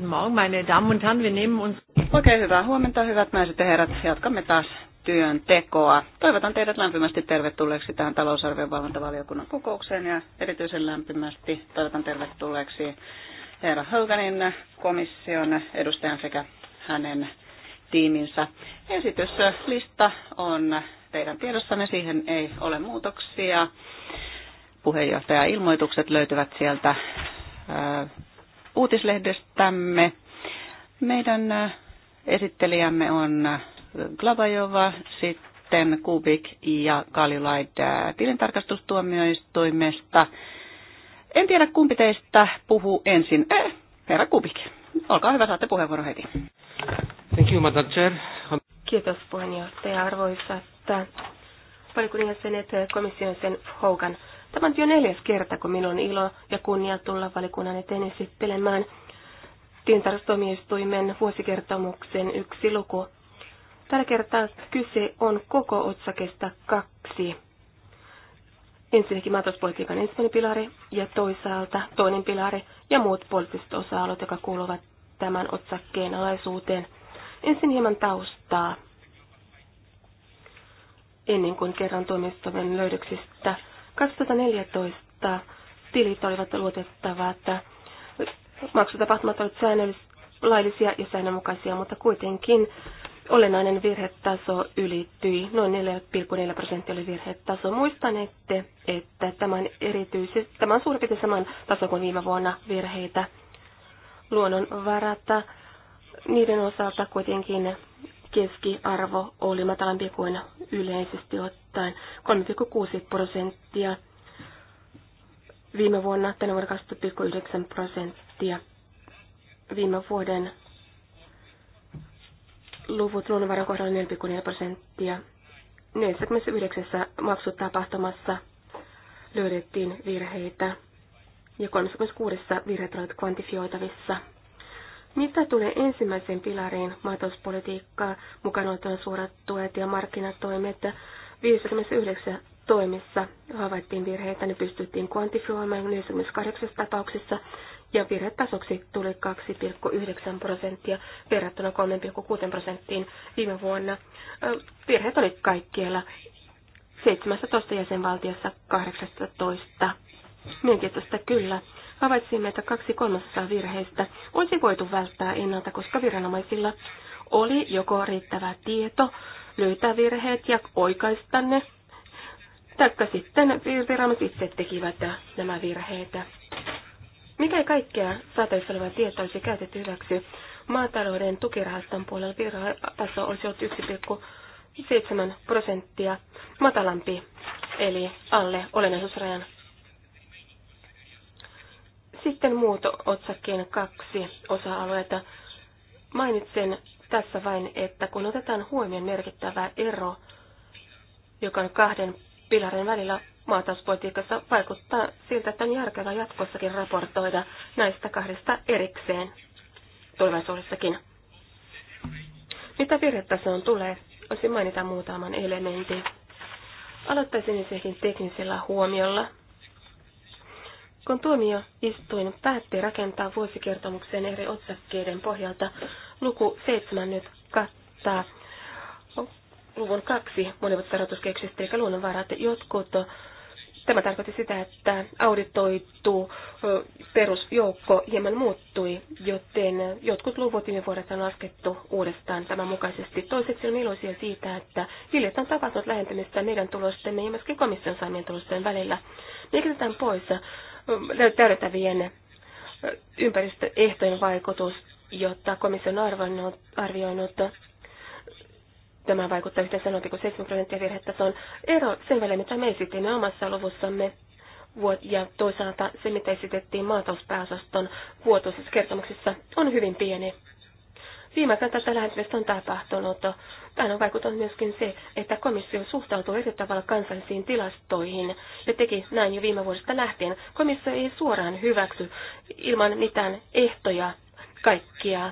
Good morning, meine Damen und Herren, wir nehmen uns... Oikein hyvää huomenta, hyvät naiset ja herrat. Jatkamme taas työn tekoa. Toivotan teidät lämpimästi tervetulleeksi tähän talousarvion valvontavaliokunnan kokoukseen ja erityisen lämpimästi toivotan tervetulleeksi herra Hoganin komission edustajan sekä hänen tiiminsä. Esityslista on teidän tiedossanne, siihen ei ole muutoksia. puheenjohtaja ilmoitukset löytyvät sieltä äh, uutislehdestämme. Meidän äh, esittelijämme on äh, Glavajova, sitten Kubik ja Kalilaid äh, tilintarkastustuomioistuimesta. En tiedä kumpi teistä puhuu ensin. Eh, herra Kubik, olkaa hyvä, saatte puheenvuoron heti. Thank you, Madam Chair. Kiitos puheenjohtaja. arvoisa valiokunnan jäsenet komission sen Hogan. Tämä on jo neljäs kerta, kun minun on ilo ja kunnia tulla valikunnan eteen esittelemään tilintarkastustoimistoimen vuosikertomuksen yksi luku. Tällä kertaa kyse on koko otsakesta kaksi. Ensinnäkin maatalouspolitiikan ensimmäinen pilari ja toisaalta toinen pilari ja muut poliittiset osa-alueet, jotka kuuluvat tämän otsakkeen alaisuuteen. Ensin hieman taustaa ennen kuin kerran tuomioistuimen löydöksistä 2014 tilit olivat luotettavat. Maksutapahtumat olivat säännöllisiä ja säännönmukaisia, mutta kuitenkin olennainen virhetaso ylittyi. Noin 4,4 prosenttia oli virhetaso. Muistanette, että tämä on, erityisesti, tämä on suurin piirtein saman taso kuin viime vuonna virheitä. Luonnonvarata, niiden osalta kuitenkin keskiarvo oli matalampi kuin yleisesti ottaen 3,6 prosenttia. Viime vuonna, tänä vuonna 2,9 prosenttia. Viime vuoden luvut luonnonvaran kohdalla 4,4 prosenttia. 49 maksutapahtumassa löydettiin virheitä ja 36 virheet olivat kvantifioitavissa. Mitä tulee ensimmäiseen pilariin maatalouspolitiikkaa, mukaan suorat tuet ja markkinatoimet, 59 toimissa havaittiin virheitä, ne pystyttiin kvantifioimaan 48 tapauksessa ja virhetasoksi tuli 2,9 prosenttia verrattuna 3,6 prosenttiin viime vuonna. Virheet oli kaikkialla 17 jäsenvaltiossa 18. Mielenkiintoista kyllä havaitsimme, että kaksi kolmasosaa virheistä olisi voitu välttää ennalta, koska viranomaisilla oli joko riittävä tieto löytää virheet ja oikaista ne, taikka sitten viranomaiset itse tekivät nämä virheet. Mikä kaikkea saatavissa olevaa tietoa olisi käytetty hyväksi? Maatalouden tukirahaston puolella virhetaso olisi ollut 1,7 prosenttia matalampi, eli alle olennaisuusrajan sitten muoto otsakkeen kaksi osa-alueita. Mainitsen tässä vain, että kun otetaan huomioon merkittävä ero, joka on kahden pilarin välillä maatalouspolitiikassa, vaikuttaa siltä, että on järkevää jatkossakin raportoida näistä kahdesta erikseen tulevaisuudessakin. Mitä virhetasoon tulee, olisin mainita muutaman elementin. Aloittaisin ensinnäkin teknisellä huomiolla – kun tuomioistuin päätti rakentaa vuosikertomuksen eri otsakkeiden pohjalta, luku 7 nyt kattaa luvun kaksi monivuotisesta eikä eli luonnonvarat. Jotkut, tämä tarkoitti sitä, että auditoitu perusjoukko hieman muuttui, joten jotkut luvut viime vuodesta on laskettu uudestaan tämän mukaisesti. Toiseksi on iloisia siitä, että hiljattain tapahtunut lähentymistä meidän tulostemme ja myöskin komission saamien tulosten välillä. Me pois täydentävien ympäristöehtojen vaikutus, jotta komission on arvioinut, arvioinut tämä vaikuttaa yhteensä 0,7 prosenttia virhettä. on ero sen välillä, mitä me esitimme omassa luvussamme ja toisaalta se, mitä esitettiin maatalouspääosaston vuotuisessa kertomuksessa, on hyvin pieni. Viime kertaa tätä lähentämistä on tapahtunut. Tähän on vaikuttanut myöskin se, että komissio suhtautuu eri tavalla kansallisiin tilastoihin ja teki näin jo viime vuodesta lähtien. Komissio ei suoraan hyväksy ilman mitään ehtoja kaikkia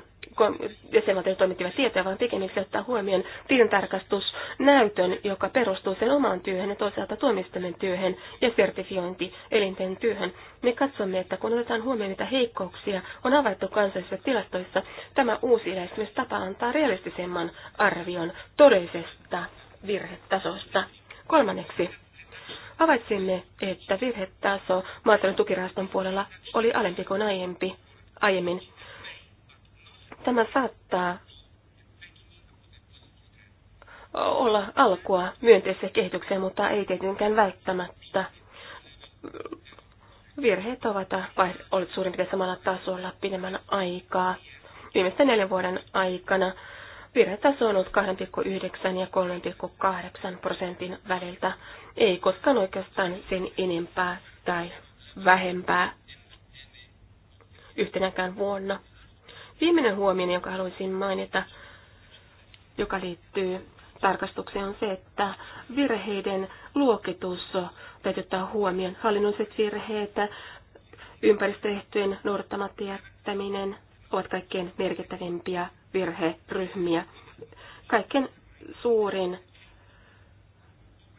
jäsenvaltion toimittivia tietoja, vaan pikemminkin ottaa huomioon tilintarkastusnäytön, joka perustuu sen omaan työhön ja toisaalta tuomistomen työhön ja sertifiointi elinten työhön. Me katsomme, että kun otetaan huomioon, mitä heikkouksia on havaittu kansallisissa tilastoissa, tämä uusi lähestymistapa antaa realistisemman arvion todellisesta virhetasosta. Kolmanneksi, havaitsimme, että virhetaso maatalouden tukirahaston puolella oli alempi kuin aiempi, aiemmin Tämä saattaa olla alkua myönteiseen kehitykseen, mutta ei tietenkään välttämättä. Virheet ovat olet suurin piirtein samalla tasolla pidemmän aikaa. Viimeisten neljän vuoden aikana virhetaso on ollut 2,9 ja 3,8 prosentin väliltä. Ei koskaan oikeastaan sen enempää tai vähempää yhtenäkään vuonna. Viimeinen huomio, jonka haluaisin mainita, joka liittyy tarkastukseen, on se, että virheiden luokitus täytyy ottaa huomioon. Hallinnolliset virheet, ympäristöehtojen noudattamatta jättäminen ovat kaikkein merkittävimpiä virheryhmiä. Kaikkein suurin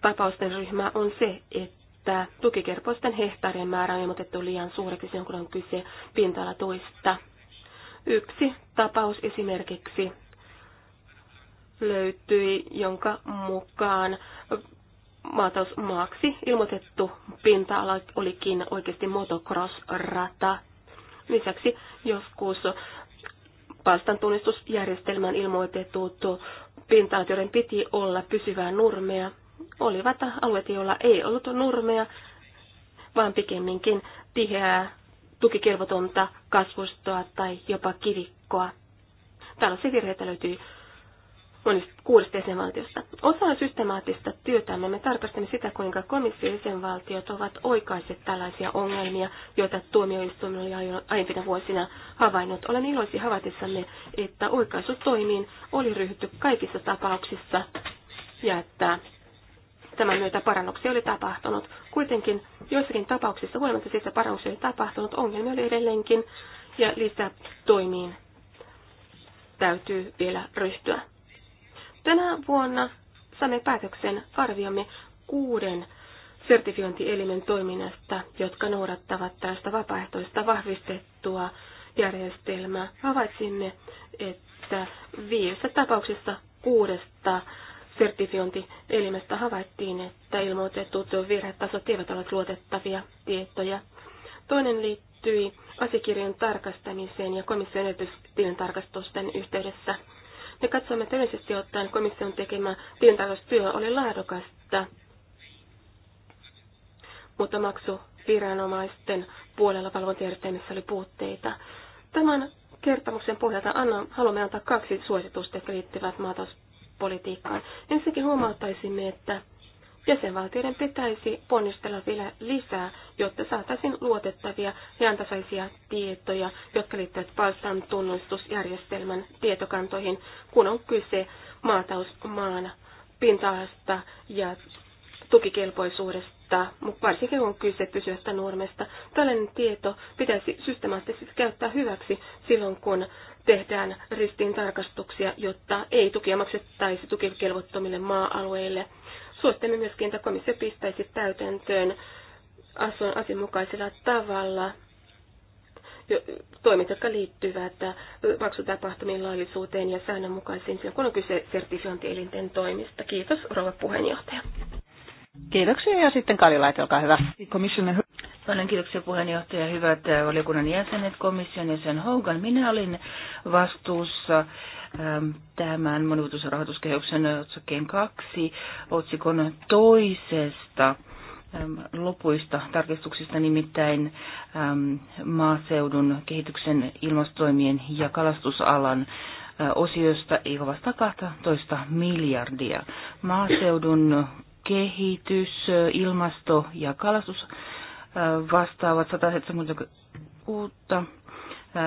tapausten ryhmä on se, että tukikerpoisten hehtaarien määrä on ilmoitettu liian suureksi kun on kyse pinta-alatuista. Yksi tapaus esimerkiksi löytyi, jonka mukaan maatausmaaksi ilmoitettu pinta-ala olikin oikeasti motocross-rata. Lisäksi joskus palstan tunnistusjärjestelmään ilmoitetut pinta joiden piti olla pysyvää nurmea, olivat alueet, joilla ei ollut nurmea, vaan pikemminkin tiheää tukikelvotonta kasvustoa tai jopa kivikkoa. Tällaisia virheitä löytyy monista kuudesta jäsenvaltiosta. Osana systemaattista työtämme me tarkastamme sitä, kuinka komission jäsenvaltiot ovat oikaiset tällaisia ongelmia, joita tuomioistuin oli aiempina vuosina havainnut. Olen iloisia havaitessamme, että oikaisutoimiin oli ryhdytty kaikissa tapauksissa ja että Tämän myötä parannuksia oli tapahtunut. Kuitenkin joissakin tapauksissa huolimatta siitä parannuksia oli tapahtunut, ongelmia oli edelleenkin ja lisää toimiin täytyy vielä ryhtyä. Tänä vuonna saamme päätöksen arviomme kuuden sertifiointielimen toiminnasta, jotka noudattavat tästä vapaaehtoista vahvistettua järjestelmää. Havaitsimme, että viidessä tapauksessa kuudesta sertifiointielimestä havaittiin, että ilmoitetut virhetasot eivät ole luotettavia tietoja. Toinen liittyi asiakirjan tarkastamiseen ja komission edellytystilin tarkastusten yhteydessä. Me katsomme, että yleisesti ottaen komission tekemä tilintarkastustyö oli laadukasta, mutta maksuviranomaisten puolella valvontajärjestelmissä oli puutteita. Tämän kertomuksen pohjalta annan, haluamme antaa kaksi suositusta, jotka liittyvät maatalous politiikkaan. Ensinnäkin huomauttaisimme, että jäsenvaltioiden pitäisi ponnistella vielä lisää, jotta saataisiin luotettavia ja antasaisia tietoja, jotka liittyvät palstan tunnustusjärjestelmän tietokantoihin, kun on kyse maatausmaan pinta-alasta ja tukikelpoisuudesta, mutta varsinkin on kyse pysyvästä nuormesta. Tällainen tieto pitäisi systemaattisesti käyttää hyväksi silloin, kun tehdään ristiintarkastuksia, jotta ei tukia maksettaisi tukikelvottomille maa-alueille. Suosittelemme myöskin, että komissio pistäisi täytäntöön asun asianmukaisella tavalla toimet, jotka liittyvät maksutapahtumien laillisuuteen ja säännönmukaisiin silloin, kun on kyse sertifiointielinten toimista. Kiitos, rouva puheenjohtaja. Kiitoksia ja sitten Kari olkaa hyvä. Kannan kiitoksia puheenjohtaja, hyvät äh, valiokunnan jäsenet, komission jäsen Hogan. Minä olin vastuussa ähm, tämän monivuotoisen otsakkeen kaksi otsikon toisesta ähm, lopuista tarkistuksista, nimittäin ähm, maaseudun kehityksen ilmastoimien ja kalastusalan äh, osiosta, joka vasta 12 miljardia. Maaseudun kehitys, äh, ilmasto ja kalastus vastaavat 170 uutta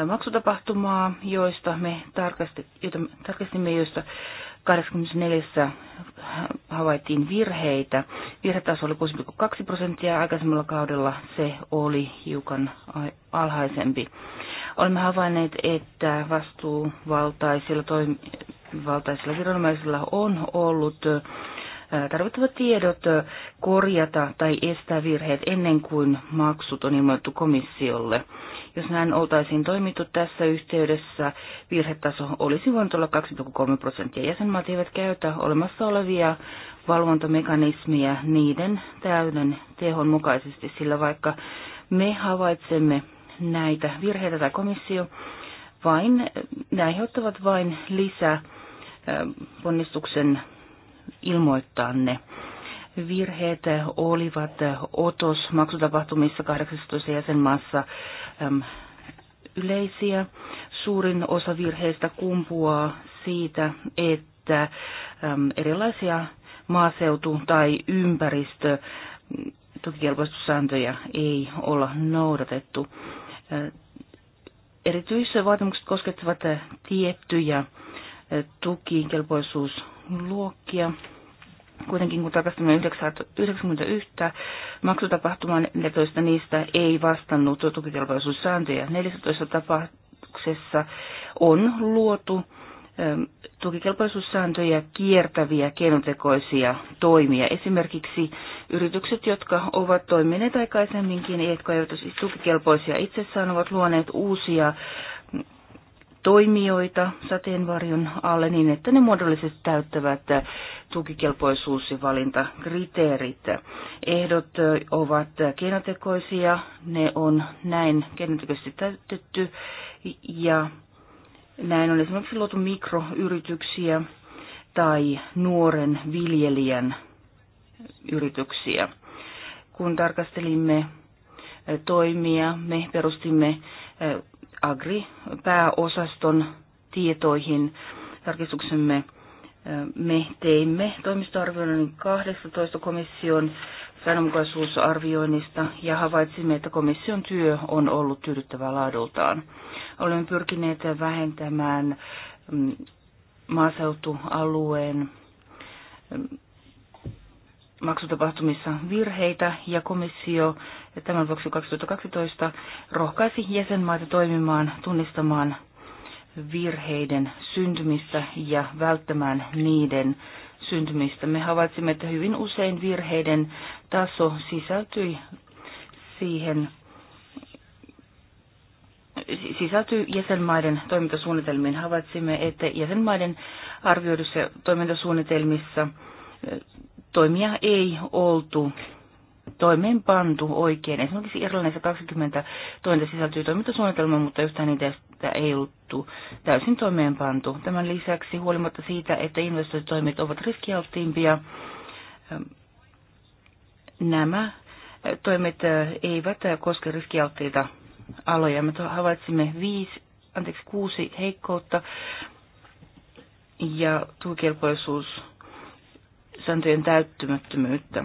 maksutapahtumaa, joista me tarkastimme, joista 84 havaittiin virheitä. Virhetaso oli 6,2 prosenttia, aikaisemmalla kaudella se oli hiukan alhaisempi. Olemme havainneet, että vastuuvaltaisilla toimivaltaisilla viranomaisilla on ollut tarvittavat tiedot korjata tai estää virheet ennen kuin maksut on ilmoitettu komissiolle. Jos näin oltaisiin toimittu tässä yhteydessä, virhetaso olisi voinut olla 2,3 prosenttia. Jäsenmaat eivät käytä olemassa olevia valvontamekanismia niiden täyden tehon mukaisesti, sillä vaikka me havaitsemme näitä virheitä tai komissio, vain, ne aiheuttavat vain lisää ponnistuksen ilmoittaa ne. Virheet olivat otos maksutapahtumissa 18 jäsenmaassa yleisiä. Suurin osa virheistä kumpuaa siitä, että erilaisia maaseutu- tai ympäristö tukikelpoistussääntöjä ei olla noudatettu. Erityisvaatimukset koskettavat tiettyjä tukikelpoisuus luokkia. Kuitenkin kun tarkastamme 91 maksutapahtumaa, 14 niistä ei vastannut tukikelpoisuussääntöjä. 14 tapauksessa on luotu ähm, tukikelpoisuussääntöjä kiertäviä keinotekoisia toimia. Esimerkiksi yritykset, jotka ovat toimineet aikaisemminkin, jotka eivät ole siis tukikelpoisia itsessään, ovat luoneet uusia toimijoita sateenvarjon alle niin, että ne muodollisesti täyttävät äh, tukikelpoisuus- ja valintakriteerit. Ehdot äh, ovat keinotekoisia, ne on näin keinotekoisesti täytetty ja näin on esimerkiksi luotu mikroyrityksiä tai nuoren viljelijän yrityksiä. Kun tarkastelimme äh, toimia, me perustimme Agri-pääosaston tietoihin. Tarkistuksemme me teimme toimistoarvioinnin 18 komission säännönmukaisuusarvioinnista ja havaitsimme, että komission työ on ollut tyydyttävää laadultaan. Olemme pyrkineet vähentämään mm, maaseutualueen mm, maksutapahtumissa virheitä ja komissio ja tämän vuoksi 2012 rohkaisi jäsenmaita toimimaan, tunnistamaan virheiden syntymistä ja välttämään niiden syntymistä. Me havaitsimme, että hyvin usein virheiden taso sisältyi siihen sisältyy jäsenmaiden toimintasuunnitelmiin. Havaitsimme, että jäsenmaiden arvioidussa toimintasuunnitelmissa eh, toimia ei oltu toimeenpantu oikein. Esimerkiksi Irlannissa 20 tointa sisältyy toimintasuunnitelma, mutta yhtään niitä ei ollut täysin toimeenpantu. Tämän lisäksi huolimatta siitä, että investointitoimet ovat riskialttiimpia, ähm, nämä toimet äh, eivät koske riskialttiita aloja. Me havaitsimme viisi, anteeksi, kuusi heikkoutta ja tukikelpoisuus sääntöjen täyttymättömyyttä.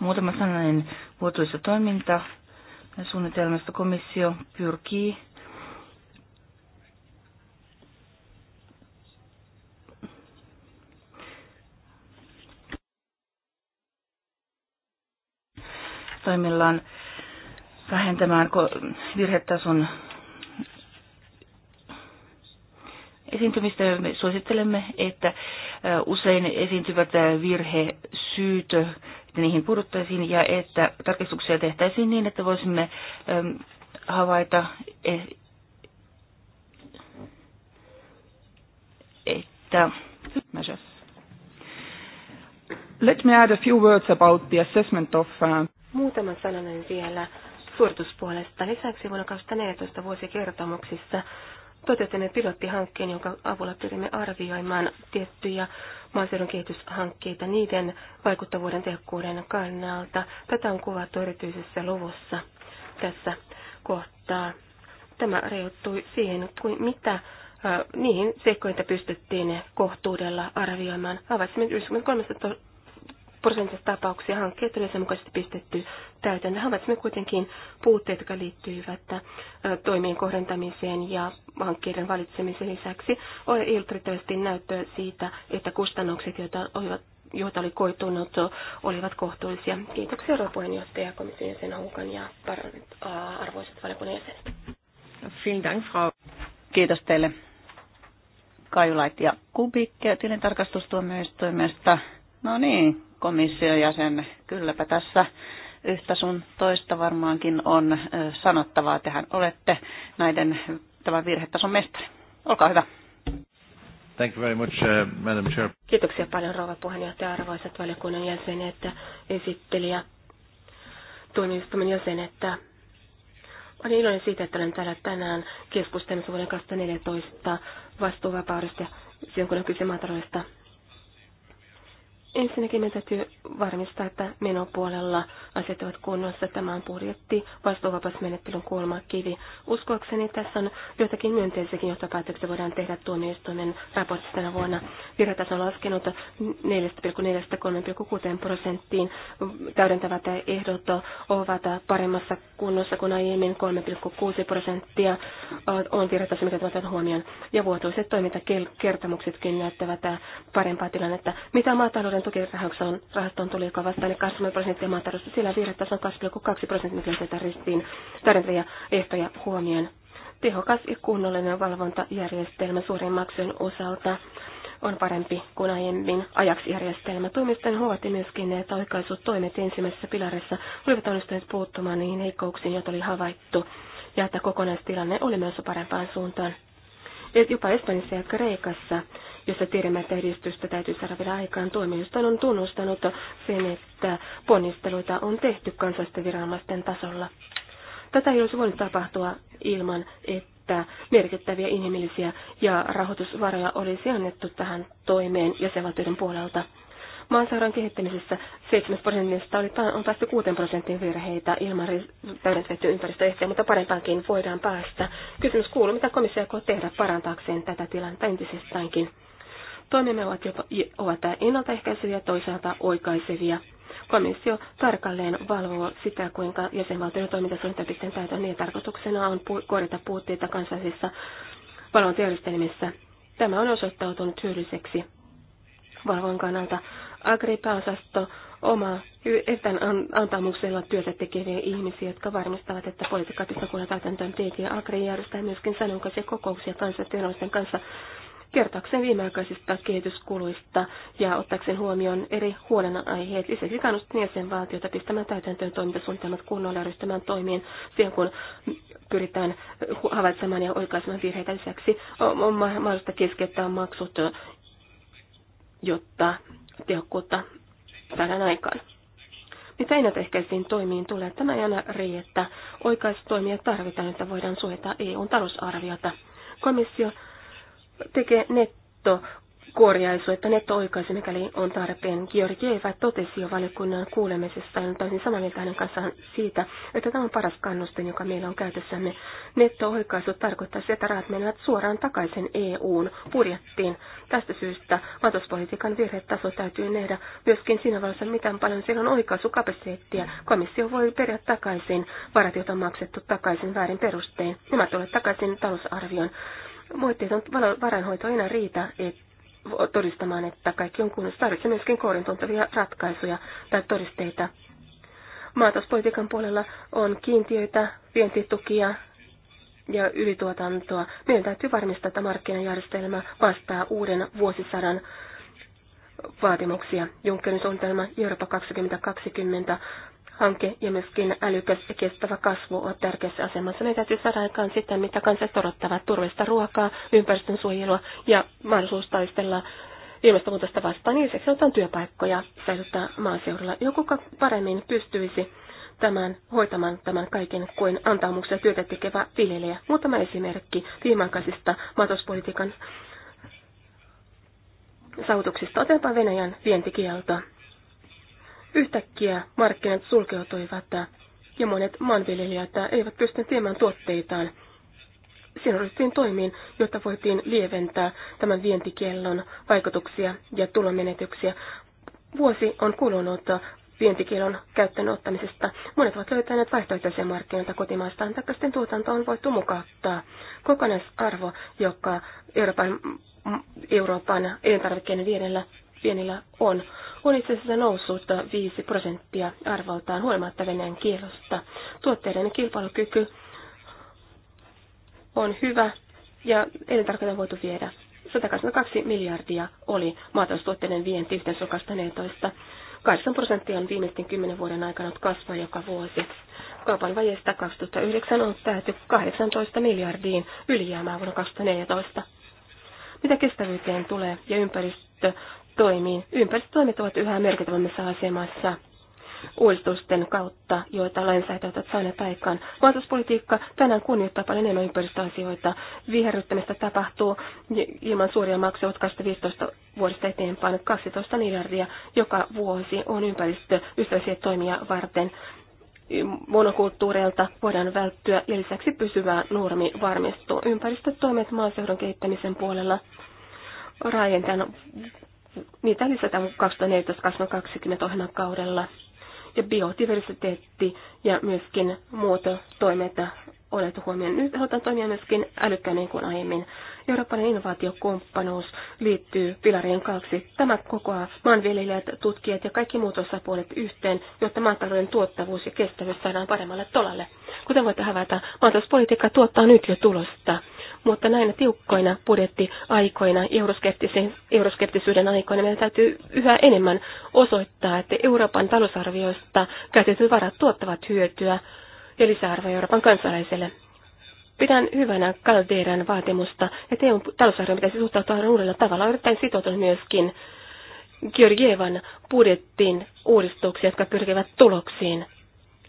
Muutama sananen vuotuista toiminta suunnitelmasta komissio pyrkii toimillaan vähentämään virhetason esiintymistä. Me suosittelemme, että usein esiintyvät syytö että niihin puuduttaisiin ja että tarkistuksia tehtäisiin niin, että voisimme ähm, havaita, eh, että... Let me add a few words about the assessment of... Uh... Muutaman sananen vielä suorituspuolesta. Lisäksi vuonna 2014 vuosikertomuksissa toteutimme pilottihankkeen, jonka avulla pyrimme arvioimaan tiettyjä maaseudun kehityshankkeita niiden vaikuttavuuden tehokkuuden kannalta. Tätä on kuvattu erityisessä luvussa tässä kohtaa. Tämä rajoittui siihen, kuin mitä äh, niihin seikkoihin pystyttiin kohtuudella arvioimaan. Avasimme 93 prosentissa tapauksia hankkeet sen mukaisesti pistetty täytäntöön. Havaitsimme kuitenkin puutteet, jotka liittyivät toimien kohdentamiseen ja hankkeiden valitsemisen lisäksi. Oli ollut näyttöä siitä, että kustannukset, joita olivat joita oli koitunut, olivat kohtuullisia. Kiitoksia rouva puheenjohtaja, komission jäsen Honkan ja arvoisat valiokunnan jäsenet. Frau. Kiitos teille. Kajulait ja Kubik tilintarkastustuomioistuimesta. No niin, komission jäsen, kylläpä tässä yhtä sun toista varmaankin on sanottavaa. Tehän olette näiden tämän virhetason mestari. Olkaa hyvä. Thank you very much, uh, Madam Chair. Kiitoksia paljon rouva puheenjohtaja, arvoisat valiokunnan jäsenet, esittelijä, tuomioistuimen jäsenet. Olen iloinen siitä, että olen täällä tänään keskustelemassa vuoden 2014 vastuuvapaudesta, silloin kun on kyse maataloudesta Ensinnäkin meidän täytyy varmistaa, että menopuolella asiat ovat kunnossa. Tämä on budjetti, vastuuvapausmenettelyn kivi. Uskoakseni tässä on joitakin myönteisiäkin johtopäätöksiä voidaan tehdä tuomioistuimen raportissa tänä vuonna. Virataso on laskenut 4,4-3,6 prosenttiin. Täydentävät ehdot ovat paremmassa kunnossa kuin aiemmin 3,6 prosenttia on virataso, mikä tuotetaan huomioon. Ja vuotuiset toimintakertomuksetkin näyttävät parempaa tilannetta. Mitä maatalouden tukirahastoon rahastoon tuli, joka vastaa 20 prosenttia maatarvosta. Sillä virhetaso on 2,2 prosenttia, mikä otetaan ristiin tarjontavia ehtoja huomioon. Tehokas ja kunnollinen valvontajärjestelmä suurin maksujen osalta on parempi kuin aiemmin ajaksi järjestelmä. Toimisten huomatti myöskin, että toimet ensimmäisessä pilarissa olivat onnistuneet puuttumaan niihin heikkouksiin, joita oli havaittu, ja että kokonaistilanne oli myös parempaan suuntaan. Et jopa Espanjassa ja Kreikassa jossa tiedämme, että edistystä täytyy saada vielä aikaan. Tuomioistuin on tunnustanut sen, että ponnisteluita on tehty kansallisten viranomaisten tasolla. Tätä ei olisi voinut tapahtua ilman, että merkittäviä inhimillisiä ja rahoitusvaroja olisi annettu tähän toimeen jäsenvaltioiden puolelta maanseuran kehittämisessä 7 prosentista oli, on päästy 6 prosentin virheitä ilman täydentettyä ympäristöehtoja, mutta parempaankin voidaan päästä. Kysymys kuuluu, mitä komissio aikoo tehdä parantaakseen tätä tilannetta entisestäänkin. Toimimme ovat, jopa, ovat ennaltaehkäiseviä, toisaalta oikaisevia. Komissio tarkalleen valvoo sitä, kuinka jäsenvaltojen toimintasuunnitelmat täytön niin tarkoituksena on korjata puutteita kansallisissa valvontajärjestelmissä. Tämä on osoittautunut hyödylliseksi valvon kannalta. Agripa-osasto oma etän antamuksella työtä tekeviä ihmisiä, jotka varmistavat, että politiikka pistää kunnan täytäntöön teet ja Agri järjestää myöskin sanonkaisia kokouksia kansallisten kanssa kertoakseen viimeaikaisista kehityskuluista ja ottaakseen huomioon eri huolenaiheet. Lisäksi kannustin jäsenvaltiota pistämään täytäntöön toimintasuunnitelmat kunnolla ja ryhtymään toimiin siihen, kun pyritään havaitsemaan ja oikaisemaan virheitä. Lisäksi on mahdollista keskeyttää maksut, jotta tehokkuutta saadaan aikaan. Mitä ennaltaehkäisiin toimiin tulee, tämä ei aina riitä. Oikaistoimia tarvitaan, että voidaan suojata EUn talousarviota. Komissio tekee netto korjaisu, että netto oikaisi, mikäli on tarpeen. Georgi Eva totesi jo valiokunnan kuulemisessa, ja täysin samaa mieltä hänen kanssaan siitä, että tämä on paras kannustin, joka meillä on käytössämme. Netto oikaisu tarkoittaa sitä, että rahat menevät suoraan takaisin EUn budjettiin. Tästä syystä matospolitiikan virhetaso täytyy nähdä myöskin siinä valossa, miten paljon siellä on oikaisukapasiteettia. Komissio voi periä takaisin varat, joita on maksettu takaisin väärin perustein. Nämä tulevat takaisin talousarvion Moitteeton varainhoito ei enää riitä et, todistamaan, että kaikki on kunnossa. Tarvitsee myöskin kourin ratkaisuja tai todisteita. Maatalouspolitiikan puolella on kiintiöitä, vientitukia ja ylituotantoa. Meidän täytyy varmistaa, että markkinajärjestelmä vastaa uuden vuosisadan vaatimuksia. Junckerin suunnitelma Eurooppa 2020 hanke ja myöskin älykäs ja kestävä kasvu ovat tärkeässä asemassa. Meidän täytyy saada aikaan sitä, mitä kansalaiset odottavat, turvallista ruokaa, ympäristön suojelua ja mahdollisuus taistella ilmastonmuutosta vastaan. Niin lisäksi otetaan työpaikkoja säilyttää maaseudulla. Joku paremmin pystyisi tämän, hoitamaan tämän kaiken kuin antaumuksia työtä tekevä viljelijä. Muutama esimerkki viimankaisista maatalouspolitiikan saavutuksista. Otetaanpa Venäjän vientikielto. Yhtäkkiä markkinat sulkeutuivat ja monet maanviljelijät eivät pysty viemään tuotteitaan. Siinä ryhtiin toimiin, jotta voitiin lieventää tämän vientikiellon vaikutuksia ja tulomenetyksiä. Vuosi on kulunut vientikielon käyttöön ottamisesta. Monet ovat löytäneet vaihtoehtoisia markkinoita kotimaastaan, taikka sitten tuotanto on voitu mukauttaa. Kokonaisarvo, joka Euroopan, Euroopan elintarvikkeiden viedellä pienillä on, on itse asiassa noussut 5 prosenttia arvoltaan huolimatta Venäjän kielosta. Tuotteiden kilpailukyky on hyvä ja elintarkoita on voitu viedä. 122 miljardia oli maataloustuotteiden vienti yhteensä 14. 8 prosenttia on viimeisten 10 vuoden aikana kasvanut joka vuosi. Kaupan vajeesta 2009 on tähty 18 miljardiin ylijäämää vuonna 2014. Mitä kestävyyteen tulee ja ympäristö toimiin. Ympäristötoimet ovat yhä merkittävämmässä asemassa uudistusten kautta, joita lainsäätäjät ovat saaneet aikaan. Maatalouspolitiikka tänään kunnioittaa paljon enemmän ympäristöasioita. Viherryttämistä tapahtuu ilman suuria maksuja 2015 vuodesta eteenpäin 12 miljardia joka vuosi on ympäristöystävällisiä toimia varten. Monokulttuureilta voidaan välttyä ja lisäksi pysyvää normi varmistuu. Ympäristötoimet maaseudun kehittämisen puolella raajentajan niitä lisätään 2014-2020 ohjelman kaudella. Ja biodiversiteetti ja myöskin muut toimet on otettu huomioon. Nyt halutaan toimia myöskin älykkäinen niin kuin aiemmin. Euroopan innovaatiokumppanuus liittyy pilarien kaksi. Tämä kokoaa maanviljelijät, tutkijat ja kaikki muut osapuolet yhteen, jotta maatalouden tuottavuus ja kestävyys saadaan paremmalle tolalle. Kuten voitte havaita, maatalouspolitiikka tuottaa nyt jo tulosta mutta näinä tiukkoina budjettiaikoina, euroskeptisyyden aikoina, meidän täytyy yhä enemmän osoittaa, että Euroopan talousarvioista käytetyt varat tuottavat hyötyä ja lisäarvoa Euroopan kansalaiselle. Pidän hyvänä Kalderan vaatimusta, että EUn talousarvio pitäisi suhtautua uudella tavalla. Yrittäen sitoutunut myöskin Georgievan budjettiin uudistuksia, jotka pyrkivät tuloksiin.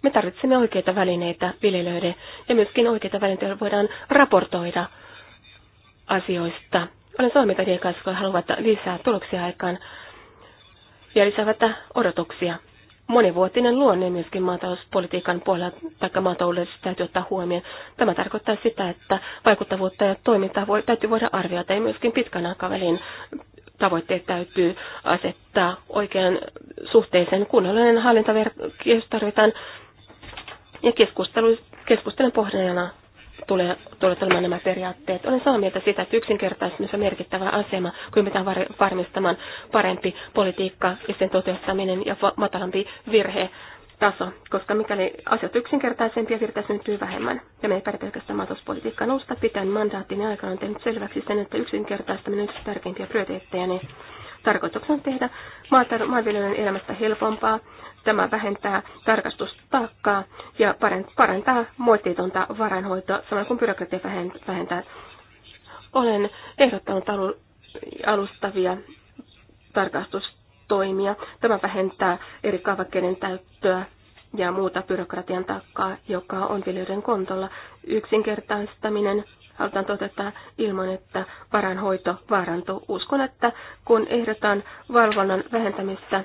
Me tarvitsemme oikeita välineitä viljelijöiden ja myöskin oikeita välineitä, joilla voidaan raportoida asioista. Olen saanut mieltä niiden kanssa, kun haluavat lisää tuloksia aikaan ja lisäävät odotuksia. Monivuotinen luonne myöskin maatalouspolitiikan puolella tai maataloudessa täytyy ottaa huomioon. Tämä tarkoittaa sitä, että vaikuttavuutta ja toimintaa voi, täytyy voida arvioida ja myöskin pitkän aikavälin tavoitteet täytyy asettaa oikean suhteeseen. Kunnollinen hallintaverkko tarvitaan ja keskustelun pohjana tulee tulemaan nämä periaatteet. Olen samaa mieltä sitä, että yksinkertaisuus on merkittävä asema, kun pitää varmistamaan parempi politiikka ja sen toteuttaminen ja matalampi virhe taso, koska mikäli asiat yksinkertaisempia, virtaa syntyy vähemmän. Ja me ei pärjää pelkästään maatalouspolitiikkaa nousta pitäen mandaattini aikana on tehnyt selväksi sen, että yksinkertaistaminen on yksi tärkeimpiä prioriteetteja, niin tarkoituksena on tehdä maanviljelijöiden elämästä helpompaa, Tämä vähentää tarkastustaakkaa ja parantaa moitteetonta varainhoitoa, samoin kuin byrokratia vähentää. Olen ehdottanut alustavia tarkastustoimia. Tämä vähentää eri kaavakkeiden täyttöä ja muuta byrokratian taakkaa, joka on viljelijöiden kontolla. Yksinkertaistaminen halutaan toteuttaa ilman, että varainhoito vaarantuu. Uskon, että kun ehdotan valvonnan vähentämistä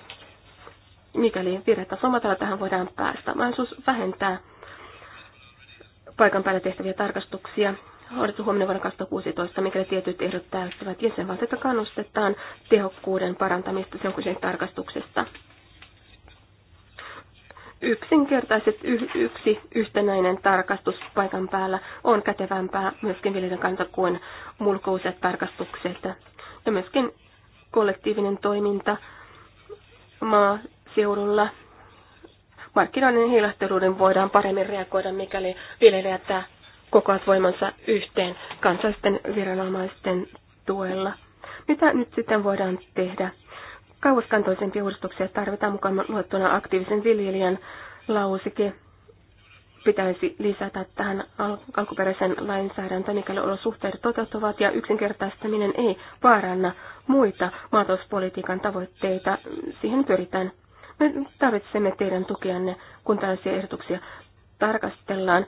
mikäli virhettä somatella, tähän voidaan päästä. Mahdollisuus vähentää paikan päällä tehtäviä tarkastuksia Odotettu huomenna vuonna 2016, mikäli tietyt ehdot täyttävät jäsenvaltioita kannustetaan tehokkuuden parantamista sen sen tarkastuksesta. Yksinkertaiset y- yksi yhtenäinen tarkastus paikan päällä on kätevämpää myöskin viljelijän kanssa kuin mulkoiset tarkastukset. Ja myöskin kollektiivinen toiminta maa- seudulla. Markkinoiden heilahteluiden voidaan paremmin reagoida, mikäli viljelijät kokoavat voimansa yhteen kansallisten viranomaisten tuella. Mitä nyt sitten voidaan tehdä? Kauaskantoisempia uudistuksia tarvitaan mukaan luettuna aktiivisen viljelijän lausike pitäisi lisätä tähän al- alkuperäisen lainsäädäntöön, mikäli olosuhteet toteutuvat ja yksinkertaistaminen ei vaaranna muita maatalouspolitiikan tavoitteita. Siihen pyritään. Me tarvitsemme teidän tukeanne, kun tällaisia ehdotuksia tarkastellaan.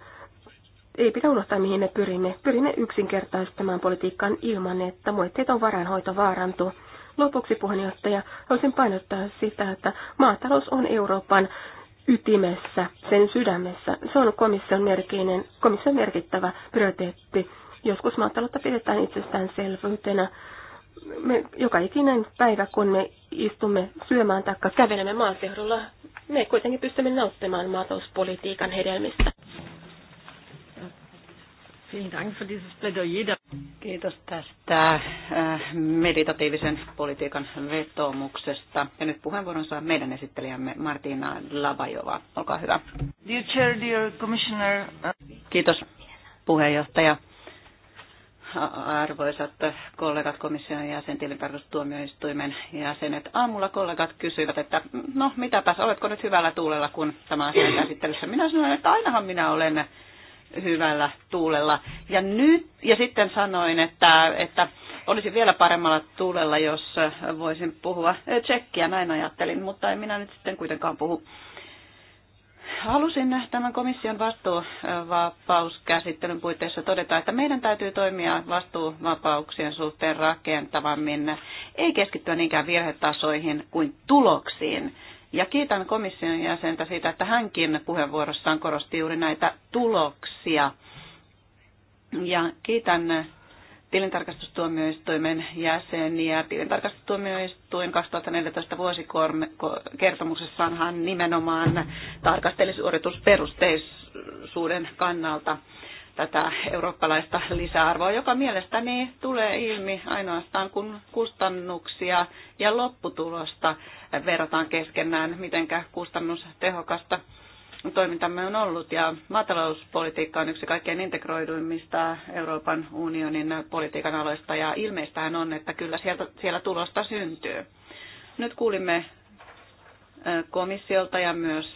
Ei pidä unohtaa, mihin me pyrimme. Pyrimme yksinkertaistamaan politiikkaan ilman, että on varainhoito vaarantuu. Lopuksi puheenjohtaja, haluaisin painottaa sitä, että maatalous on Euroopan ytimessä, sen sydämessä. Se on komission, merkeinen, komission merkittävä prioriteetti. Joskus maataloutta pidetään itsestäänselvyytenä, me joka ikinen päivä, kun me istumme syömään tai kävelemme maaseudulla, me kuitenkin pystymme nauttimaan maatalouspolitiikan hedelmistä. Kiitos tästä äh, meditatiivisen politiikan vetoomuksesta. Ja nyt puheenvuoron saa meidän esittelijämme Martina Lavajova. Olkaa hyvä. Uh, Kiitos puheenjohtaja arvoisat kollegat, komission jäsen, tilintarkastustuomioistuimen jäsenet. Aamulla kollegat kysyivät, että no mitäpäs, oletko nyt hyvällä tuulella, kun tämä asia käsittelyssä. Minä sanoin, että ainahan minä olen hyvällä tuulella. Ja, nyt, ja sitten sanoin, että, että olisi vielä paremmalla tuulella, jos voisin puhua tsekkiä, näin ajattelin, mutta en minä nyt sitten kuitenkaan puhu halusin tämän komission vastuuvapauskäsittelyn puitteissa todeta, että meidän täytyy toimia vastuuvapauksien suhteen rakentavammin, ei keskittyä niinkään virhetasoihin kuin tuloksiin. Ja kiitän komission jäsentä siitä, että hänkin puheenvuorossaan korosti juuri näitä tuloksia. Ja kiitän tilintarkastustuomioistuimen jäseniä. Tilintarkastustuomioistuin 2014 vuosikertomuksessaanhan hän nimenomaan tarkasteli suoritusperusteisuuden kannalta tätä eurooppalaista lisäarvoa, joka mielestäni tulee ilmi ainoastaan kun kustannuksia ja lopputulosta verrataan keskenään, mitenkä kustannustehokasta toimintamme on ollut. Ja maatalouspolitiikka on yksi kaikkein integroiduimmista Euroopan unionin politiikan aloista ja ilmeistähän on, että kyllä sieltä, siellä tulosta syntyy. Nyt kuulimme komissiolta ja myös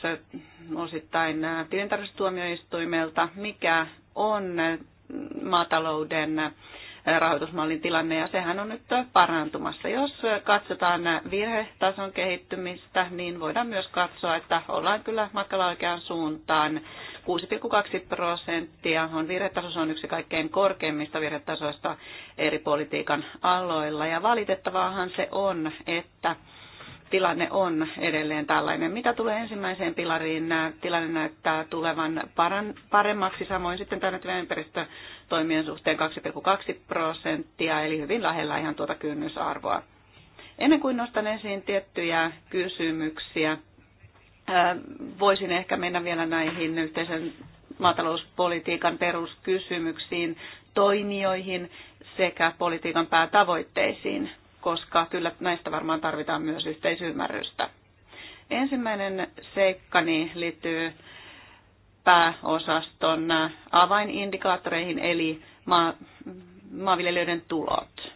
osittain tilintarvistuomioistuimelta, mikä on maatalouden rahoitusmallin tilanne ja sehän on nyt parantumassa. Jos katsotaan virhetason kehittymistä, niin voidaan myös katsoa, että ollaan kyllä matkalla oikeaan suuntaan. 6,2 prosenttia on virhetaso, on yksi kaikkein korkeimmista virhetasoista eri politiikan aloilla ja valitettavaahan se on, että tilanne on edelleen tällainen. Mitä tulee ensimmäiseen pilariin, tilanne näyttää tulevan paran, paremmaksi, samoin sitten täydentävien ympäristötoimien suhteen 2,2 prosenttia, eli hyvin lähellä ihan tuota kynnysarvoa. Ennen kuin nostan esiin tiettyjä kysymyksiä, voisin ehkä mennä vielä näihin yhteisen maatalouspolitiikan peruskysymyksiin, toimijoihin sekä politiikan päätavoitteisiin koska kyllä näistä varmaan tarvitaan myös yhteisymmärrystä. Ensimmäinen seikkani niin liittyy pääosaston avainindikaattoreihin, eli maa, maanviljelijöiden tulot.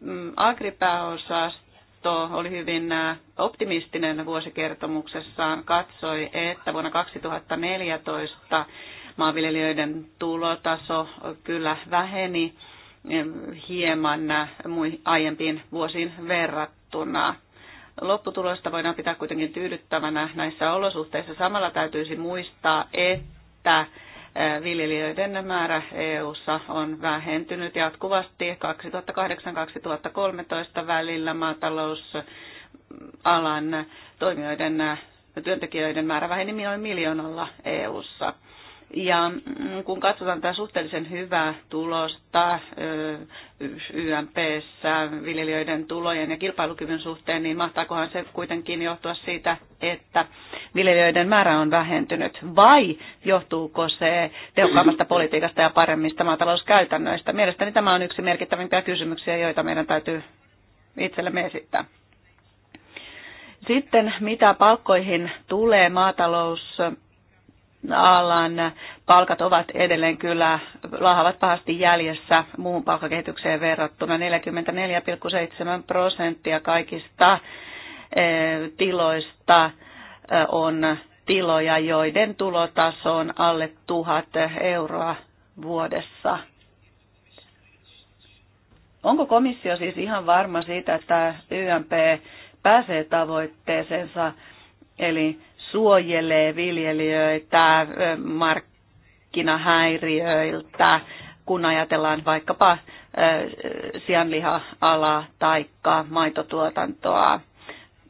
Mm, Agripääosasto oli hyvin äh, optimistinen vuosikertomuksessaan, katsoi, että vuonna 2014 maanviljelijöiden tulotaso kyllä väheni hieman aiempiin vuosiin verrattuna. Lopputulosta voidaan pitää kuitenkin tyydyttävänä näissä olosuhteissa. Samalla täytyisi muistaa, että viljelijöiden määrä EU:ssa on vähentynyt jatkuvasti 2008-2013 välillä maatalousalan toimijoiden työntekijöiden määrä väheni noin miljoonalla EU:ssa. ssa ja mm, kun katsotaan tätä suhteellisen hyvää tulosta YMPssä viljelijöiden tulojen ja kilpailukyvyn suhteen, niin mahtaakohan se kuitenkin johtua siitä, että viljelijöiden määrä on vähentynyt? Vai johtuuko se tehokkaammasta politiikasta ja paremmista maatalouskäytännöistä? Mielestäni tämä on yksi merkittävimpiä kysymyksiä, joita meidän täytyy itsellemme esittää. Sitten mitä palkkoihin tulee maatalous alan palkat ovat edelleen kyllä, lahavat pahasti jäljessä muun palkkakehitykseen verrattuna. 44,7 prosenttia kaikista eh, tiloista eh, on tiloja, joiden tulotaso on alle 1000 euroa vuodessa. Onko komissio siis ihan varma siitä, että YMP pääsee tavoitteeseensa, eli suojelee viljelijöitä markkinahäiriöiltä, kun ajatellaan vaikkapa sianliha-alaa tai maitotuotantoa.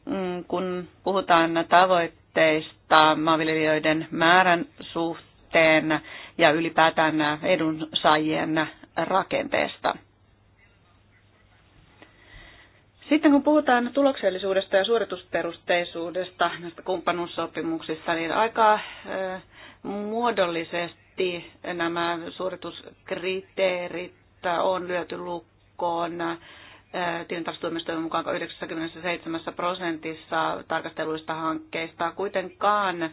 Mm, kun puhutaan tavoitteista maanviljelijöiden määrän suhteen ja ylipäätään edunsaajien rakenteesta. Sitten kun puhutaan tuloksellisuudesta ja suoritusperusteisuudesta näistä kumppanuussopimuksista, niin aika muodollisesti nämä suorituskriteerit on lyöty lukkoon tilintarkastustoimistojen mukaan 97 prosentissa tarkasteluista hankkeista. Kuitenkaan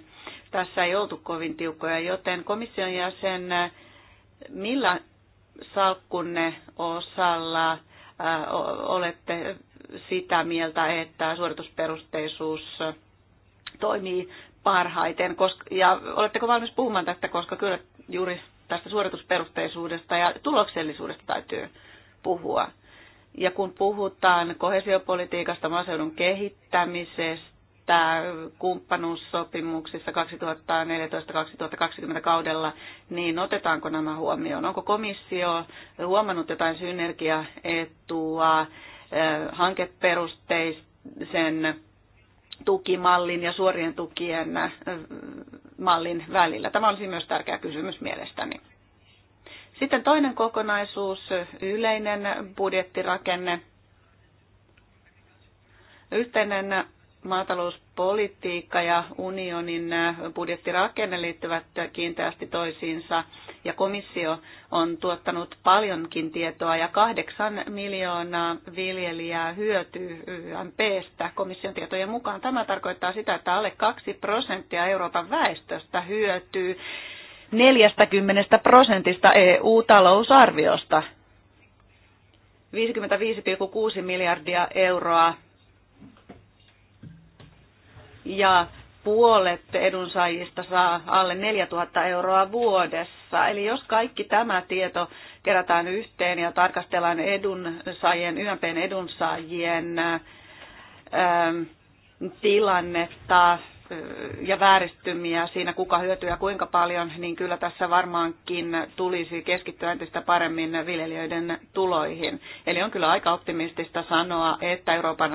tässä ei oltu kovin tiukkoja, joten komission jäsen, millä salkkunne osalla olette sitä mieltä, että suoritusperusteisuus toimii parhaiten. Koska, ja oletteko valmis puhumaan tästä, koska kyllä juuri tästä suoritusperusteisuudesta ja tuloksellisuudesta täytyy puhua. Ja kun puhutaan kohesiopolitiikasta, maaseudun kehittämisestä, kumppanuussopimuksissa 2014-2020 kaudella, niin otetaanko nämä huomioon? Onko komissio huomannut jotain synergiaetua? hankeperusteisen tukimallin ja suorien tukien mallin välillä? Tämä olisi myös tärkeä kysymys mielestäni. Sitten toinen kokonaisuus, yleinen budjettirakenne. Yhteinen maatalouspolitiikka ja unionin budjettirakenne liittyvät kiinteästi toisiinsa – ja komissio on tuottanut paljonkin tietoa ja kahdeksan miljoonaa viljelijää hyötyy YMPstä komission tietojen mukaan. Tämä tarkoittaa sitä, että alle 2 prosenttia Euroopan väestöstä hyötyy 40 prosentista EU-talousarviosta. 55,6 miljardia euroa. Ja puolet edunsaajista saa alle 4000 euroa vuodessa. Eli jos kaikki tämä tieto kerätään yhteen ja tarkastellaan edunsaajien, YMPn edunsaajien ähm, tilannetta äh, ja vääristymiä siinä, kuka hyötyy ja kuinka paljon, niin kyllä tässä varmaankin tulisi keskittyä entistä paremmin viljelijöiden tuloihin. Eli on kyllä aika optimistista sanoa, että Euroopan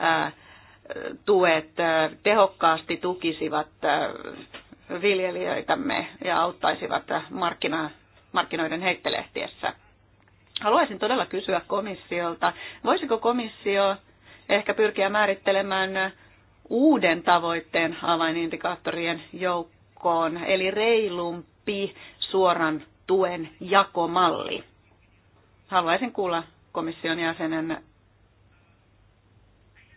äh, tuet tehokkaasti tukisivat viljelijöitämme ja auttaisivat markkina, markkinoiden heittelehtiessä. Haluaisin todella kysyä komissiolta, voisiko komissio ehkä pyrkiä määrittelemään uuden tavoitteen avainindikaattorien joukkoon, eli reilumpi suoran tuen jakomalli. Haluaisin kuulla komission jäsenen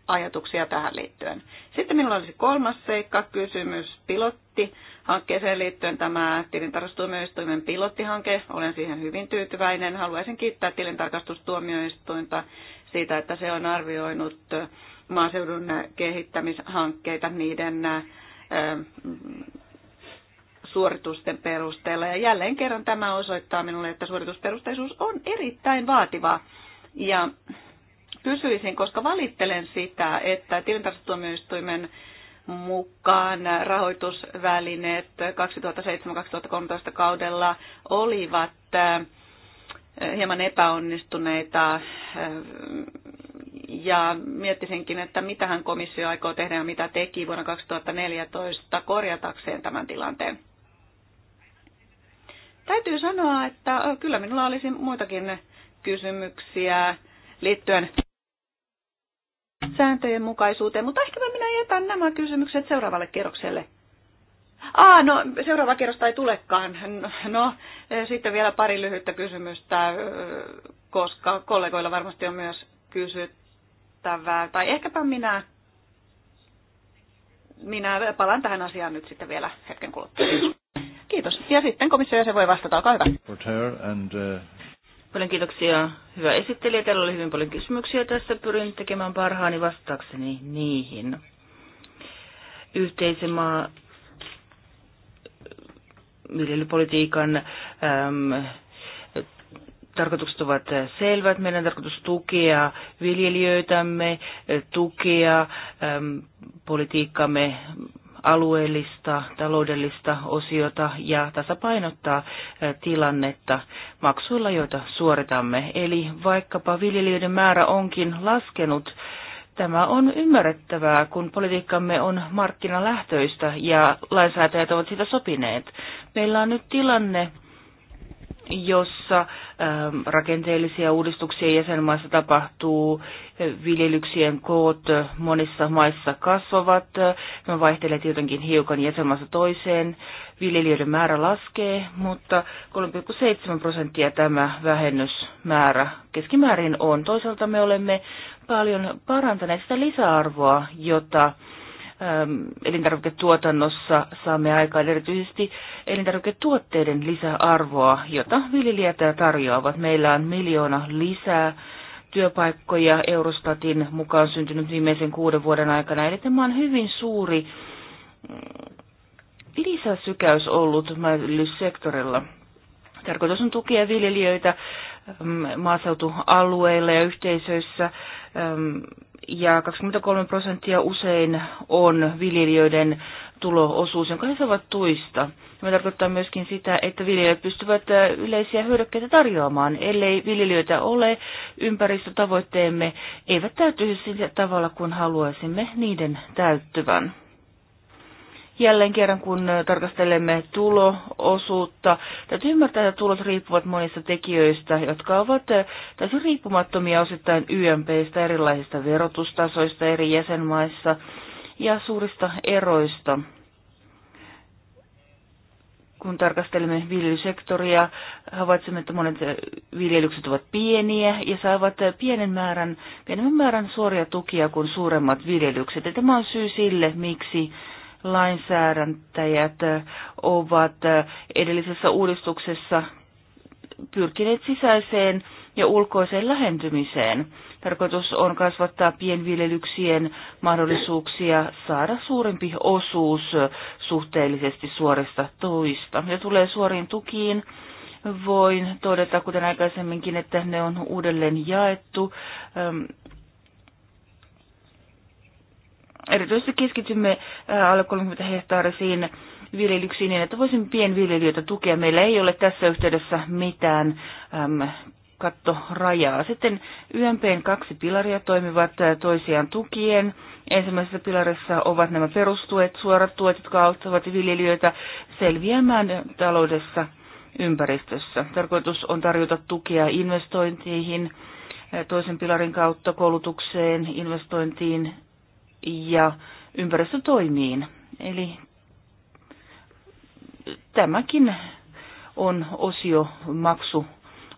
ajatuksia tähän liittyen. Sitten minulla olisi kolmas seikka, kysymys Hankkeeseen liittyen tämä tilintarkastustuomioistuimen pilottihanke. Olen siihen hyvin tyytyväinen. Haluaisin kiittää tilintarkastustuomioistuinta siitä, että se on arvioinut maaseudun kehittämishankkeita niiden suoritusten perusteella. Ja jälleen kerran tämä osoittaa minulle, että suoritusperusteisuus on erittäin vaativa Ja kysyisin, koska valittelen sitä, että tilintarkastustuomioistuimen mukaan rahoitusvälineet 2007-2013 kaudella olivat eh, hieman epäonnistuneita eh, ja miettisinkin, että mitähän komissio aikoo tehdä ja mitä teki vuonna 2014 korjatakseen tämän tilanteen. Täytyy sanoa, että kyllä minulla olisi muitakin kysymyksiä liittyen sääntöjen mukaisuuteen, mutta ehkä minä jätän nämä kysymykset seuraavalle kerrokselle. Aa, no seuraava kerros ei tulekaan. No, sitten vielä pari lyhyttä kysymystä, koska kollegoilla varmasti on myös kysyttävää. Tai ehkäpä minä, minä palaan tähän asiaan nyt sitten vielä hetken kuluttua. Kiitos. Ja sitten komissio se voi vastata. Olkaa hyvä. Paljon kiitoksia, hyvä esittelijä. Täällä oli hyvin paljon kysymyksiä tässä. Pyrin tekemään parhaani vastaakseni niihin. Yhteisemaa viljelypolitiikan äm, tarkoitukset ovat selvät. Meidän on tarkoitus tukea viljelijöitämme, tukea äm, politiikkamme alueellista taloudellista osiota ja tasapainottaa tilannetta maksuilla, joita suoritamme. Eli vaikkapa viljelijöiden määrä onkin laskenut, Tämä on ymmärrettävää, kun politiikkamme on markkinalähtöistä ja lainsäätäjät ovat sitä sopineet. Meillä on nyt tilanne, jossa ähm, rakenteellisia uudistuksia jäsenmaissa tapahtuu, äh, viljelyksien koot äh, monissa maissa kasvavat, äh, ne vaihtelee tietenkin hiukan jäsenmaassa toiseen, viljelijöiden määrä laskee, mutta 3,7 prosenttia tämä vähennysmäärä keskimäärin on. Toisaalta me olemme paljon parantaneet sitä lisäarvoa, jota Ähm, elintarviketuotannossa saamme aikaan erityisesti elintarviketuotteiden lisäarvoa, jota viljelijät tarjoavat. Meillä on miljoona lisää työpaikkoja Eurostatin mukaan syntynyt viimeisen kuuden vuoden aikana. Eli tämä on hyvin suuri mm, lisäsykäys ollut maanviljelyssektorilla. Tarkoitus on tukea viljelijöitä mm, maaseutualueilla ja yhteisöissä ja 23 prosenttia usein on viljelijöiden tuloosuus, jonka he saavat tuista. Tämä tarkoittaa myöskin sitä, että viljelijät pystyvät yleisiä hyödykkeitä tarjoamaan. Ellei viljelijöitä ole, ympäristötavoitteemme eivät täytyisi sillä tavalla kuin haluaisimme niiden täyttyvän jälleen kerran, kun tarkastelemme tuloosuutta. Täytyy ymmärtää, että tulot riippuvat monista tekijöistä, jotka ovat täysin riippumattomia osittain YMPistä, erilaisista verotustasoista eri jäsenmaissa ja suurista eroista. Kun tarkastelemme viljelysektoria, havaitsemme, että monet viljelykset ovat pieniä ja saavat pienen määrän, pienemmän määrän suoria tukia kuin suuremmat viljelykset. Ja tämä on syy sille, miksi lainsäädäntäjät ovat edellisessä uudistuksessa pyrkineet sisäiseen ja ulkoiseen lähentymiseen. Tarkoitus on kasvattaa pienviljelyksien mahdollisuuksia saada suurempi osuus suhteellisesti suorista tuista. Ja tulee suoriin tukiin. Voin todeta, kuten aikaisemminkin, että ne on uudelleen jaettu erityisesti keskitymme alle 30 hehtaarisiin viljelyksiin niin, että voisimme pienviljelijöitä tukea. Meillä ei ole tässä yhteydessä mitään äm, kattorajaa. Sitten YMPn kaksi pilaria toimivat toisiaan tukien. Ensimmäisessä pilarissa ovat nämä perustuet, suorat tuet, jotka auttavat viljelijöitä selviämään taloudessa ympäristössä. Tarkoitus on tarjota tukea investointeihin, toisen pilarin kautta koulutukseen, investointiin ja ympäristötoimiin. Eli tämäkin on osio maksu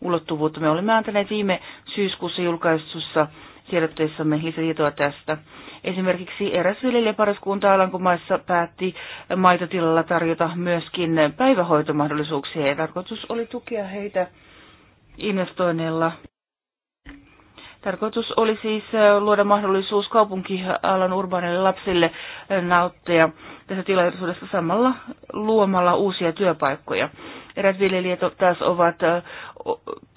ulottuvuutta. Me olemme antaneet viime syyskuussa julkaistussa tiedotteessamme lisätietoa tästä. Esimerkiksi eräs viljelijäpariskunta Alankomaissa päätti maitotilalla tarjota myöskin päivähoitomahdollisuuksia ja tarkoitus oli tukea heitä investoinneilla Tarkoitus oli siis luoda mahdollisuus kaupunkialan urbaanille lapsille nauttia tässä tilaisuudessa samalla luomalla uusia työpaikkoja. Erät viljelijät taas ovat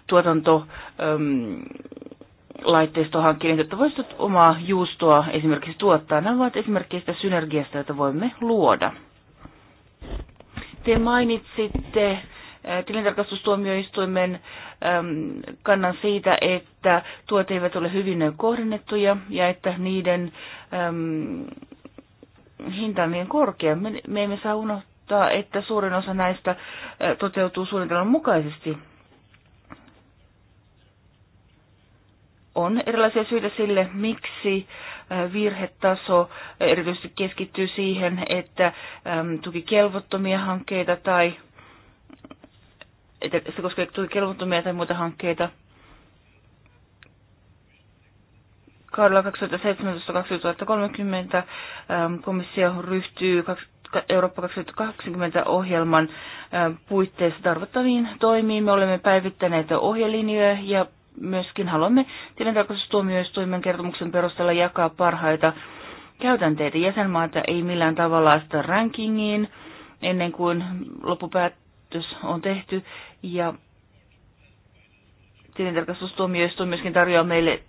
tuotanto laitteistohankkeet, jotta voisivat omaa juustoa esimerkiksi tuottaa. Nämä ovat esimerkkejä sitä synergiasta, jota voimme luoda. Te mainitsitte Äh, tilintarkastustuomioistuimen ähm, kannan siitä, että tuot eivät ole hyvin kohdennettuja ja että niiden ähm, hinta on niin korkea. Me, me emme saa unohtaa, että suurin osa näistä äh, toteutuu suunnitelman mukaisesti. On erilaisia syitä sille, miksi äh, virhetaso erityisesti keskittyy siihen, että ähm, tukikelvottomia hankkeita tai että se koskee kelvottomia tai muita hankkeita. Kaudella 2017-2030 ähm, komissio ryhtyy Eurooppa 2020 ohjelman ähm, puitteissa tarvittaviin toimiin. Me olemme päivittäneet ohjelinjoja ja myöskin haluamme tilintarkastustuomioistuimen kertomuksen perusteella jakaa parhaita käytänteitä jäsenmaata, ei millään tavalla sitä rankingiin ennen kuin loppupäättyy päätös on tehty ja tilintarkastustuomioistuin myöskin tarjoaa meille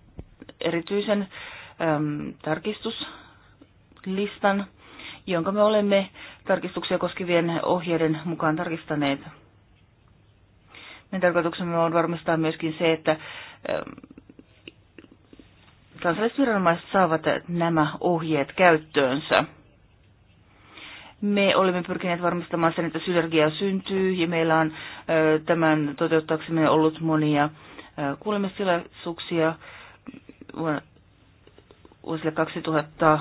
erityisen äm, tarkistuslistan, jonka me olemme tarkistuksia koskevien ohjeiden mukaan tarkistaneet. Meidän tarkoituksemme on varmistaa myöskin se, että kansallisviranomaiset saavat nämä ohjeet käyttöönsä. Me olemme pyrkineet varmistamaan sen, että synergia syntyy ja meillä on tämän toteuttaaksemme ollut monia kuulemistilaisuuksia vuosille 2000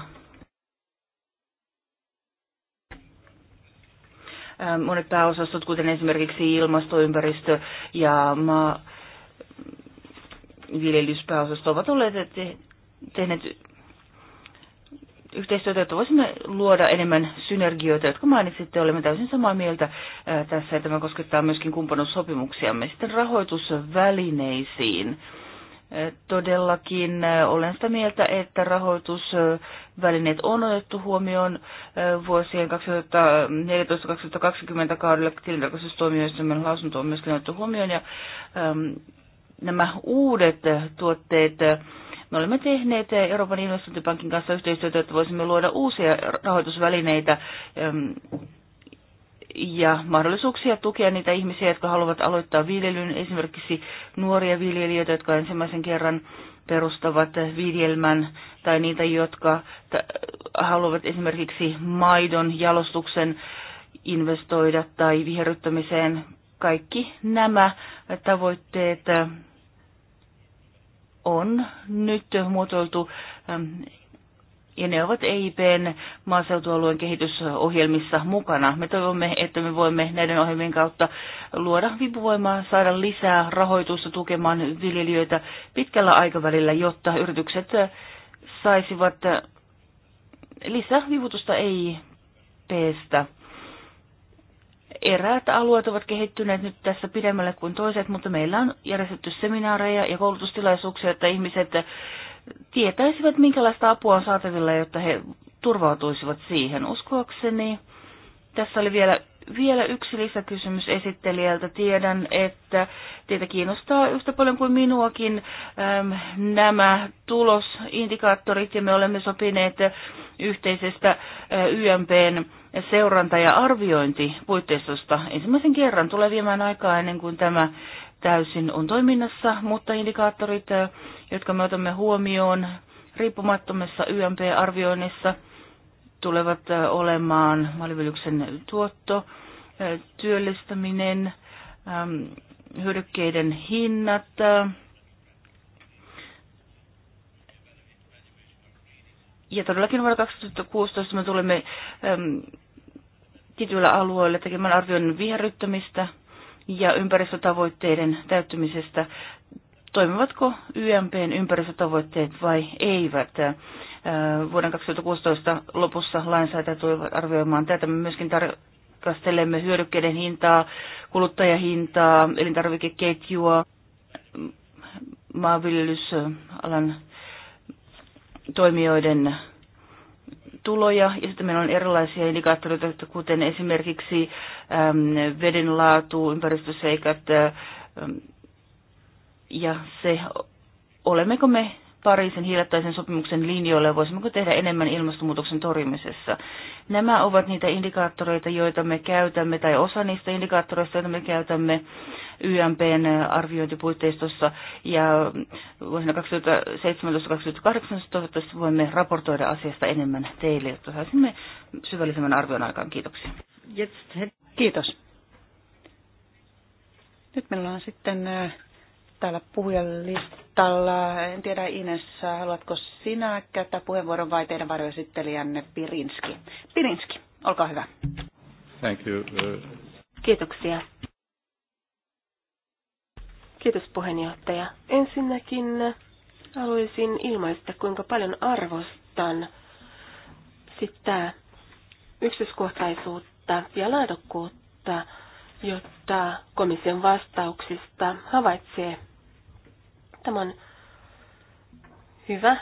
monet pääosastot, kuten esimerkiksi ilmastoympäristö ja maa, viljelyspääosasto ovat olleet tehneet yhteistyötä, että voisimme luoda enemmän synergioita, jotka mainitsitte, olemme täysin samaa mieltä tässä, ja tämä koskettaa myöskin kumppanuussopimuksiamme. Sitten rahoitusvälineisiin. Todellakin olen sitä mieltä, että rahoitusvälineet on otettu huomioon vuosien 2014-2020 kaudella tilintarkastustuomioistuimen lausunto on myöskin otettu huomioon ja nämä uudet tuotteet me olemme tehneet Euroopan investointipankin kanssa yhteistyötä, että voisimme luoda uusia rahoitusvälineitä ehm, ja mahdollisuuksia tukea niitä ihmisiä, jotka haluavat aloittaa viljelyn, esimerkiksi nuoria viljelijöitä, jotka ensimmäisen kerran perustavat viljelmän, tai niitä, jotka haluavat esimerkiksi maidon jalostuksen investoida tai viherryttämiseen. Kaikki nämä tavoitteet on nyt muotoiltu ähm, ja ne ovat EIPn maaseutualueen kehitysohjelmissa mukana. Me toivomme, että me voimme näiden ohjelmien kautta luoda vipuvoimaa, saada lisää rahoitusta tukemaan viljelijöitä pitkällä aikavälillä, jotta yritykset äh, saisivat äh, lisää vivutusta EIPstä. Eräät alueet ovat kehittyneet nyt tässä pidemmälle kuin toiset, mutta meillä on järjestetty seminaareja ja koulutustilaisuuksia, että ihmiset tietäisivät, minkälaista apua on saatavilla, jotta he turvautuisivat siihen. Uskoakseni tässä oli vielä vielä yksi lisäkysymys esittelijältä. Tiedän, että teitä kiinnostaa yhtä paljon kuin minuakin äm, nämä tulosindikaattorit ja me olemme sopineet yhteisestä äh, YMPn seuranta- ja arviointipuitteistosta. Ensimmäisen kerran tulee viemään aikaa ennen kuin tämä täysin on toiminnassa, mutta indikaattorit, äh, jotka me otamme huomioon riippumattomassa YMP-arvioinnissa – tulevat olemaan maaliviljelyksen tuotto, työllistäminen, hyödykkeiden hinnat, ja todellakin vuonna 2016 me tulemme äm, tietyillä alueilla tekemään arvioinnin viherryttämistä ja ympäristötavoitteiden täyttymisestä. Toimivatko YMPn ympäristötavoitteet vai eivät? vuoden 2016 lopussa lainsäätäjä tuli arvioimaan tätä. Me myöskin tarkastelemme hyödykkeiden hintaa, kuluttajahintaa, elintarvikeketjua, maanviljelysalan toimijoiden tuloja. Ja sitten meillä on erilaisia indikaattoreita, kuten esimerkiksi veden laatu, ympäristöseikat ja se, olemmeko me Pariisin hiljattaisen sopimuksen linjoille voisimmeko tehdä enemmän ilmastonmuutoksen torjumisessa. Nämä ovat niitä indikaattoreita, joita me käytämme, tai osa niistä indikaattoreista, joita me käytämme YMPn arviointipuitteistossa, ja vuosina 2017-2018 toivottavasti voimme raportoida asiasta enemmän teille, jotta saisimme syvällisemmän arvion aikaan. Kiitoksia. Kiitos. Nyt meillä on sitten täällä puhujalistalla. En tiedä Ines, haluatko sinä käyttää puheenvuoron vai teidän varjoesittelijänne Pirinski? Pirinski, olkaa hyvä. Thank you. Uh, Kiitoksia. Kiitos puheenjohtaja. Ensinnäkin haluaisin ilmaista, kuinka paljon arvostan sitä yksityiskohtaisuutta ja laadukkuutta, jotta komission vastauksista havaitsee Tämä on hyvä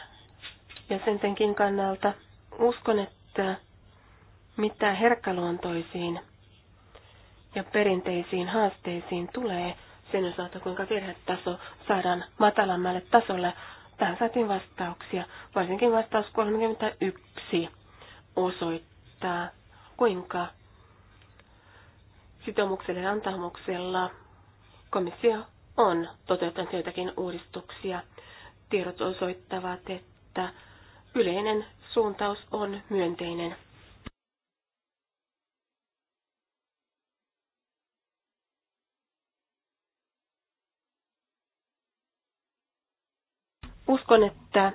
jäsentenkin kannalta. Uskon, että mitä herkkäluontoisiin ja perinteisiin haasteisiin tulee sen osalta, kuinka virhetaso saadaan matalammalle tasolle. Tähän saatiin vastauksia. Varsinkin vastaus 31 osoittaa, kuinka sitoumuksella ja antamuksella komissio on toteuttanut joitakin uudistuksia. Tiedot osoittavat, että yleinen suuntaus on myönteinen. Uskon, että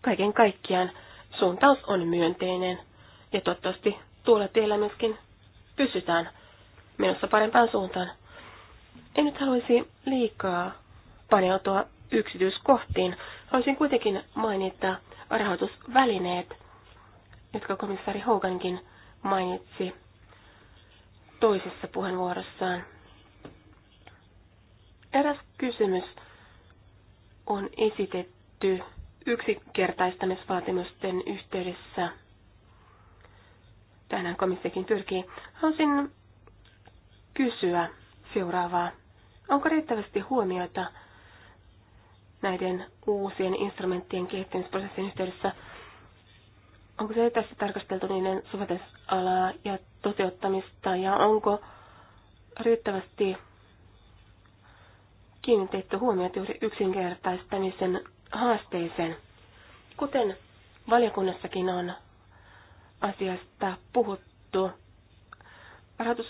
kaiken kaikkiaan suuntaus on myönteinen ja toivottavasti tuolla teillä myöskin pysytään menossa parempaan suuntaan. En nyt haluaisi liikaa paneutua yksityiskohtiin. Haluaisin kuitenkin mainita rahoitusvälineet, jotka komissaari Hogankin mainitsi toisessa puheenvuorossaan. Eräs kysymys on esitetty yksinkertaistamisvaatimusten yhteydessä. Tänään komissiokin pyrkii. Haluaisin kysyä, seuraavaa. Onko riittävästi huomiota näiden uusien instrumenttien kehittämisprosessin yhteydessä? Onko se tässä tarkasteltu niiden soveltamisalaa ja toteuttamista ja onko riittävästi kiinnitetty huomiota juuri yksinkertaistamisen haasteeseen? Kuten valiokunnassakin on asiasta puhuttu, rahoitus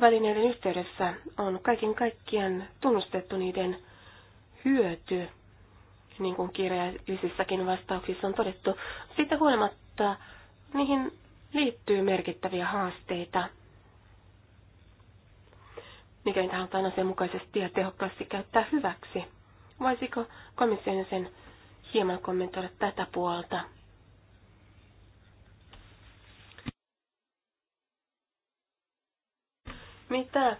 välineiden yhteydessä on kaiken kaikkiaan tunnustettu niiden hyöty, niin kuin kirjallisissakin vastauksissa on todettu. Siitä huolimatta niihin liittyy merkittäviä haasteita, mikä niitä halutaan asianmukaisesti ja tehokkaasti käyttää hyväksi. Voisiko komission sen hieman kommentoida tätä puolta? Mitä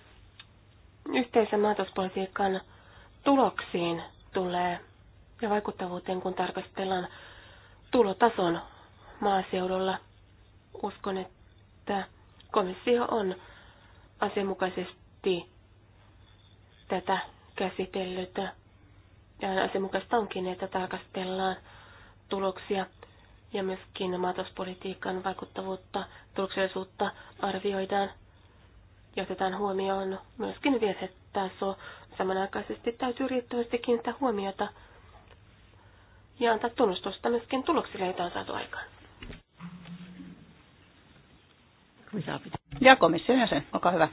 yhteisen maatalouspolitiikan tuloksiin tulee ja vaikuttavuuteen, kun tarkastellaan tulotason maaseudulla? Uskon, että komissio on asianmukaisesti tätä käsitellyt. Ja asianmukaista onkin, että tarkastellaan tuloksia ja myöskin maatalouspolitiikan vaikuttavuutta, tuloksellisuutta arvioidaan ja otetaan huomioon myöskin virhetaso. Samanaikaisesti täytyy riittävästi kiinnittää huomiota ja antaa tunnustusta myöskin tuloksille, joita on saatu aikaan. Ja komission jäsen, olkaa hyvä.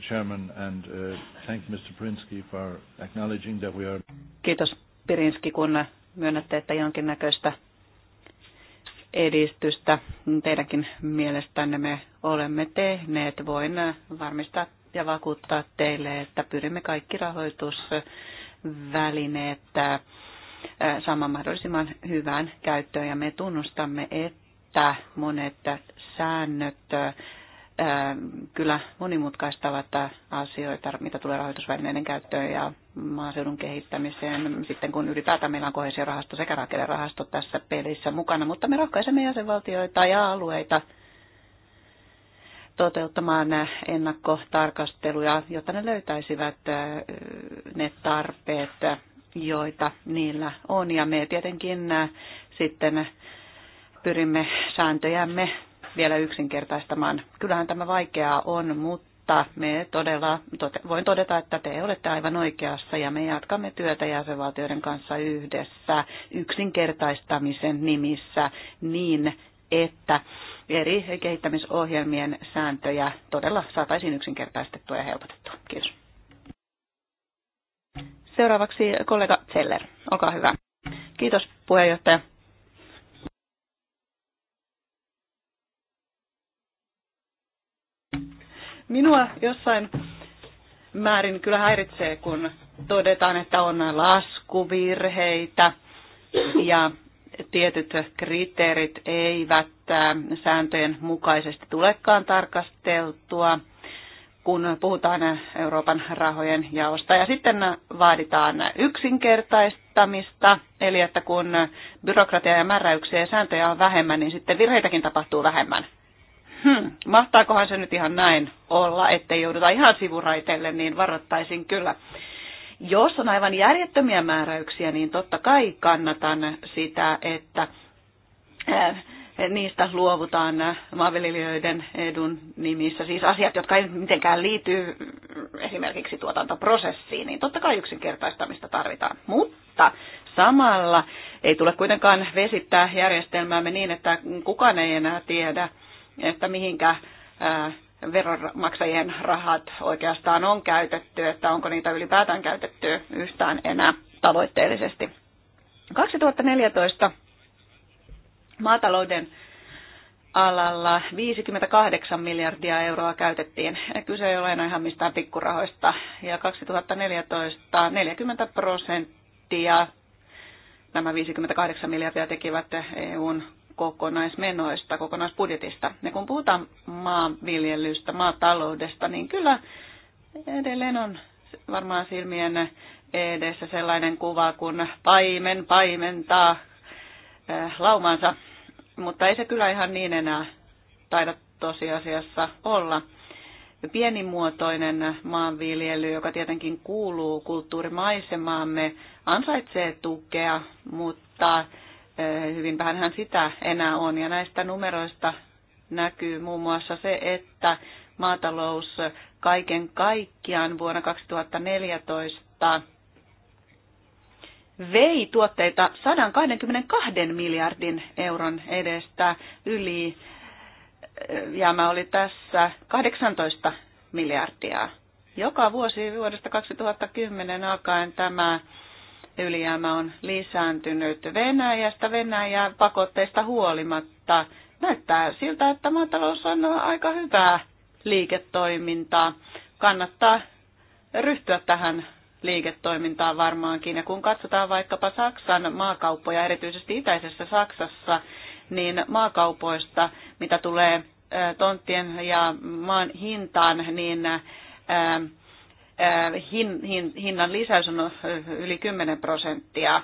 Chairman, and uh, thank Mr. Prinsky for acknowledging that we are... Kiitos Pirinski, kun myönnätte, että jonkinnäköistä edistystä teidänkin mielestänne me olemme tehneet. Voin varmistaa ja vakuuttaa teille, että pyrimme kaikki rahoitusvälineet saamaan mahdollisimman hyvään käyttöön ja me tunnustamme, että monet säännöt kyllä monimutkaistavat asioita, mitä tulee rahoitusvälineiden käyttöön ja maaseudun kehittämiseen, sitten kun ylipäätään meillä on kohesiorahasto sekä rakennerahasto tässä pelissä mukana, mutta me rohkaisemme jäsenvaltioita ja alueita toteuttamaan ennakkotarkasteluja, jotta ne löytäisivät ne tarpeet, joita niillä on. Ja me tietenkin sitten pyrimme sääntöjämme vielä yksinkertaistamaan. Kyllähän tämä vaikeaa on, mutta me todella, voin todeta, että te olette aivan oikeassa ja me jatkamme työtä jäsenvaltioiden kanssa yhdessä yksinkertaistamisen nimissä niin, että eri kehittämisohjelmien sääntöjä todella saataisiin yksinkertaistettua ja helpotettua. Kiitos. Seuraavaksi kollega Zeller, olkaa hyvä. Kiitos puheenjohtaja. Minua jossain määrin kyllä häiritsee, kun todetaan, että on laskuvirheitä ja tietyt kriteerit eivät ähm, sääntöjen mukaisesti tulekaan tarkasteltua, kun puhutaan äh, Euroopan rahojen jaosta. Ja sitten äh, vaaditaan yksinkertaistamista, eli että kun äh, byrokratia ja määräyksiä ja sääntöjä on vähemmän, niin sitten virheitäkin tapahtuu vähemmän. Hmm, mahtaakohan se nyt ihan näin olla, ettei jouduta ihan sivuraiteille, niin varoittaisin kyllä. Jos on aivan järjettömiä määräyksiä, niin totta kai kannatan sitä, että äh, niistä luovutaan maanviljelijöiden edun nimissä. Siis asiat, jotka ei mitenkään liity esimerkiksi tuotantoprosessiin, niin totta kai yksinkertaistamista tarvitaan. Mutta samalla ei tule kuitenkaan vesittää järjestelmäämme niin, että kukaan ei enää tiedä, että mihinkä äh, veronmaksajien rahat oikeastaan on käytetty, että onko niitä ylipäätään käytetty yhtään enää tavoitteellisesti. 2014 maatalouden alalla 58 miljardia euroa käytettiin. Kyse ei ole enää ihan mistään pikkurahoista. Ja 2014 40 prosenttia nämä 58 miljardia tekivät EUn kokonaismenoista, kokonaisbudjetista. Ja kun puhutaan maanviljelystä, maataloudesta, niin kyllä edelleen on varmaan silmien edessä sellainen kuva, kun paimen paimentaa eh, laumansa, mutta ei se kyllä ihan niin enää taida tosiasiassa olla. Pienimuotoinen maanviljely, joka tietenkin kuuluu kulttuurimaisemaamme, ansaitsee tukea, mutta Eh, hyvin vähän sitä enää on. Ja näistä numeroista näkyy muun muassa se, että maatalous kaiken kaikkiaan vuonna 2014 vei tuotteita 122 miljardin euron edestä yli. Eh, mä oli tässä 18 miljardia. Joka vuosi vuodesta 2010 alkaen tämä ylijäämä on lisääntynyt Venäjästä, venäjää pakotteista huolimatta. Näyttää siltä, että maatalous on aika hyvää liiketoimintaa. Kannattaa ryhtyä tähän liiketoimintaan varmaankin. Ja kun katsotaan vaikkapa Saksan maakauppoja, erityisesti itäisessä Saksassa, niin maakaupoista, mitä tulee tonttien ja maan hintaan, niin Äh, hin, hin, hinnan lisäys on äh, yli 10 prosenttia.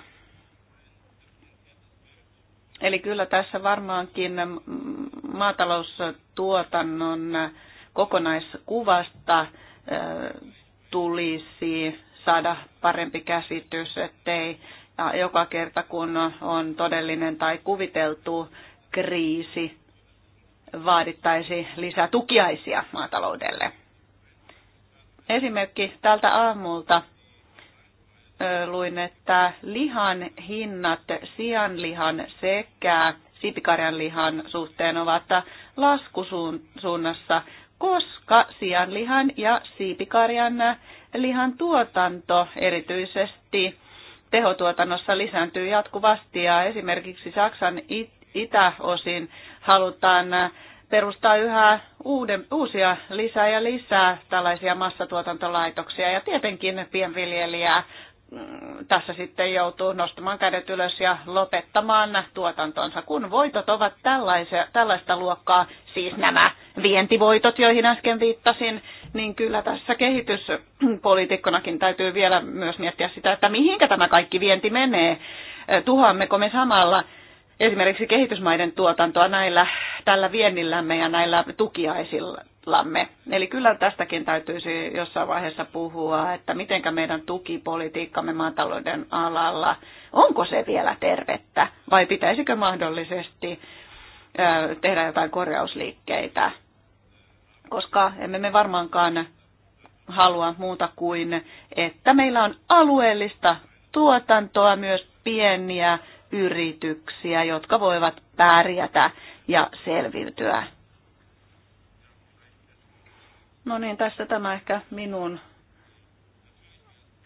Eli kyllä tässä varmaankin maataloustuotannon kokonaiskuvasta äh, tulisi saada parempi käsitys, ettei joka kerta kun on todellinen tai kuviteltu kriisi, vaadittaisi lisää tukiaisia maataloudelle. Esimerkki tältä aamulta luin, että lihan hinnat sianlihan sekä siipikarjan lihan suhteen ovat laskusuunnassa, koska sianlihan ja siipikarjan lihan tuotanto erityisesti tehotuotannossa lisääntyy jatkuvasti ja esimerkiksi Saksan itäosin halutaan perustaa yhä uuden, uusia lisää ja lisää tällaisia massatuotantolaitoksia ja tietenkin pienviljelijää mm, tässä sitten joutuu nostamaan kädet ylös ja lopettamaan tuotantonsa, kun voitot ovat tällaisia, tällaista luokkaa, siis nämä vientivoitot, joihin äsken viittasin, niin kyllä tässä kehityspoliitikkonakin täytyy vielä myös miettiä sitä, että mihinkä tämä kaikki vienti menee. Tuhoammeko me samalla esimerkiksi kehitysmaiden tuotantoa näillä, tällä viennillämme ja näillä tukiaisillamme. Eli kyllä tästäkin täytyisi jossain vaiheessa puhua, että miten meidän tukipolitiikkamme maatalouden alalla, onko se vielä tervettä vai pitäisikö mahdollisesti tehdä jotain korjausliikkeitä, koska emme me varmaankaan halua muuta kuin, että meillä on alueellista tuotantoa, myös pieniä yrityksiä, jotka voivat pärjätä ja selviytyä. No niin, tässä tämä ehkä minun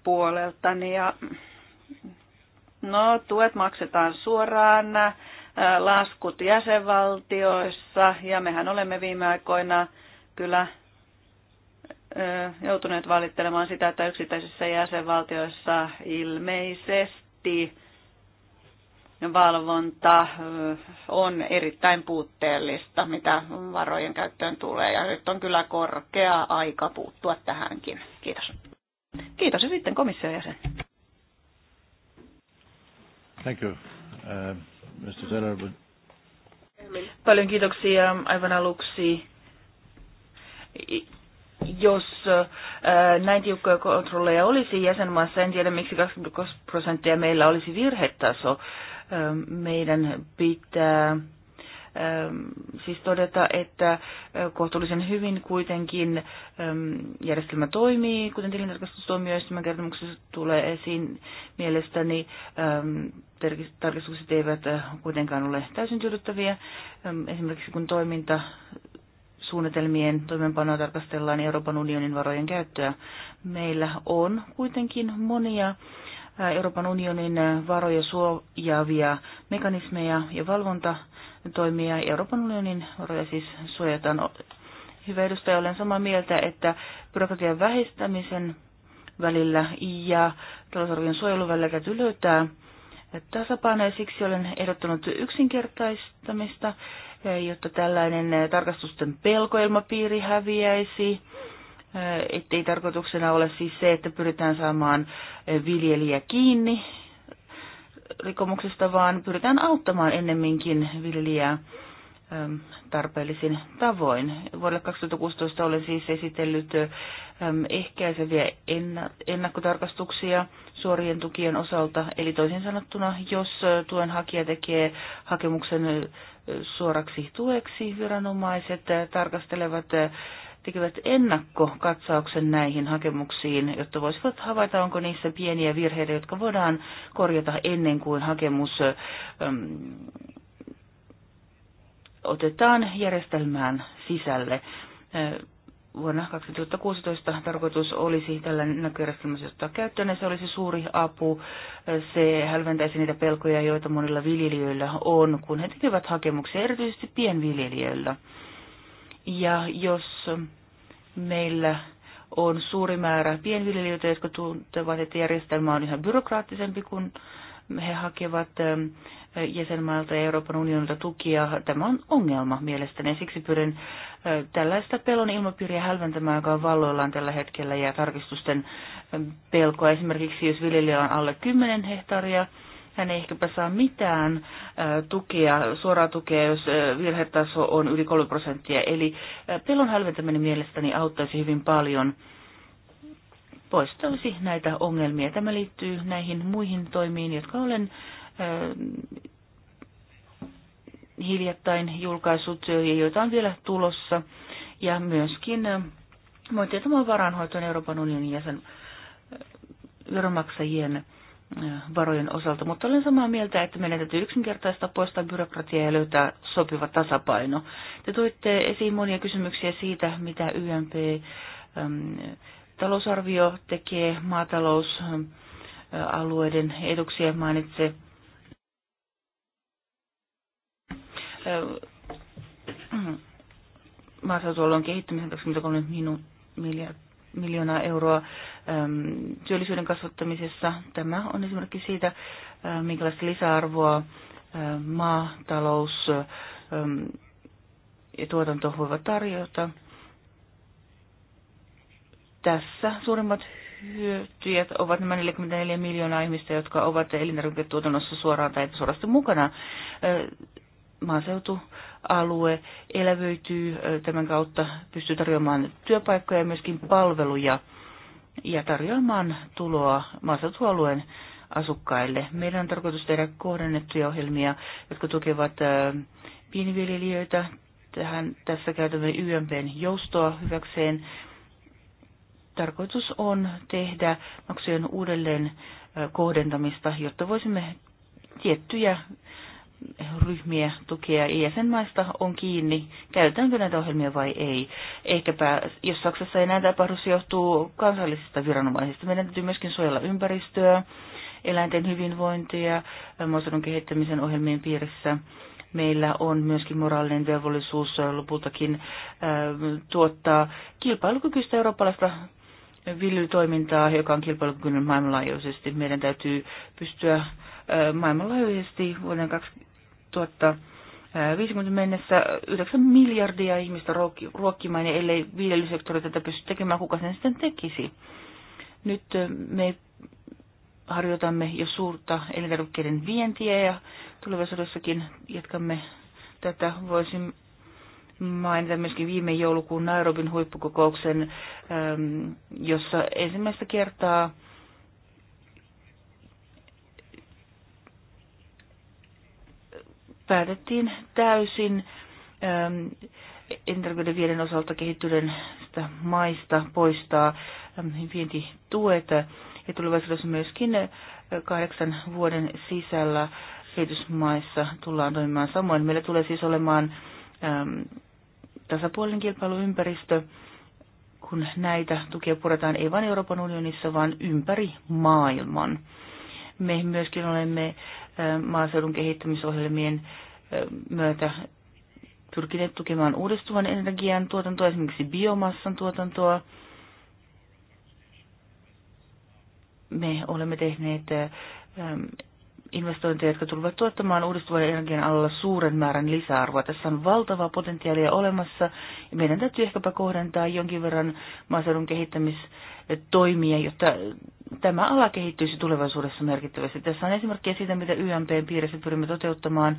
puoleltani. Ja no, tuet maksetaan suoraan, laskut jäsenvaltioissa ja mehän olemme viime aikoina kyllä joutuneet valittelemaan sitä, että yksittäisissä jäsenvaltioissa ilmeisesti valvonta on erittäin puutteellista, mitä varojen käyttöön tulee. Ja nyt on kyllä korkea aika puuttua tähänkin. Kiitos. Kiitos ja sitten komission jäsen. Thank you. Uh, Mr. Zeller, but... Paljon kiitoksia aivan aluksi. Jos uh, näin tiukkoja kontrolleja olisi jäsenmaassa, en tiedä miksi 22 prosenttia meillä olisi virhetaso. Ähm, meidän pitää ähm, siis todeta, että äh, kohtuullisen hyvin kuitenkin ähm, järjestelmä toimii, kuten tilintarkastustuomioistuimen kertomuksessa tulee esiin. Mielestäni tarkistukset eivät äh, kuitenkaan ole täysin tyydyttäviä. Esimerkiksi kun toiminta suunnitelmien toimeenpanoa tarkastellaan Euroopan unionin varojen käyttöä. Meillä on kuitenkin monia Euroopan unionin varoja suojaavia mekanismeja ja valvontatoimia. Euroopan unionin varoja siis suojataan. Hyvä edustaja, olen samaa mieltä, että byrokratian vähistämisen välillä ja talousarvion suojelun välillä täytyy löytää tasapaino ja siksi olen ehdottanut yksinkertaistamista, jotta tällainen tarkastusten pelkoilmapiiri häviäisi Äh, että ei tarkoituksena ole siis se, että pyritään saamaan äh, viljelijä kiinni rikomuksesta, vaan pyritään auttamaan ennemminkin viljelijää ähm, tarpeellisin tavoin. Vuodelle 2016 olen siis esitellyt ähm, ehkäiseviä ennakkotarkastuksia suorien tukien osalta, eli toisin sanottuna, jos äh, tuen hakija tekee hakemuksen suoraksi tueksi, viranomaiset tarkastelevat tekevät ennakkokatsauksen näihin hakemuksiin, jotta voisivat havaita, onko niissä pieniä virheitä, jotka voidaan korjata ennen kuin hakemus äm, otetaan järjestelmään sisälle. Äh, vuonna 2016 tarkoitus olisi tällainen näköjärjestelmässä, ottaa käyttöön ja se olisi suuri apu. Äh, se hälventäisi niitä pelkoja, joita monilla viljelijöillä on, kun he tekevät hakemuksia, erityisesti pienviljelijöillä. Ja jos meillä on suuri määrä pienviljelijöitä, jotka tuntevat, että järjestelmä on ihan byrokraattisempi kuin he hakevat ähm, jäsenmailta ja Euroopan unionilta tukia. Tämä on ongelma mielestäni siksi pyrin äh, tällaista pelon ilmapiiriä hälventämään, joka on valloillaan tällä hetkellä ja tarkistusten ähm, pelkoa. Esimerkiksi jos viljelijä on alle 10 hehtaaria, hän ei ehkäpä saa mitään tukea, suoraa tukea, jos virhetaso on yli 3 prosenttia. Eli pelon hälventäminen mielestäni auttaisi hyvin paljon poistaisi näitä ongelmia. Tämä liittyy näihin muihin toimiin, jotka olen hiljattain julkaissut ja joita on vielä tulossa. Ja myöskin moitteettoman varanhoitoon Euroopan unionin jäsen veronmaksajien Äh, varojen osalta, mutta olen samaa mieltä, että meidän täytyy yksinkertaista poistaa byrokratiaa ja löytää sopiva tasapaino. Te toitte esiin monia kysymyksiä siitä, mitä YMP äm, talousarvio tekee maatalousalueiden eduksi ja mainitse äh, maaseutualueen kehittymisen 23 miljardia miljoonaa euroa ähm, työllisyyden kasvattamisessa. Tämä on esimerkki siitä, äh, minkälaista lisäarvoa äh, maatalous ähm, ja tuotanto voivat tarjota. Tässä suurimmat hyötyjät ovat nämä 44 miljoonaa ihmistä, jotka ovat elintarviketuotannossa suoraan tai suorasti mukana. Äh, maaseutu alue elävöityy tämän kautta, pystyy tarjoamaan työpaikkoja ja myöskin palveluja ja tarjoamaan tuloa maaseutualueen asukkaille. Meidän on tarkoitus tehdä kohdennettuja ohjelmia, jotka tukevat pienviljelijöitä. Tähän, tässä käytämme YMPn joustoa hyväkseen. Tarkoitus on tehdä maksujen uudelleen kohdentamista, jotta voisimme tiettyjä ryhmiä tukea jäsenmaista on kiinni, käytetäänkö näitä ohjelmia vai ei. Ehkäpä, jos Saksassa ei näitä tapahdu, se johtuu kansallisista viranomaisista. Meidän täytyy myöskin suojella ympäristöä, eläinten hyvinvointia, maaseudun kehittämisen ohjelmien piirissä. Meillä on myöskin moraalinen velvollisuus lopultakin äh, tuottaa kilpailukykyistä eurooppalaista viljelytoimintaa, joka on kilpailukykyinen maailmanlaajuisesti. Meidän täytyy pystyä äh, maailmanlaajuisesti vuoden 2020 2050 mennessä 9 miljardia ihmistä ruokkimaan, ja ellei viljelysektori tätä pysty tekemään, kuka sen sitten tekisi. Nyt me harjoitamme jo suurta elintarvikkeiden vientiä ja tulevaisuudessakin jatkamme tätä. Voisin mainita myöskin viime joulukuun Nairobin huippukokouksen, jossa ensimmäistä kertaa – päätettiin täysin elintarvioiden ähm, viiden osalta kehittyneen maista poistaa ähm, vientituet ja tulevaisuudessa myöskin äh, kahdeksan vuoden sisällä kehitysmaissa tullaan toimimaan samoin. Meillä tulee siis olemaan äm, tasapuolinen kilpailuympäristö, kun näitä tukia puretaan ei vain Euroopan unionissa, vaan ympäri maailman. Me myöskin olemme maaseudun kehittämisohjelmien myötä pyrkineet tukemaan uudistuvan energian tuotantoa, esimerkiksi biomassan tuotantoa. Me olemme tehneet investointeja, jotka tulevat tuottamaan uudistuvan energian alalla suuren määrän lisäarvoa. Tässä on valtavaa potentiaalia olemassa ja meidän täytyy ehkäpä kohdentaa jonkin verran maaseudun kehittämistoimia, jotta tämä ala kehittyisi tulevaisuudessa merkittävästi. Tässä on esimerkkejä siitä, mitä YMPn piirissä pyrimme toteuttamaan.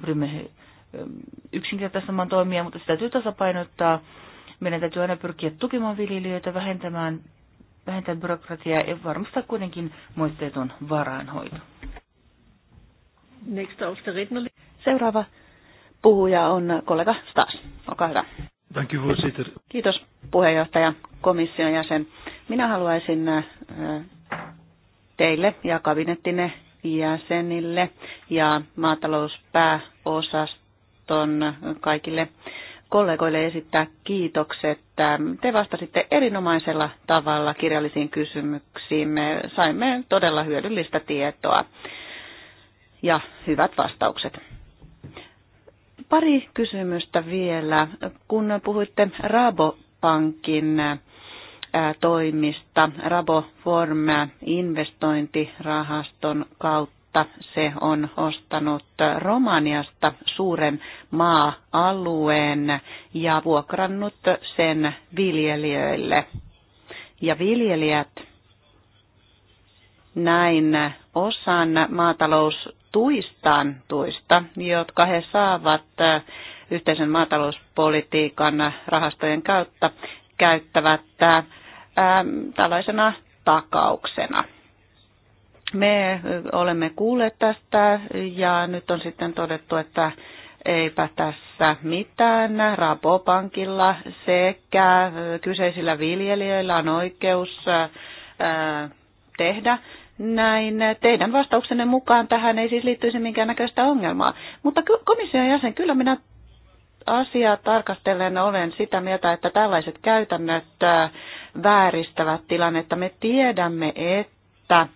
Pyrimme ähm, yksinkertaistamaan toimia, mutta sitä täytyy tasapainottaa. Meidän täytyy aina pyrkiä tukemaan viljelijöitä, vähentämään vähentää byrokratiaa ja varmistaa kuitenkin moitteeton varainhoito. Seuraava puhuja on kollega Stas. Olkaa hyvä. Kiitos puheenjohtaja, komission jäsen. Minä haluaisin äh, teille ja kabinettinne jäsenille ja maatalouspääosaston kaikille kollegoille esittää kiitokset. Te vastasitte erinomaisella tavalla kirjallisiin kysymyksiin. Me saimme todella hyödyllistä tietoa ja hyvät vastaukset. Pari kysymystä vielä. Kun puhuitte Rabopankin toimista Raboform investointirahaston kautta. Se on ostanut Romaniasta suuren maa-alueen ja vuokrannut sen viljelijöille. Ja viljelijät näin osan maatalous tuistaan, tuista, jotka he saavat yhteisen maatalouspolitiikan rahastojen kautta, käyttävät tällaisena takauksena. Me olemme kuulleet tästä ja nyt on sitten todettu, että eipä tässä mitään. Rabopankilla sekä kyseisillä viljelijöillä on oikeus tehdä näin teidän vastauksenne mukaan tähän ei siis liittyisi minkäännäköistä ongelmaa. Mutta komission jäsen, kyllä minä asiaa tarkastellen olen sitä mieltä, että tällaiset käytännöt äh, vääristävät tilannetta. Me tiedämme, että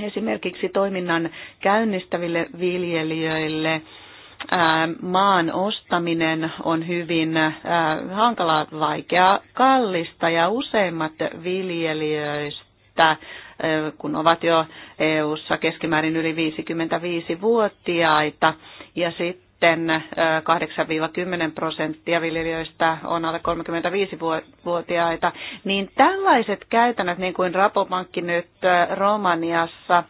esimerkiksi toiminnan käynnistäville viljelijöille äh, maan ostaminen on hyvin äh, hankalaa, vaikeaa, kallista ja useimmat viljelijöistä Eh, kun ovat jo EU-ssa keskimäärin yli 55-vuotiaita. Ja sitten 8-10 eh, prosenttia viljelijöistä on alle 35-vuotiaita, niin tällaiset käytännöt, niin kuin Rapopankki nyt eh, Romaniassa,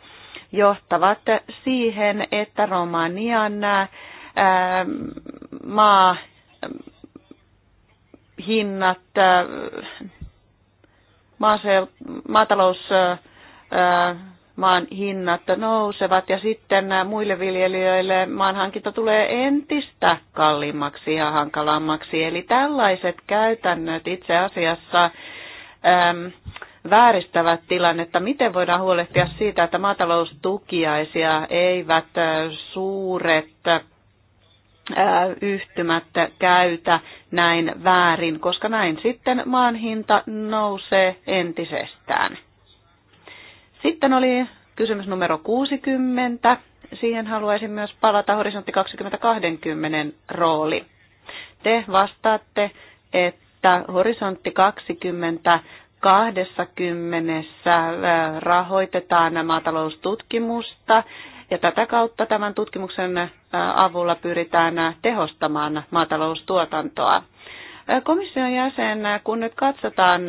johtavat siihen, että Romanian maa hinnat maatalouspuolella maan hinnat nousevat ja sitten muille viljelijöille maan hankinta tulee entistä kalliimmaksi ja hankalammaksi. Eli tällaiset käytännöt itse asiassa äm, vääristävät tilannetta. Miten voidaan huolehtia siitä, että maataloustukiaisia eivät suuret yhtymät käytä näin väärin, koska näin sitten maan hinta nousee entisestään. Sitten oli kysymys numero 60. Siihen haluaisin myös palata horisontti 2020 rooli. Te vastaatte, että horisontti 20 20 rahoitetaan maataloustutkimusta ja tätä kautta tämän tutkimuksen avulla pyritään tehostamaan maataloustuotantoa. Komission jäsen, kun nyt katsotaan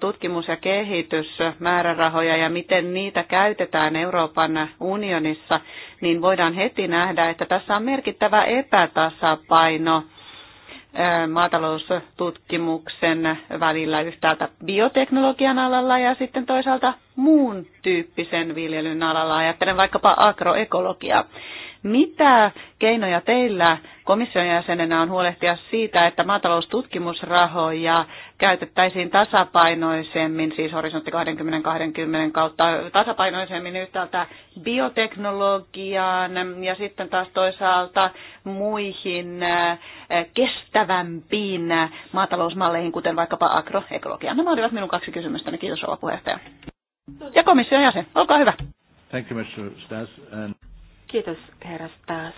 tutkimus- ja kehitysmäärärahoja ja miten niitä käytetään Euroopan unionissa, niin voidaan heti nähdä, että tässä on merkittävä epätasapaino maataloustutkimuksen välillä yhtäältä bioteknologian alalla ja sitten toisaalta muun tyyppisen viljelyn alalla. Ajattelen vaikkapa agroekologiaa. Mitä keinoja teillä komission jäsenenä on huolehtia siitä, että maataloustutkimusrahoja käytettäisiin tasapainoisemmin, siis horisontti 2020 kautta tasapainoisemmin yhtäältä bioteknologiaan ja sitten taas toisaalta muihin eh, kestävämpiin maatalousmalleihin, kuten vaikkapa agroekologiaan. Nämä olivat minun kaksi kysymystäni. Kiitos rouva puheenjohtaja. Ja komission jäsen, olkaa hyvä. Thank you, Mr. Stas. And... Kiitos herra taas.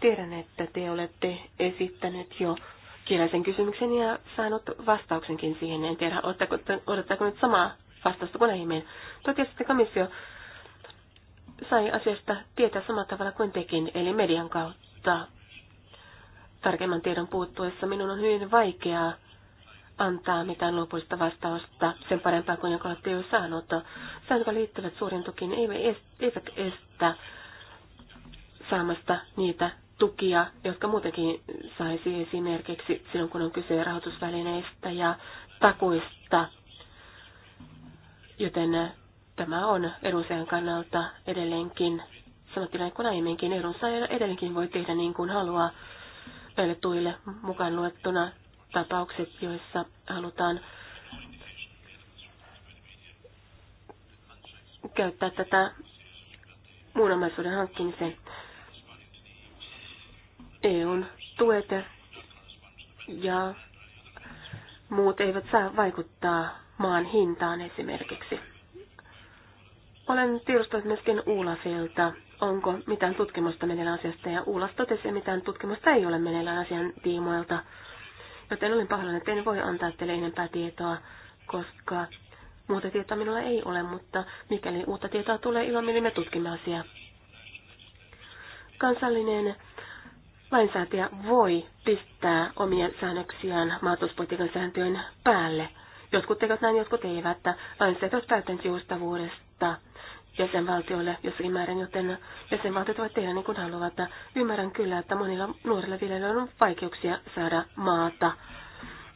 Tiedän, että te olette esittänyt jo kirjallisen kysymyksen ja saanut vastauksenkin siihen. En tiedä, odottaako, nyt samaa vastausta kuin aiemmin. Totesi, että komissio sai asiasta tietää samalla tavalla kuin tekin, eli median kautta. Tarkemman tiedon puuttuessa minun on hyvin vaikeaa antaa mitään lopullista vastausta sen parempaa kuin jonka olette jo saanut. Säännöt liittyvät suurin tukiin eivät estä saamasta niitä tukia, jotka muutenkin saisi esimerkiksi silloin, kun on kyse rahoitusvälineistä ja takuista. Joten tämä on edunsaajan kannalta edelleenkin, sanottuna kuin aiemminkin, edunsaaja edelleenkin voi tehdä niin kuin haluaa näille tuille mukaan luettuna tapaukset, joissa halutaan käyttää tätä muun omaisuuden hankkimiseen. EUn tuet ja muut eivät saa vaikuttaa maan hintaan esimerkiksi. Olen tiedostanut myöskin Uulafilta, onko mitään tutkimusta meneillään asiasta, ja Uulas totesi, että mitään tutkimusta ei ole meneillään asian tiimoilta. Joten olin pahoillani, että en voi antaa teille enempää tietoa, koska muuta tietoa minulla ei ole, mutta mikäli uutta tietoa tulee, ilman, niin me tutkimme asiaa. Kansallinen lainsäätäjä voi pistää omia säännöksiään maatalouspolitiikan sääntöjen päälle. Jotkut tekevät näin, jotkut eivät. Lainsäätäjät päättävät joustavuudesta jäsenvaltioille jossakin määrin, joten jäsenvaltiot voivat tehdä niin kuin haluavat. Ymmärrän kyllä, että monilla nuorilla viljelijöillä on vaikeuksia saada maata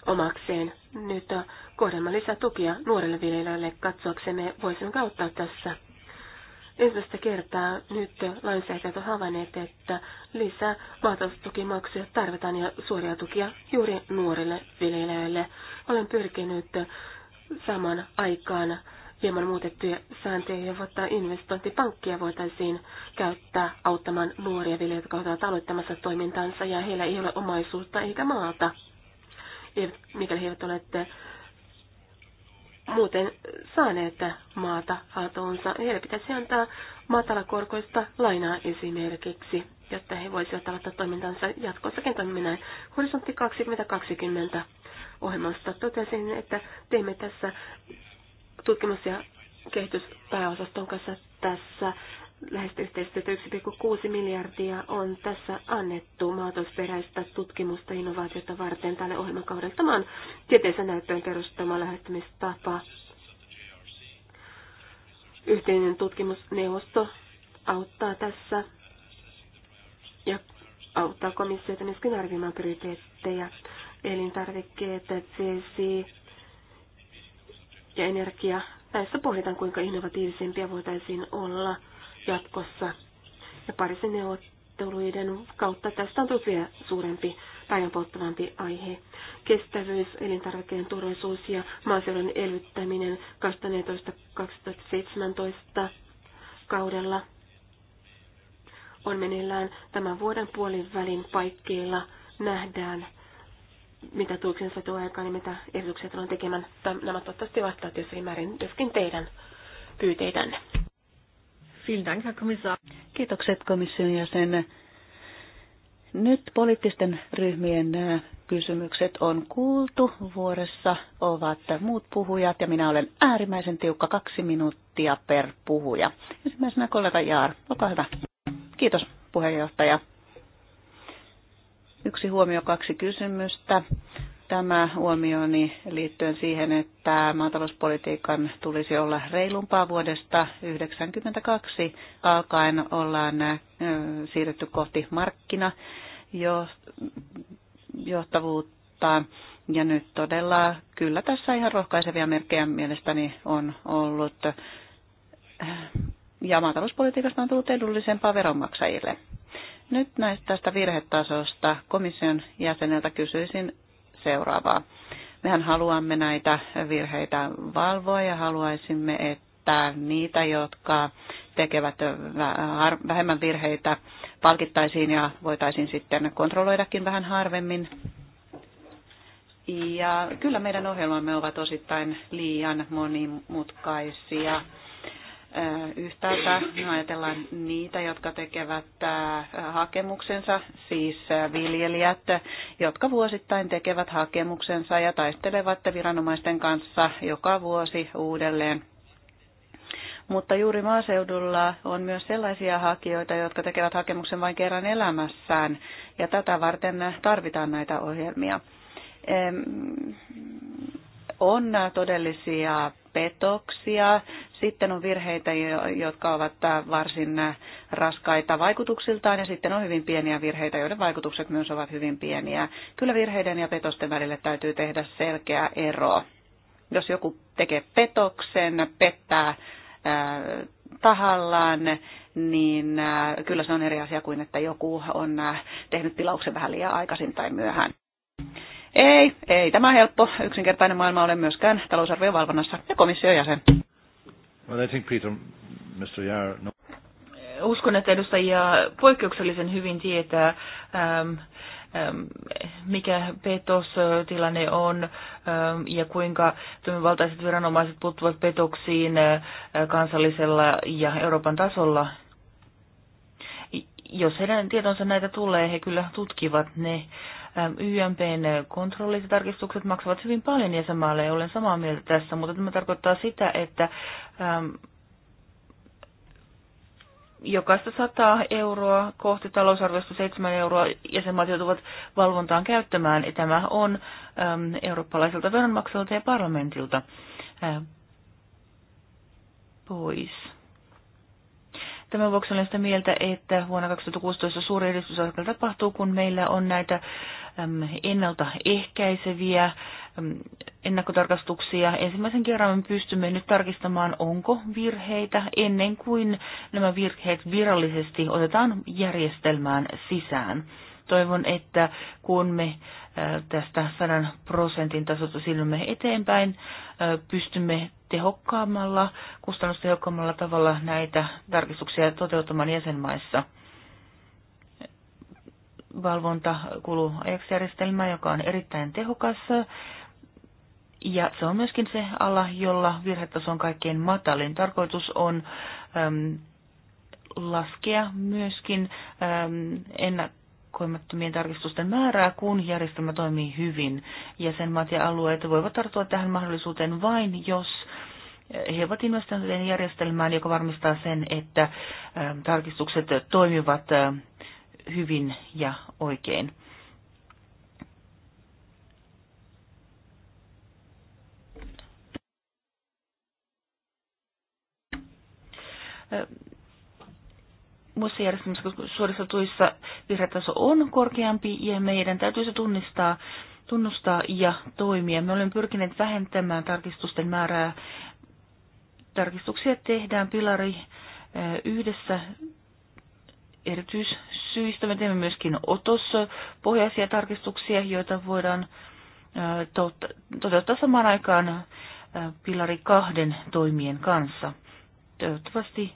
omakseen. Nyt kohdemme lisää tukia nuorille viljelijöille katsoaksemme, voisimme auttaa tässä Ensimmäistä kertaa nyt lainsäätäjät on havainneet, että lisää maataloustukimaksuja tarvitaan ja suoria tukia juuri nuorille viljelijöille. Olen pyrkinyt saman aikaan hieman muutettuja sääntöjä, jotta investointipankkia voitaisiin käyttää auttamaan nuoria viljelijöitä, jotka ovat aloittamassa toimintansa ja heillä ei ole omaisuutta eikä maata, mikäli he eivät ole muuten saaneet maata haltuunsa. Heille pitäisi antaa matalakorkoista lainaa esimerkiksi, jotta he voisivat aloittaa toimintansa jatkossakin toiminnan. Horisontti 2020 ohjelmasta totesin, että teemme tässä tutkimus- ja kehityspääosaston kanssa tässä lähes yhteistyö 1,6 miljardia on tässä annettu maatalousperäistä tutkimusta innovaatiota varten tälle ohjelmakaudelle. Tämä on tieteellisen näyttöön perustama lähestymistapa. Yhteinen tutkimusneuvosto auttaa tässä ja auttaa komissiota myöskin arvioimaan prioriteetteja, elintarvikkeet, vesi ja energia. Näissä pohditaan, kuinka innovatiivisempia voitaisiin olla – jatkossa. Ja parisen neuvotteluiden kautta tästä on tullut vielä suurempi päivänpolttavampi aihe. Kestävyys, elintarvikkeiden turvallisuus ja maaseudun elvyttäminen 2014-2017 kaudella on meneillään tämän vuoden puolin välin paikkeilla. Nähdään, mitä tuloksensa tuo aikaan ja mitä ehdotuksia tullaan tekemään. Nämä toivottavasti vastaavat jossain määrin myöskin teidän pyyteitänne. Kiitokset komission jäsen. Nyt poliittisten ryhmien äh, kysymykset on kuultu. Vuoressa ovat muut puhujat ja minä olen äärimmäisen tiukka kaksi minuuttia per puhuja. Ensimmäisenä kollega Jaar, olkaa hyvä. Kiitos puheenjohtaja. Yksi huomio, kaksi kysymystä tämä huomioni liittyen siihen, että maatalouspolitiikan tulisi olla reilumpaa vuodesta 1992 alkaen ollaan siirrytty kohti johtavuutta Ja nyt todella kyllä tässä ihan rohkaisevia merkkejä mielestäni on ollut. Ja maatalouspolitiikasta on tullut edullisempaa veronmaksajille. Nyt näistä tästä virhetasosta komission jäseneltä kysyisin seuraavaa. Mehän haluamme näitä virheitä valvoa ja haluaisimme, että niitä, jotka tekevät vähemmän virheitä, palkittaisiin ja voitaisiin sitten kontrolloidakin vähän harvemmin. Ja kyllä meidän ohjelmamme ovat osittain liian monimutkaisia Yhtäältä no ajatellaan niitä, jotka tekevät hakemuksensa, siis viljelijät, jotka vuosittain tekevät hakemuksensa ja taistelevat viranomaisten kanssa joka vuosi uudelleen mutta juuri maaseudulla on myös sellaisia hakijoita, jotka tekevät hakemuksen vain kerran elämässään, ja tätä varten tarvitaan näitä ohjelmia on todellisia petoksia, sitten on virheitä, jotka ovat varsin raskaita vaikutuksiltaan, ja sitten on hyvin pieniä virheitä, joiden vaikutukset myös ovat hyvin pieniä. Kyllä virheiden ja petosten välille täytyy tehdä selkeä ero. Jos joku tekee petoksen, pettää äh, tahallaan, niin äh, kyllä se on eri asia kuin, että joku on äh, tehnyt tilauksen vähän liian aikaisin tai myöhään. Ei, ei tämä helppo, yksinkertainen maailma ole myöskään talousarvion valvonnassa ja komission jäsen. Well, I think Peter, Mr. Yar, no. Uskon, että edustajia poikkeuksellisen hyvin tietää, äm, äm, mikä petostilanne on äm, ja kuinka toimivaltaiset viranomaiset puuttuvat petoksiin ä, äh, kansallisella ja Euroopan tasolla. Jos heidän tietonsa näitä tulee, he kyllä tutkivat ne Ähm, YMPn äh, kontrollissa tarkistukset maksavat hyvin paljon jäsenmaalle, olen samaa mieltä tässä, mutta tämä tarkoittaa sitä, että ähm, jokaista 100 euroa kohti talousarviosta 7 euroa jäsenmaat joutuvat valvontaan käyttämään. Tämä on äm, eurooppalaiselta veronmaksajalta ja parlamentilta äh, pois. Tämän vuoksi olen sitä mieltä, että vuonna 2016 suuri edistysaskel tapahtuu, kun meillä on näitä ennaltaehkäiseviä ennakkotarkastuksia. Ensimmäisen kerran me pystymme nyt tarkistamaan, onko virheitä ennen kuin nämä virheet virallisesti otetaan järjestelmään sisään. Toivon, että kun me tästä 100 prosentin tasosta silmme eteenpäin, pystymme tehokkaammalla, kustannustehokkaammalla tavalla näitä tarkistuksia toteuttamaan jäsenmaissa valvonta ajaksijärjestelmään, joka on erittäin tehokas. Ja se on myöskin se ala, jolla virhetaso on kaikkein matalin. Tarkoitus on äm, laskea myöskin äm, ennak- ennakoimattomien tarkistusten määrää, kun järjestelmä toimii hyvin. Jäsenmaat ja alueet voivat tarttua tähän mahdollisuuteen vain, jos he ovat investoineet järjestelmään, joka varmistaa sen, että tarkistukset toimivat hyvin ja oikein muissa järjestelmissä suoritetuissa virhetaso on korkeampi ja meidän täytyy se tunnistaa, tunnustaa ja toimia. Me olemme pyrkineet vähentämään tarkistusten määrää. Tarkistuksia tehdään pilari eh, yhdessä erityissyistä. Me teemme myöskin otospohjaisia tarkistuksia, joita voidaan eh, toteuttaa samaan aikaan eh, pilari kahden toimien kanssa. Toivottavasti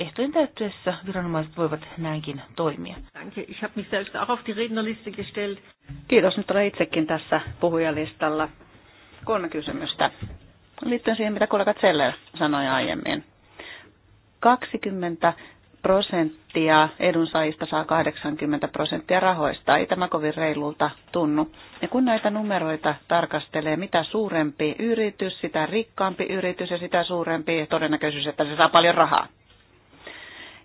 ehtojen täyttyessä viranomaiset voivat näinkin toimia. Kiitos, nyt olen itsekin tässä puhujalistalla. Kolme kysymystä liittyen siihen, mitä kollega Zeller sanoi aiemmin. 20 prosenttia edunsaajista saa 80 prosenttia rahoista. Ei tämä kovin reilulta tunnu. Ja kun näitä numeroita tarkastelee, mitä suurempi yritys, sitä rikkaampi yritys ja sitä suurempi todennäköisyys, että se saa paljon rahaa.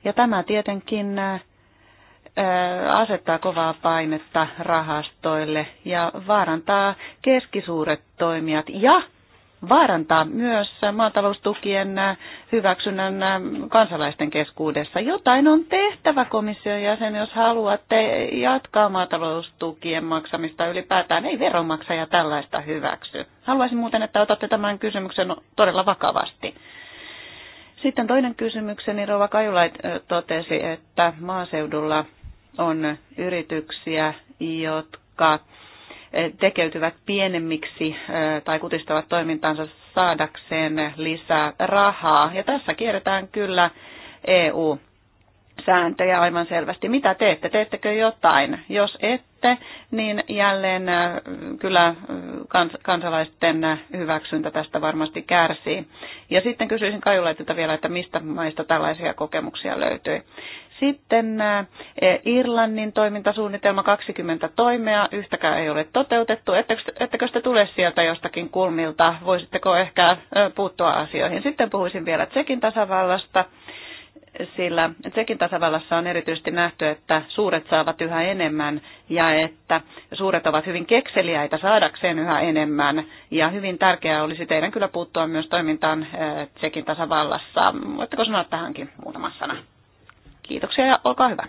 Ja tämä tietenkin äh, äh, asettaa kovaa painetta rahastoille ja vaarantaa keskisuuret toimijat ja vaarantaa myös maataloustukien äh, hyväksynnän kansalaisten keskuudessa. Jotain on tehtävä komission jäsen, jos haluatte jatkaa maataloustukien maksamista ylipäätään. Ei veronmaksaja tällaista hyväksy. Haluaisin muuten, että otatte tämän kysymyksen todella vakavasti. Sitten toinen kysymykseni, Rova Kajula totesi, että maaseudulla on yrityksiä, jotka tekeytyvät pienemmiksi tai kutistavat toimintaansa saadakseen lisää rahaa. Ja tässä kierretään kyllä EU sääntöjä aivan selvästi. Mitä teette? Teettekö jotain? Jos ette, niin jälleen äh, kyllä äh, kansalaisten äh, hyväksyntä tästä varmasti kärsii. Ja sitten kysyisin Kajulaitilta vielä, että mistä maista tällaisia kokemuksia löytyy. Sitten e, Irlannin toimintasuunnitelma 20 toimea, yhtäkään ei ole toteutettu. Ettekö, ettekö te tule sieltä jostakin kulmilta? Voisitteko ehkä puuttua asioihin? Sitten puhuisin vielä Tsekin tasavallasta sillä Tsekin tasavallassa on erityisesti nähty, että suuret saavat yhä enemmän ja että suuret ovat hyvin kekseliäitä saadakseen yhä enemmän. Ja hyvin tärkeää olisi teidän kyllä puuttua myös toimintaan eh, Tsekin tasavallassa. Voitteko sanoa tähänkin muutama sana? Kiitoksia ja olkaa hyvä.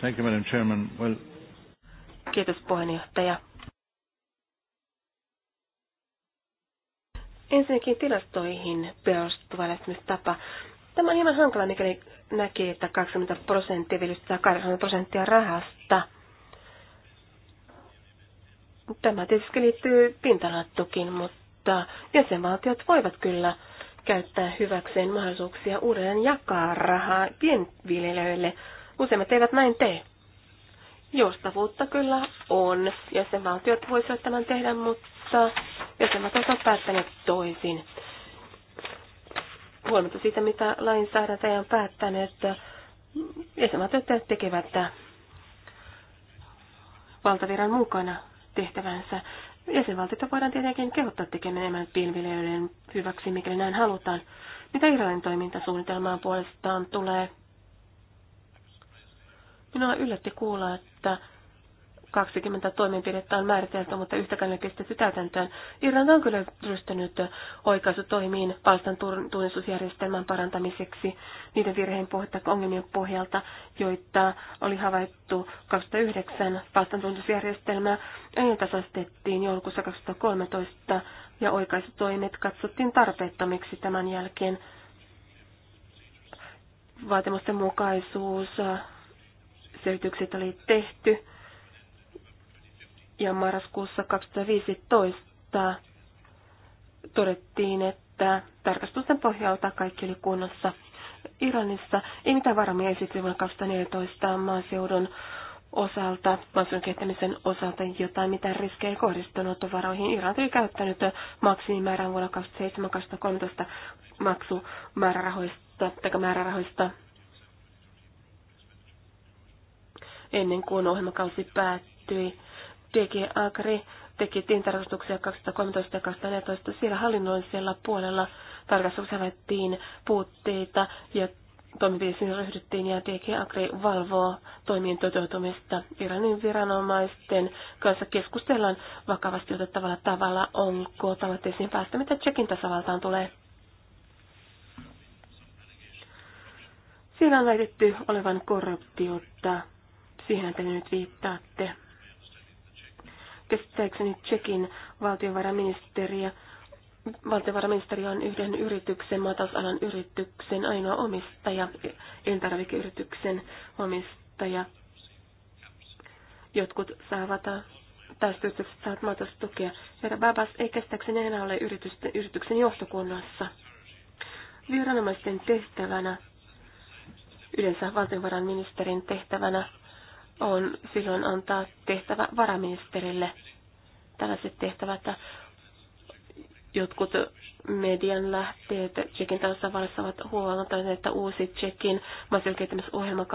Thank you, Madam Chairman. Well... Kiitos puheenjohtaja Ensinnäkin tilastoihin perustuva lähestymistapa. Tämä on hieman hankala, mikäli näkee, että 20 prosenttia viljelystä 80 prosenttia rahasta. Tämä tietysti liittyy pintalattukin, mutta jäsenvaltiot voivat kyllä käyttää hyväkseen mahdollisuuksia uudelleen jakaa rahaa pienviljelijöille. Useimmat eivät näin tee. Joustavuutta kyllä on. Jäsenvaltiot voisivat tämän tehdä, mutta mutta jäsenmät ovat päättänyt toisin. Huolimatta siitä, mitä lainsäädäntäjä on päättänyt, jäsenmät tekevät valtaviran mukana tehtävänsä. Jäsenvaltiota voidaan tietenkin kehottaa tekemään enemmän pienviljelijöiden hyväksi, mikäli näin halutaan. Mitä Irlannin toimintasuunnitelmaan puolestaan tulee? Minua yllätti kuulla, että 20 toimenpidettä on määritelty, mutta yhtäkään ei pistetty täytäntöön. Irlanta on kyllä ryhtynyt oikaisutoimiin palstan tunnistusjärjestelmän parantamiseksi niiden virheen pohjalta, ongelmien pohjalta, joita oli havaittu 2009. Palstan tunnistusjärjestelmä ajantasastettiin joulukuussa 2013 ja oikaisutoimet katsottiin tarpeettomiksi tämän jälkeen. Vaatimusten mukaisuus selitykset oli tehty ja marraskuussa 2015 todettiin, että tarkastusten pohjalta kaikki oli kunnossa. Iranissa ei mitään varmia esitti vuonna 2014 maaseudun osalta, maaseudun kehittämisen osalta jotain, mitä riskejä ei kohdistunut varoihin. Iran oli käyttänyt maksimimäärän vuonna 2007-2013 maksumäärärahoista, tai määrärahoista ennen kuin ohjelmakausi päättyi. DG Agri teki tintarkastuksia 2013 ja 2014. Siellä hallinnollisella puolella tarkastuksessa havaittiin puutteita ja toimenpiteisiin ryhdyttiin ja DG Agri valvoo toimien toteutumista. Iranin viranomaisten kanssa keskustellaan vakavasti otettavalla tavalla, onko tavoitteisiin päästä, mitä Tsekin tasavaltaan tulee. Siinä on väitetty olevan korruptiota. Siihen te nyt viittaatte käsittääkseni Tsekin valtiovarainministeriä Valtiovarainministeri on yhden yrityksen, maatalousalan yrityksen ainoa omistaja, elintarvikeyrityksen omistaja. Jotkut saavat tästä yritykset saavat maataloustukea. Herra Babas ei käsittääkseni enää ole yritysten, yrityksen johtokunnassa. Viranomaisten tehtävänä, yleensä valtiovarainministerin tehtävänä, on silloin antaa tehtävä varaministerille. Tällaiset tehtävät, jotkut median lähteet Tsekin tasavallassa ovat huomantaneet, että uusi Tsekin maaselkeyttämisohjelma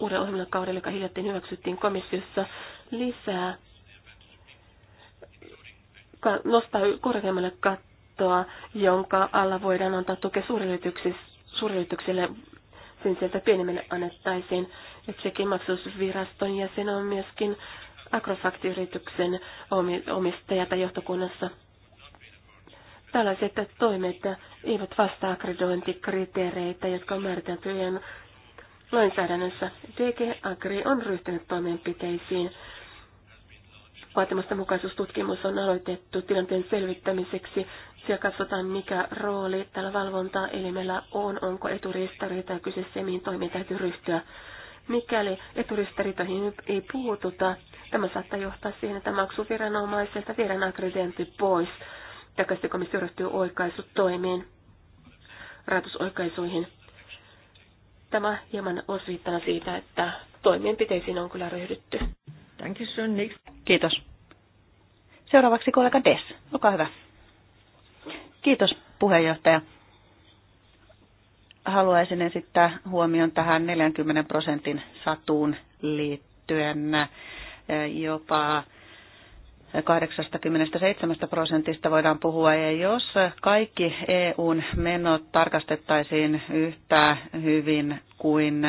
uuden ohjelman kaudella, joka hiljattain hyväksyttiin komissiossa, lisää nostaa korkeammalle kattoa, jonka alla voidaan antaa tukea suuryrityksille sen sieltä pienemmille annettaisiin Tsekin maksusviraston jäsen on myöskin Agrofakti-yrityksen omistaja tai johtokunnassa. Tällaiset toimet eivät vastaa akkreditointikriteereitä, jotka on määritelty lainsäädännössä. DG Agri on ryhtynyt toimenpiteisiin. Vaatimusten mukaisuustutkimus on aloitettu tilanteen selvittämiseksi. Siellä katsotaan, mikä rooli tällä valvontaelimellä on, onko tai kyseessä mihin toimiin täytyy ryhtyä. Mikäli eturistiriitoihin ei puututa, tämä saattaa johtaa siihen, että maksuviranomaiselta viedään aggredentti pois, ja komissio ryhtyy oikaisutoimiin, rahoitusoikaisuihin. Tämä hieman osviittana siitä, että toimenpiteisiin on kyllä ryhdytty. Kiitos. Seuraavaksi kollega Des, olkaa hyvä. Kiitos puheenjohtaja haluaisin esittää huomion tähän 40 prosentin satuun liittyen jopa 87 prosentista voidaan puhua, ja jos kaikki EUn menot tarkastettaisiin yhtä hyvin kuin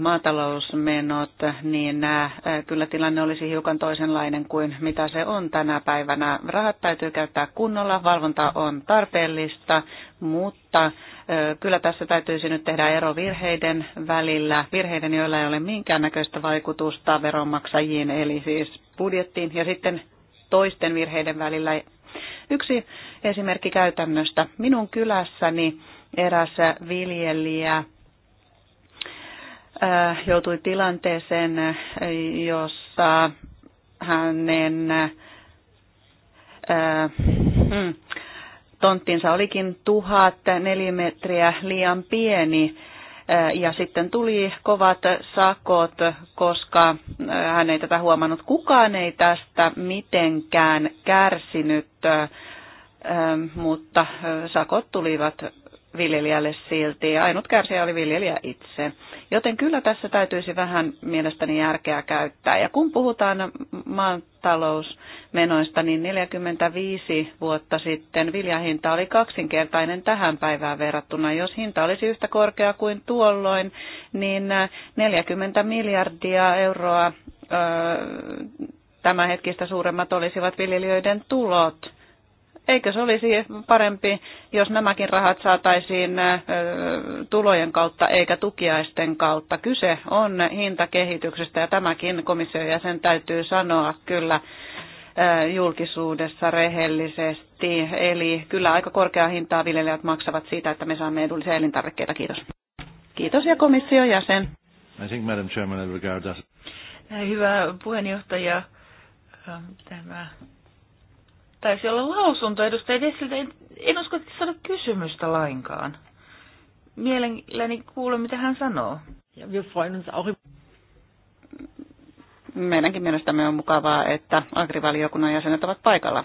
maatalousmenot, niin kyllä tilanne olisi hiukan toisenlainen kuin mitä se on tänä päivänä. Rahat täytyy käyttää kunnolla, valvonta on tarpeellista, mutta kyllä tässä täytyisi nyt tehdä ero virheiden välillä, virheiden, joilla ei ole minkäännäköistä vaikutusta veronmaksajiin, eli siis budjettiin, ja sitten toisten virheiden välillä. Yksi esimerkki käytännöstä. Minun kylässäni eräs viljelijä Äh, joutui tilanteeseen, jossa hänen äh, hmm, tonttinsa olikin tuhat nelimetriä liian pieni äh, ja sitten tuli kovat sakot, koska hän ei tätä huomannut. Kukaan ei tästä mitenkään kärsinyt, mutta sakot tulivat viljelijälle silti. Ainut kärsijä oli viljelijä itse. Joten kyllä tässä täytyisi vähän mielestäni järkeä käyttää. Ja kun puhutaan maatalousmenoista, niin 45 vuotta sitten viljahinta oli kaksinkertainen tähän päivään verrattuna. Jos hinta olisi yhtä korkea kuin tuolloin, niin 40 miljardia euroa öö, tämänhetkistä suuremmat olisivat viljelijöiden tulot Eikö se olisi parempi, jos nämäkin rahat saataisiin tulojen kautta eikä tukiaisten kautta? Kyse on hintakehityksestä ja tämäkin komission jäsen täytyy sanoa kyllä julkisuudessa rehellisesti. Eli kyllä aika korkeaa hintaa viljelijät maksavat siitä, että me saamme edullisia elintarvikkeita. Kiitos. Kiitos ja komission jäsen. I think, Madam Chairman, I regard that... Hyvä puheenjohtaja, tämä taisi olla lausunto edustaja Dessiltä. En, en usko, että saada kysymystä lainkaan. Mielelläni kuulen, mitä hän sanoo. Ja wir freuen uns auch. Meidänkin mielestämme on mukavaa, että agrivaliokunnan jäsenet ovat paikalla.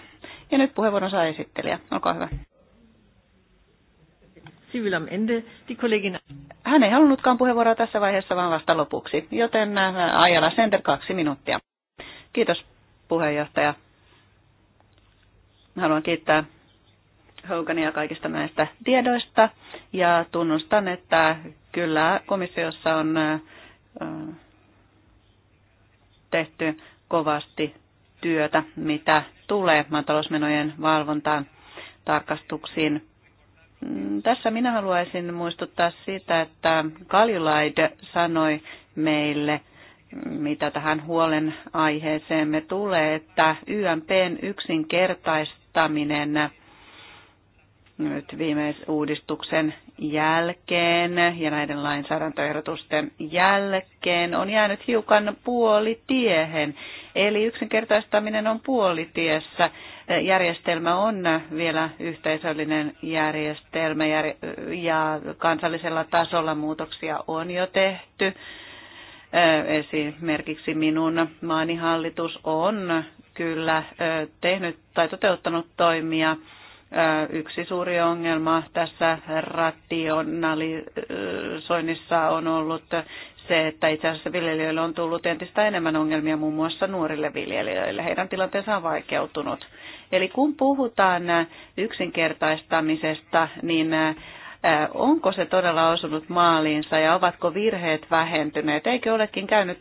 Ja nyt puheenvuoron saa esittelijä. Olkaa hyvä. Hän ei halunnutkaan puheenvuoroa tässä vaiheessa, vaan vasta lopuksi. Joten äh, Ajala Center kaksi minuuttia. Kiitos puheenjohtaja. Haluan kiittää Hogania kaikista näistä tiedoista ja tunnustan, että kyllä komissiossa on tehty kovasti työtä, mitä tulee maatalousmenojen valvontaan tarkastuksiin. Mm, tässä minä haluaisin muistuttaa siitä, että Kaljulaid sanoi meille, mitä tähän huolen aiheeseemme tulee, että YMPn yksinkertaista muuttaminen nyt uudistuksen jälkeen ja näiden lainsäädäntöehdotusten jälkeen on jäänyt hiukan puolitiehen. Eli yksinkertaistaminen on puolitiessä. Järjestelmä on vielä yhteisöllinen järjestelmä ja kansallisella tasolla muutoksia on jo tehty. Esimerkiksi minun maanihallitus on kyllä tehnyt tai toteuttanut toimia. Yksi suuri ongelma tässä rationalisoinnissa on ollut se, että itse asiassa viljelijöille on tullut entistä enemmän ongelmia muun muassa nuorille viljelijöille. Heidän tilanteensa on vaikeutunut. Eli kun puhutaan yksinkertaistamisesta, niin onko se todella osunut maaliinsa ja ovatko virheet vähentyneet. Eikö olekin käynyt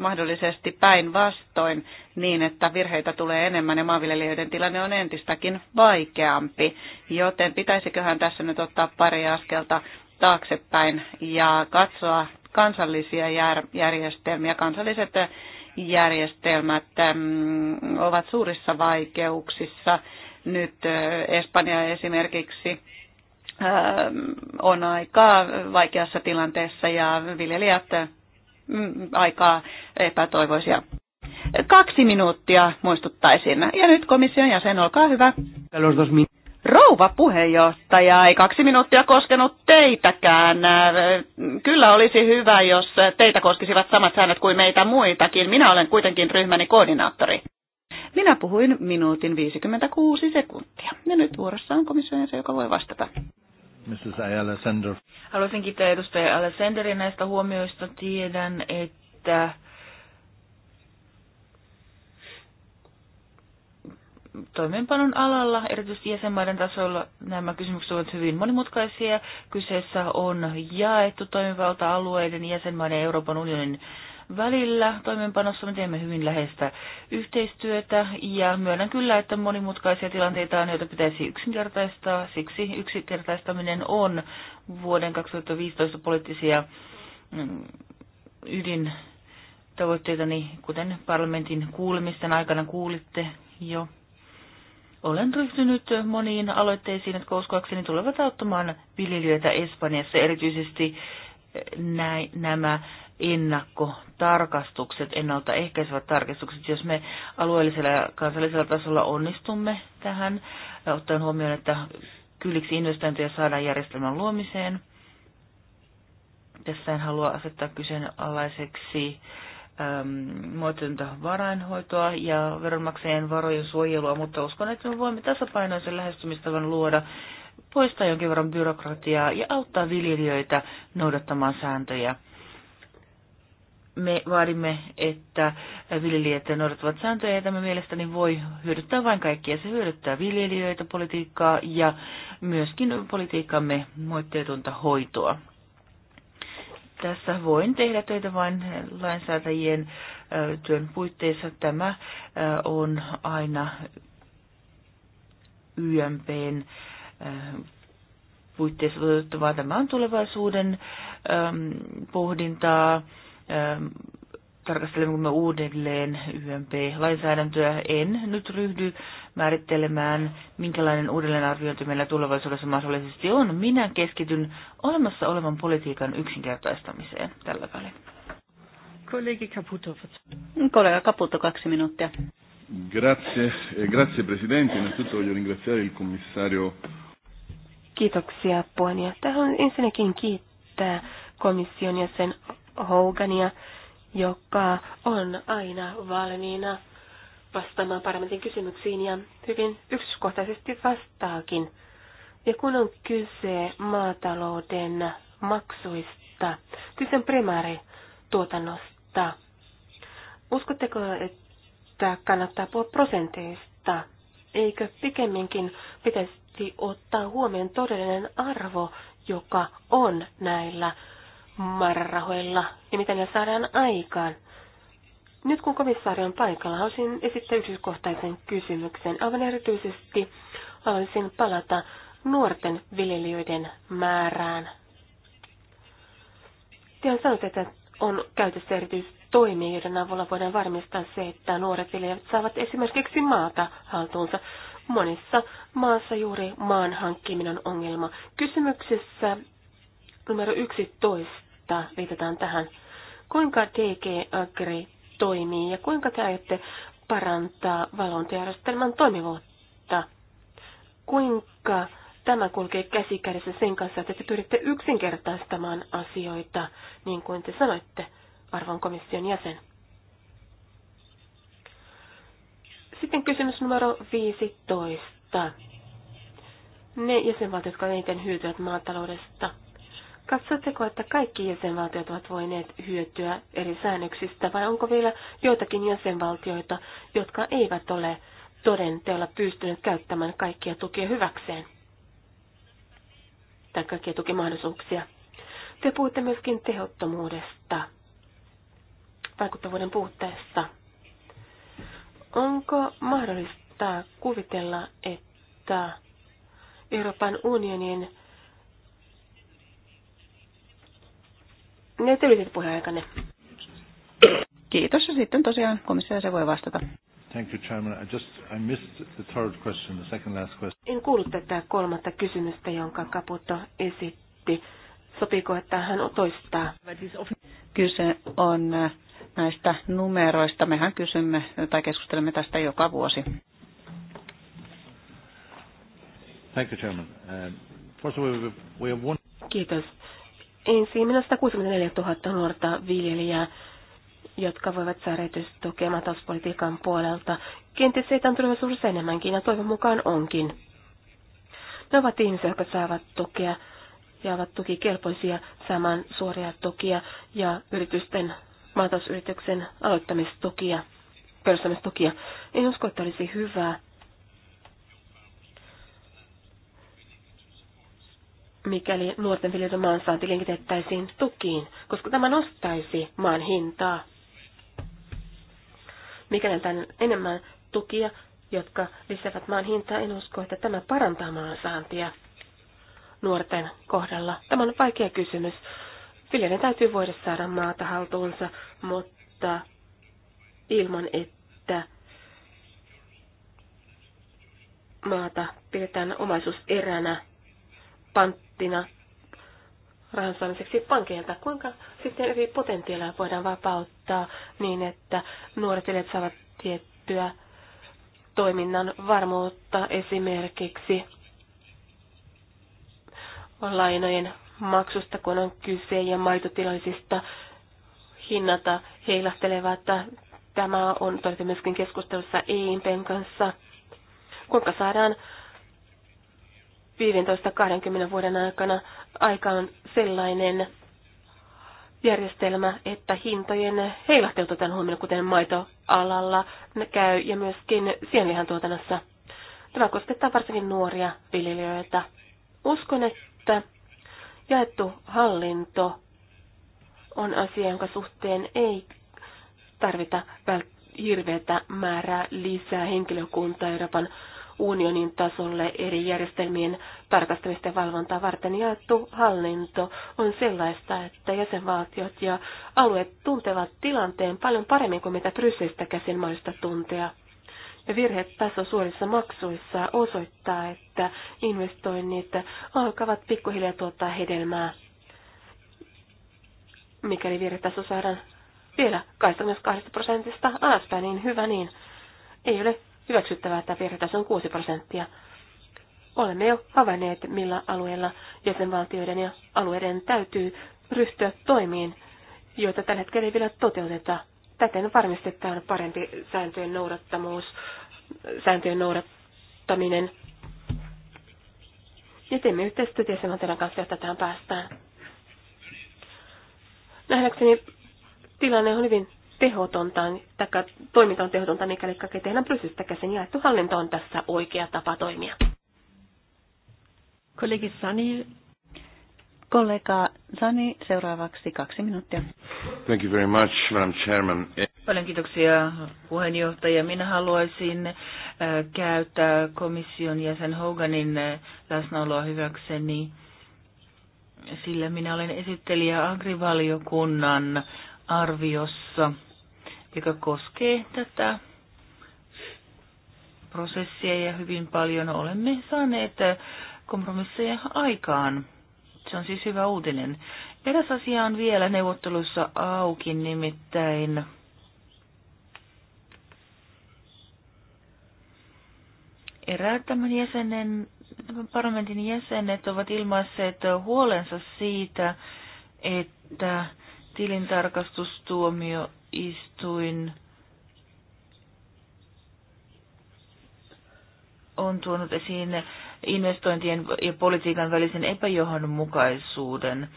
mahdollisesti päinvastoin niin, että virheitä tulee enemmän ja maanviljelijöiden tilanne on entistäkin vaikeampi, joten pitäisiköhän tässä nyt ottaa pari askelta taaksepäin ja katsoa kansallisia järjestelmiä, kansalliset järjestelmät ovat suurissa vaikeuksissa. Nyt Espanja esimerkiksi Ähm, on aika vaikeassa tilanteessa ja viljelijät mm, aika epätoivoisia. Kaksi minuuttia muistuttaisin. Ja nyt komission jäsen, olkaa hyvä. Rouva puheenjohtaja, ei kaksi minuuttia koskenut teitäkään. Kyllä olisi hyvä, jos teitä koskisivat samat säännöt kuin meitä muitakin. Minä olen kuitenkin ryhmäni koordinaattori. Minä puhuin minuutin 56 sekuntia. Ja nyt vuorossa on komission jäsen, joka voi vastata. Mrs. Ayala Sender. Haluaisin kiittää edustaja Alessanderi näistä huomioista. Tiedän, että toimeenpanon alalla, erityisesti jäsenmaiden tasolla, nämä kysymykset ovat hyvin monimutkaisia. Kyseessä on jaettu toimivalta alueiden, jäsenmaiden ja Euroopan unionin välillä toimeenpanossa. Me teemme hyvin läheistä yhteistyötä ja myönnän kyllä, että monimutkaisia tilanteita on, joita pitäisi yksinkertaistaa. Siksi yksinkertaistaminen on vuoden 2015 poliittisia mm, ydintavoitteitani, kuten parlamentin kuulemisten aikana kuulitte jo olen ryhtynyt moniin aloitteisiin, että uskoakseni tulevat auttamaan viljelijöitä Espanjassa, erityisesti näin, nämä ennakkotarkastukset, ennaltaehkäisevät tarkastukset, jos me alueellisella ja kansallisella tasolla onnistumme tähän, ottaen huomioon, että kylliksi investointeja saadaan järjestelmän luomiseen. Tässä en halua asettaa kyseenalaiseksi muotointa varainhoitoa ja veronmaksajien varojen suojelua, mutta uskon, että me voimme tasapainoisen lähestymistavan luoda, poistaa jonkin verran byrokratiaa ja auttaa viljelijöitä noudattamaan sääntöjä me vaadimme, että viljelijät noudattavat sääntöjä, ja tämä mielestäni voi hyödyttää vain kaikkia. Se hyödyttää viljelijöitä, politiikkaa ja myöskin politiikkamme moitteetonta hoitoa. Tässä voin tehdä töitä vain lainsäätäjien työn puitteissa. Tämä on aina YMPn puitteissa toteuttavaa. Tämä on tulevaisuuden pohdintaa Ähm, tarkastelemme uudelleen YMP-lainsäädäntöä. En nyt ryhdy määrittelemään, minkälainen uudelleenarviointi meillä tulevaisuudessa mahdollisesti on. Minä keskityn olemassa olevan politiikan yksinkertaistamiseen tällä välin. Kollegi Caputo. Kollega Caputo, kaksi minuuttia. Grazie, e grazie Presidente. Innanzitutto voglio ringraziare il commissario. Kiitoksia puheenjohtaja. Haluan ensinnäkin kiittää komission ja sen Hogania, joka on aina valmiina vastaamaan parlamentin kysymyksiin ja hyvin yksikohtaisesti vastaakin. Ja kun on kyse maatalouden maksuista, kyse on primäärituotannosta. Uskotteko, että kannattaa puhua prosenteista? Eikö pikemminkin pitäisi ottaa huomioon todellinen arvo, joka on näillä määrärahoilla ja mitä ne saadaan aikaan. Nyt kun komissaari on paikalla, haluaisin esittää yksityiskohtaisen kysymyksen. Aivan erityisesti haluaisin palata nuorten viljelijöiden määrään. Te on sanottu, että on käytössä erityistoimia, joiden avulla voidaan varmistaa se, että nuoret viljelijät saavat esimerkiksi maata haltuunsa. Monissa maassa juuri maan hankkiminen on ongelma. Kysymyksessä numero 11 viittaa, viitataan tähän. Kuinka DG Agri toimii ja kuinka te aiotte parantaa valvontajärjestelmän toimivuutta? Kuinka tämä kulkee käsikädessä sen kanssa, että te pyritte yksinkertaistamaan asioita, niin kuin te sanoitte, arvon komission jäsen? Sitten kysymys numero 15. Ne jäsenvaltiot, jotka eniten hyötyvät maataloudesta – Katsotteko, että kaikki jäsenvaltiot ovat voineet hyötyä eri säännöksistä vai onko vielä joitakin jäsenvaltioita, jotka eivät ole todenteella pystyneet käyttämään kaikkia tukia hyväkseen? Tai kaikkia tukimahdollisuuksia. Te puhutte myöskin tehottomuudesta, vaikuttavuuden puutteesta. Onko mahdollista kuvitella, että Euroopan unionin nyt ylitit puheenaikanne. Kiitos. Ja sitten tosiaan komissio se voi vastata. Thank you, Chairman. I just I missed the third question, the second last question. En kuullut tätä kolmatta kysymystä, jonka Kaputo esitti. Sopiiko, että hän toistaa? Kyse on näistä numeroista. Mehän kysymme tai keskustelemme tästä joka vuosi. Thank you, Chairman. Uh, first of all, we have one... Kiitos ensi 164 000 nuorta viljelijää, jotka voivat saada tukea maatalouspolitiikan puolelta. Kenties heitä on tulevaisuudessa enemmänkin ja toivon mukaan onkin. Ne ovat ihmisiä, jotka saavat tukea ja ovat tukikelpoisia saamaan suoria tukia ja yritysten, maatalousyrityksen aloittamistukia, perustamistukia. En usko, että olisi hyvää mikäli nuorten viljelijöiden maansaanti linkitettäisiin tukiin, koska tämä nostaisi maan hintaa. Mikäli tämän enemmän tukia, jotka lisäävät maan hintaa, en usko, että tämä parantaa maansaantia nuorten kohdalla. Tämä on vaikea kysymys. Viljelijän täytyy voida saada maata haltuunsa, mutta ilman, että maata pidetään omaisuuseränä, pant- pottina rahan saamiseksi pankeilta. Kuinka sitten eri potentiaaleja voidaan vapauttaa niin, että nuoret viljelijät saavat tiettyä toiminnan varmuutta esimerkiksi lainojen maksusta, kun on kyse, ja maitotilaisista hinnata heilahtelevat. Tämä on todettu myöskin keskustelussa EIMPen kanssa. Kuinka saadaan 15-20 vuoden aikana aikaan sellainen järjestelmä, että hintojen heilahtelut otetaan huomioon, kuten maitoalalla ne käy ja myöskin sienlihan tuotannossa. Tämä koskettaa varsinkin nuoria viljelijöitä. Uskon, että jaettu hallinto on asia, jonka suhteen ei tarvita hirveätä määrää lisää henkilökuntaa Euroopan unionin tasolle eri järjestelmien tarkastamista ja valvontaa varten jaettu hallinto on sellaista, että jäsenvaltiot ja alueet tuntevat tilanteen paljon paremmin kuin mitä Brysselistä käsin mahdollista tuntea. Ja virhetaso suorissa maksuissa osoittaa, että investoinnit alkavat pikkuhiljaa tuottaa hedelmää. Mikäli virhetaso saadaan vielä 22 prosentista alaspäin, niin hyvä niin. Ei ole hyväksyttävää, että virhetaso on 6 prosenttia. Olemme jo havainneet, millä alueella jäsenvaltioiden ja alueiden täytyy ryhtyä toimiin, joita tällä hetkellä ei vielä toteuteta. Täten varmistetaan parempi sääntöjen noudattamuus, sääntöjen noudattaminen. Ja teemme yhteistyötä jäsenvaltioiden kanssa, jotta tähän päästään. Nähdäkseni tilanne on hyvin tehotonta, tai toiminta on tehotonta, mikäli kaikki tehdään Brysselistä käsin. Jaettu hallinto on tässä oikea tapa toimia. Kollegi Sani. Kollega Sani, seuraavaksi kaksi minuuttia. Thank you very much, Madam Chairman. Paljon kiitoksia puheenjohtaja. Minä haluaisin äh, käyttää komission jäsen Hoganin äh, läsnäoloa hyväkseni, sillä minä olen esittelijä agrivaliokunnan arviossa – joka koskee tätä prosessia ja hyvin paljon olemme saaneet kompromisseja aikaan. Se on siis hyvä uutinen. Eräs asia on vielä neuvottelussa auki, nimittäin eräät tämän jäsenen, tämän parlamentin jäsenet ovat ilmaisseet huolensa siitä, että tilintarkastustuomio tuomioistuin on tuonut esiin investointien ja politiikan välisen epäjohdonmukaisuuden.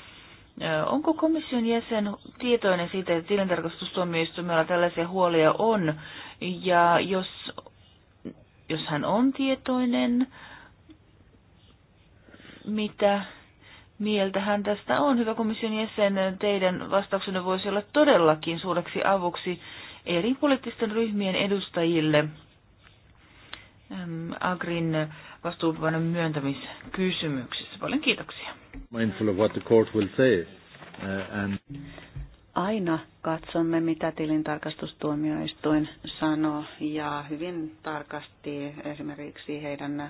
Onko komission jäsen tietoinen siitä, että tilintarkastustuomioistuimella tällaisia huolia on? Ja jos, jos hän on tietoinen, mitä mieltä hän tästä on. Hyvä komission jäsen, teidän vastauksenne voisi olla todellakin suureksi avuksi eri poliittisten ryhmien edustajille Agrin vastuuvainen myöntämiskysymyksessä. Paljon kiitoksia aina katsomme, mitä tilintarkastustuomioistuin sanoo ja hyvin tarkasti esimerkiksi heidän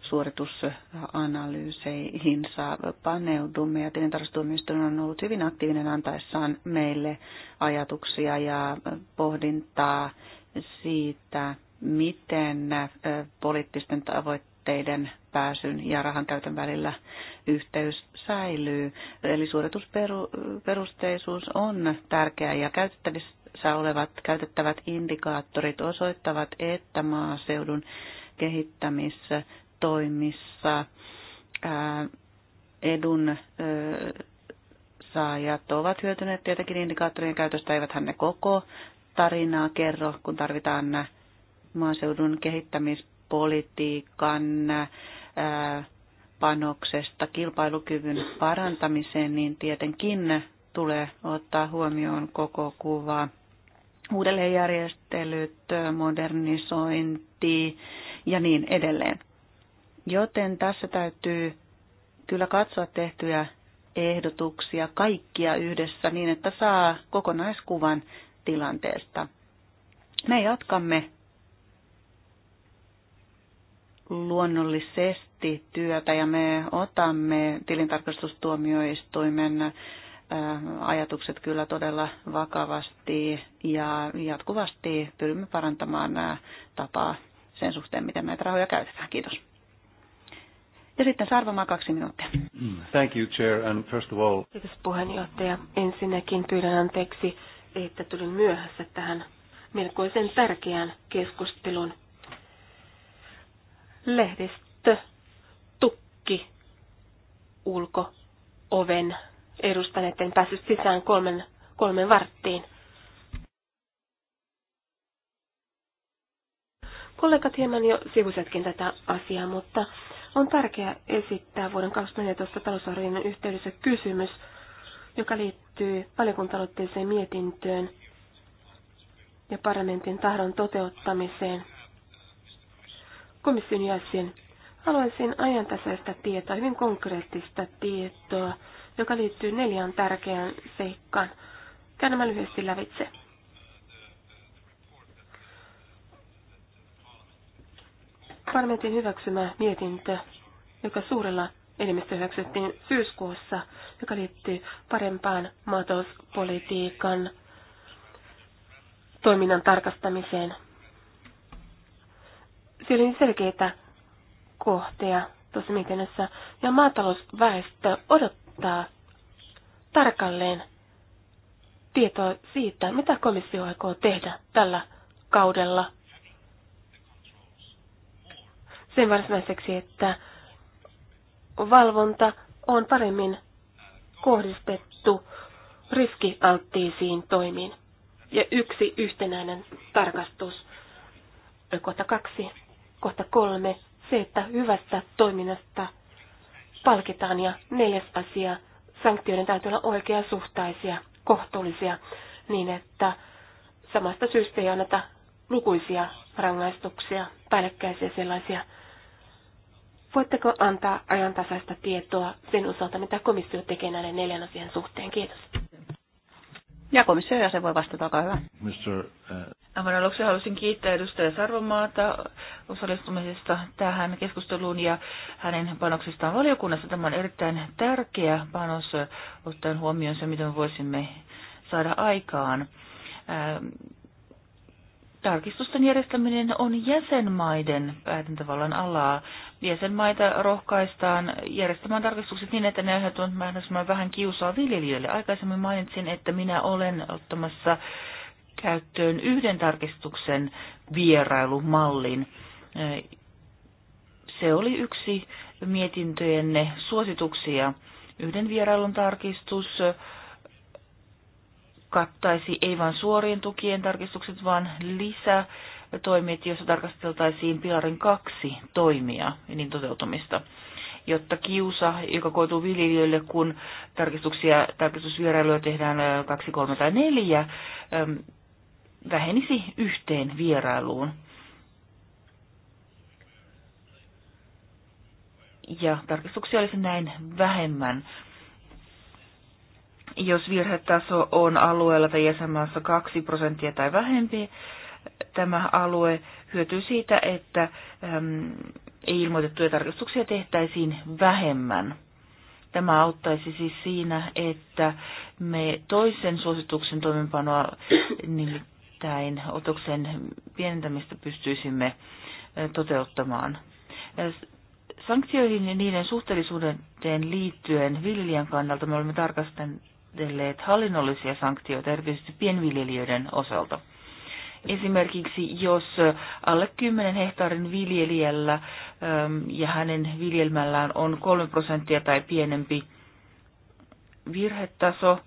suoritusanalyyseihinsa paneudumme. Ja tilintarkastustuomioistuin on ollut hyvin aktiivinen antaessaan meille ajatuksia ja pohdintaa siitä, miten poliittisten tavoitteiden tuotteiden pääsyn ja rahan käytön välillä yhteys säilyy. Eli suoritusperusteisuus on tärkeä ja käytettävissä olevat käytettävät indikaattorit osoittavat, että maaseudun kehittämistoimissa edun saajat ovat hyötyneet tietenkin indikaattorien käytöstä, eiväthän ne koko tarinaa kerro, kun tarvitaan maaseudun kehittämis politiikan panoksesta kilpailukyvyn parantamiseen, niin tietenkin tulee ottaa huomioon koko kuva. Uudelleenjärjestelyt, modernisointi ja niin edelleen. Joten tässä täytyy kyllä katsoa tehtyjä ehdotuksia kaikkia yhdessä niin, että saa kokonaiskuvan tilanteesta. Me jatkamme luonnollisesti työtä ja me otamme tilintarkastustuomioistuimen äh, ajatukset kyllä todella vakavasti ja jatkuvasti pyrimme parantamaan nämä äh, tapaa sen suhteen, miten näitä rahoja käytetään. Kiitos. Ja sitten Sarvamaa kaksi minuuttia. Mm, thank you, Chair, and first of all... Kiitos puheenjohtaja. Ensinnäkin pyydän anteeksi, että tulin myöhässä tähän melkoisen tärkeään keskustelun lehdistö tukki oven edustan, etten päässyt sisään kolmen, kolmen varttiin. Kollegat hieman jo sivusetkin tätä asiaa, mutta on tärkeää esittää vuoden 2014 talousarvion yhteydessä kysymys, joka liittyy valiokuntaloitteeseen mietintöön ja parlamentin tahdon toteuttamiseen komission jäsen, haluaisin ajantasaista tietoa, hyvin konkreettista tietoa, joka liittyy neljään tärkeään seikkaan. Käyn nämä lyhyesti lävitse. Parlamentin hyväksymä mietintö, joka suurella enemmistö hyväksyttiin syyskuussa, joka liittyy parempaan maatalouspolitiikan toiminnan tarkastamiseen. Siellä oli selkeitä kohteja tuossa mietinnössä, ja maatalousväestö odottaa tarkalleen tietoa siitä, mitä komissio aikoo tehdä tällä kaudella sen varsinaiseksi, että valvonta on paremmin kohdistettu riskialttiisiin toimiin. Ja yksi yhtenäinen tarkastus. Kohta kaksi. Kohta kolme, se, että hyvästä toiminnasta palkitaan. Ja neljäs asia, sanktioiden täytyy olla oikeasuhtaisia, kohtuullisia, niin että samasta syystä ei anneta lukuisia rangaistuksia, päällekkäisiä sellaisia. Voitteko antaa ajantasaista tietoa sen osalta, mitä komissio tekee näiden neljän asian suhteen? Kiitos. Ja komissio ja se voi vastata, olkaa hyvä. Mr. Aivan aluksi haluaisin kiittää edustaja Sarvomaata osallistumisesta tähän keskusteluun ja hänen panoksistaan valiokunnassa. Tämä on erittäin tärkeä panos ottaen huomioon se, miten voisimme saada aikaan. Ähm, tarkistusten järjestäminen on jäsenmaiden päätäntävallan alaa. Jäsenmaita rohkaistaan järjestämään tarkistukset niin, että ne aiheutuvat mahdollisimman vähän kiusaa viljelijöille. Aikaisemmin mainitsin, että minä olen ottamassa käyttöön yhden tarkistuksen vierailumallin. Se oli yksi mietintöjenne suosituksia. Yhden vierailun tarkistus kattaisi ei vain suorien tukien tarkistukset, vaan lisä toimet, joissa tarkasteltaisiin pilarin kaksi toimia ja niin toteutumista, jotta kiusa, joka koituu viljelijöille, kun tarkistuksia, tarkistusvierailuja tehdään kaksi, kolme tai neljä, vähenisi yhteen vierailuun. Ja tarkistuksia olisi näin vähemmän. Jos virhetaso on alueella tai jäsenmaassa 2 prosenttia tai vähempi, tämä alue hyötyy siitä, että ei ilmoitettuja tarkistuksia tehtäisiin vähemmän. Tämä auttaisi siis siinä, että me toisen suosituksen toimenpanoa niin päivittäin otoksen pienentämistä pystyisimme toteuttamaan. Sanktioihin ja niiden suhteellisuuteen liittyen viljelijän kannalta me olemme tarkastelleet hallinnollisia sanktioita erityisesti pienviljelijöiden osalta. Esimerkiksi jos alle 10 hehtaarin viljelijällä ja hänen viljelmällään on 3 prosenttia tai pienempi virhetaso,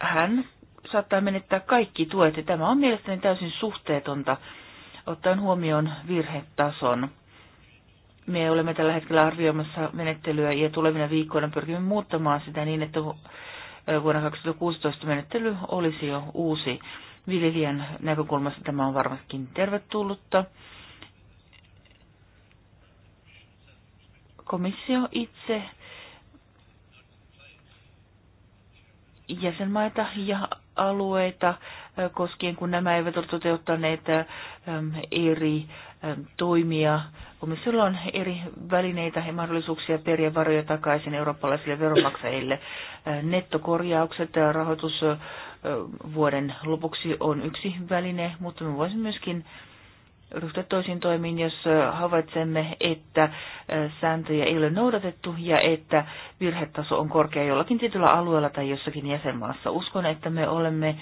hän saattaa menettää kaikki tuet, ja tämä on mielestäni täysin suhteetonta ottaen huomioon virhetason. Me olemme tällä hetkellä arvioimassa menettelyä ja tulevina viikkoina pyrkimme muuttamaan sitä niin, että vuonna 2016 menettely olisi jo uusi. Viljelijän näkökulmasta tämä on varmastikin tervetullutta. Komissio itse jäsenmaita ja alueita koskien, kun nämä eivät ole toteuttaneet eri toimia. Komissiolla on eri välineitä ja mahdollisuuksia periä varoja takaisin eurooppalaisille veronmaksajille. Nettokorjaukset vuoden lopuksi on yksi väline, mutta me voisimme myöskin ryhtyä toisin toimiin, jos havaitsemme, että sääntöjä ei ole noudatettu ja että virhetaso on korkea jollakin tietyllä alueella tai jossakin jäsenmaassa. Uskon, että me olemme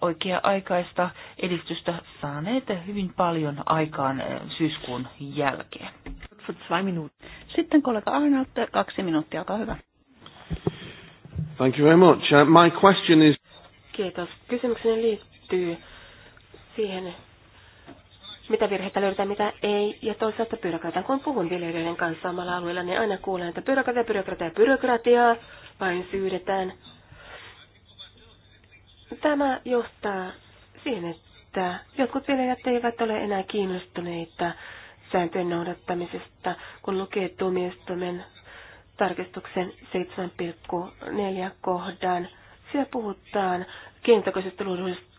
oikea-aikaista edistystä saaneet hyvin paljon aikaan syyskuun jälkeen. Sitten kollega Arnold, kaksi minuuttia, olkaa hyvä. Thank you very much. Uh, my question is... Kiitos. Kysymykseni liittyy siihen, mitä virheitä löydetään, mitä ei, ja toisaalta byrokratiaa. Kun puhun viljelijöiden kanssa omalla alueella, niin aina kuulen, että byrokratia, byrokratia, byrokratiaa vain syydetään. Tämä johtaa siihen, että jotkut viljelijät eivät ole enää kiinnostuneita sääntöjen noudattamisesta, kun lukee tuomioistuimen tarkistuksen 7,4 kohdan. Siellä puhutaan keinotekoisesta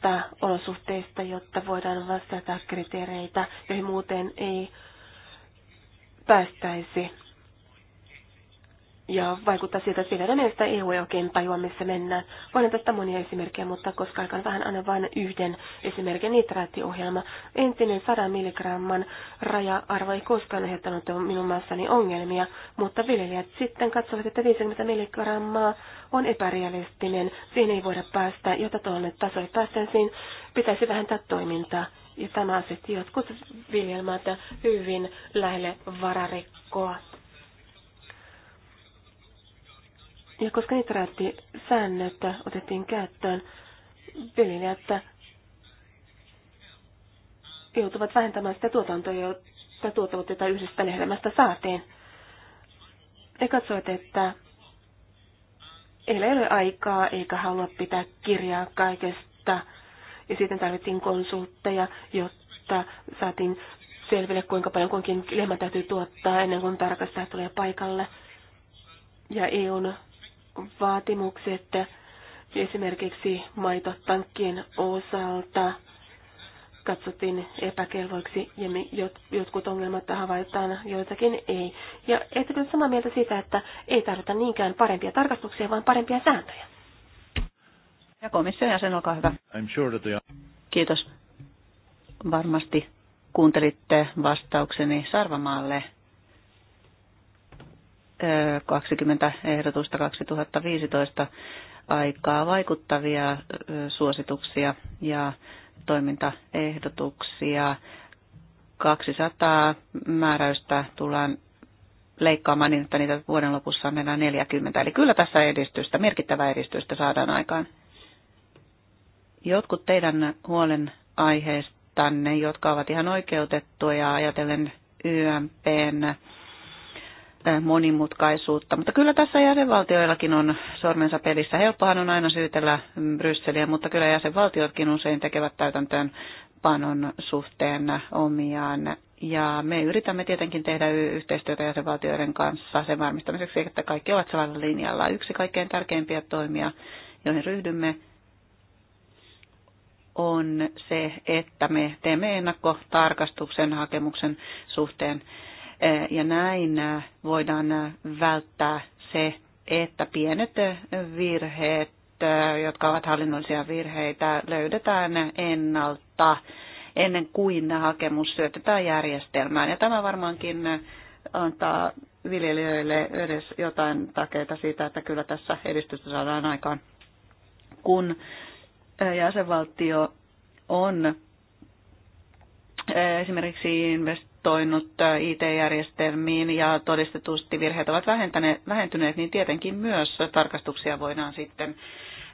näistä olosuhteista, jotta voidaan vastata kriteereitä, joihin muuten ei päästäisi. Ja vaikuttaa siltä, että vielä meistä EU ei oikein tajua, missä mennään. Voin tästä monia esimerkkejä, mutta koska aikaan vähän aina vain yhden esimerkin nitraattiohjelma. Entinen 100 milligramman raja-arvo ei koskaan aiheuttanut minun maassani ongelmia, mutta viljelijät sitten katsovat, että 50 milligrammaa on epärealistinen, siihen ei voida päästä, jotta tuonne tasolle päästäisiin, pitäisi vähentää toimintaa. Ja tämä asetti jotkut viljelmät hyvin lähelle vararikkoa. Ja koska nitraattisäännöt otettiin käyttöön, viljelijät joutuvat vähentämään sitä tuotantoa, jota tuottavat jota yhdestä lehdemästä saatiin. He katsoivat, että heillä ei ole aikaa eikä halua pitää kirjaa kaikesta. Ja sitten tarvittiin konsultteja, jotta saatiin selville, kuinka paljon kunkin lehmä täytyy tuottaa ennen kuin tarkastaja tulee paikalle. Ja EUn vaatimukset esimerkiksi maitotankkien osalta katsottiin epäkelvoiksi ja me jotkut ongelmat havaitaan, joitakin ei. Ja ettekö samaa mieltä siitä, että ei tarvita niinkään parempia tarkastuksia, vaan parempia sääntöjä? Ja komissio jäsen, olkaa hyvä. I'm sure that they are... Kiitos. Varmasti kuuntelitte vastaukseni Sarvamaalle 20 ehdotusta 2015 aikaa vaikuttavia suosituksia ja toimintaehdotuksia. 200 määräystä tullaan leikkaamaan niin, että niitä vuoden lopussa on enää 40. Eli kyllä tässä edistystä, merkittävää edistystä saadaan aikaan. Jotkut teidän huolen aiheestanne, jotka ovat ihan oikeutettuja ajatellen YMPn Äh, monimutkaisuutta. Mutta kyllä tässä jäsenvaltioillakin on sormensa pelissä. Helppohan on aina syytellä Brysseliä, mutta kyllä jäsenvaltiotkin usein tekevät täytäntöön panon suhteen omiaan. Ja me yritämme tietenkin tehdä yhteistyötä jäsenvaltioiden kanssa sen varmistamiseksi, että kaikki ovat samalla linjalla. Yksi kaikkein tärkeimpiä toimia, joihin ryhdymme, on se, että me teemme ennakkotarkastuksen hakemuksen suhteen Eh, ja näin eh, voidaan eh, välttää se, että pienet virheet, jotka ovat hallinnollisia virheitä, löydetään ennalta ennen kuin hakemus syötetään järjestelmään. Ja tämä varmaankin antaa viljelijöille edes jotain takeita siitä, että kyllä tässä edistystä saadaan aikaan. Kun jäsenvaltio on esimerkiksi invest investoinut äh, IT-järjestelmiin ja todistetusti virheet ovat vähentyneet, niin tietenkin myös tarkastuksia voidaan sitten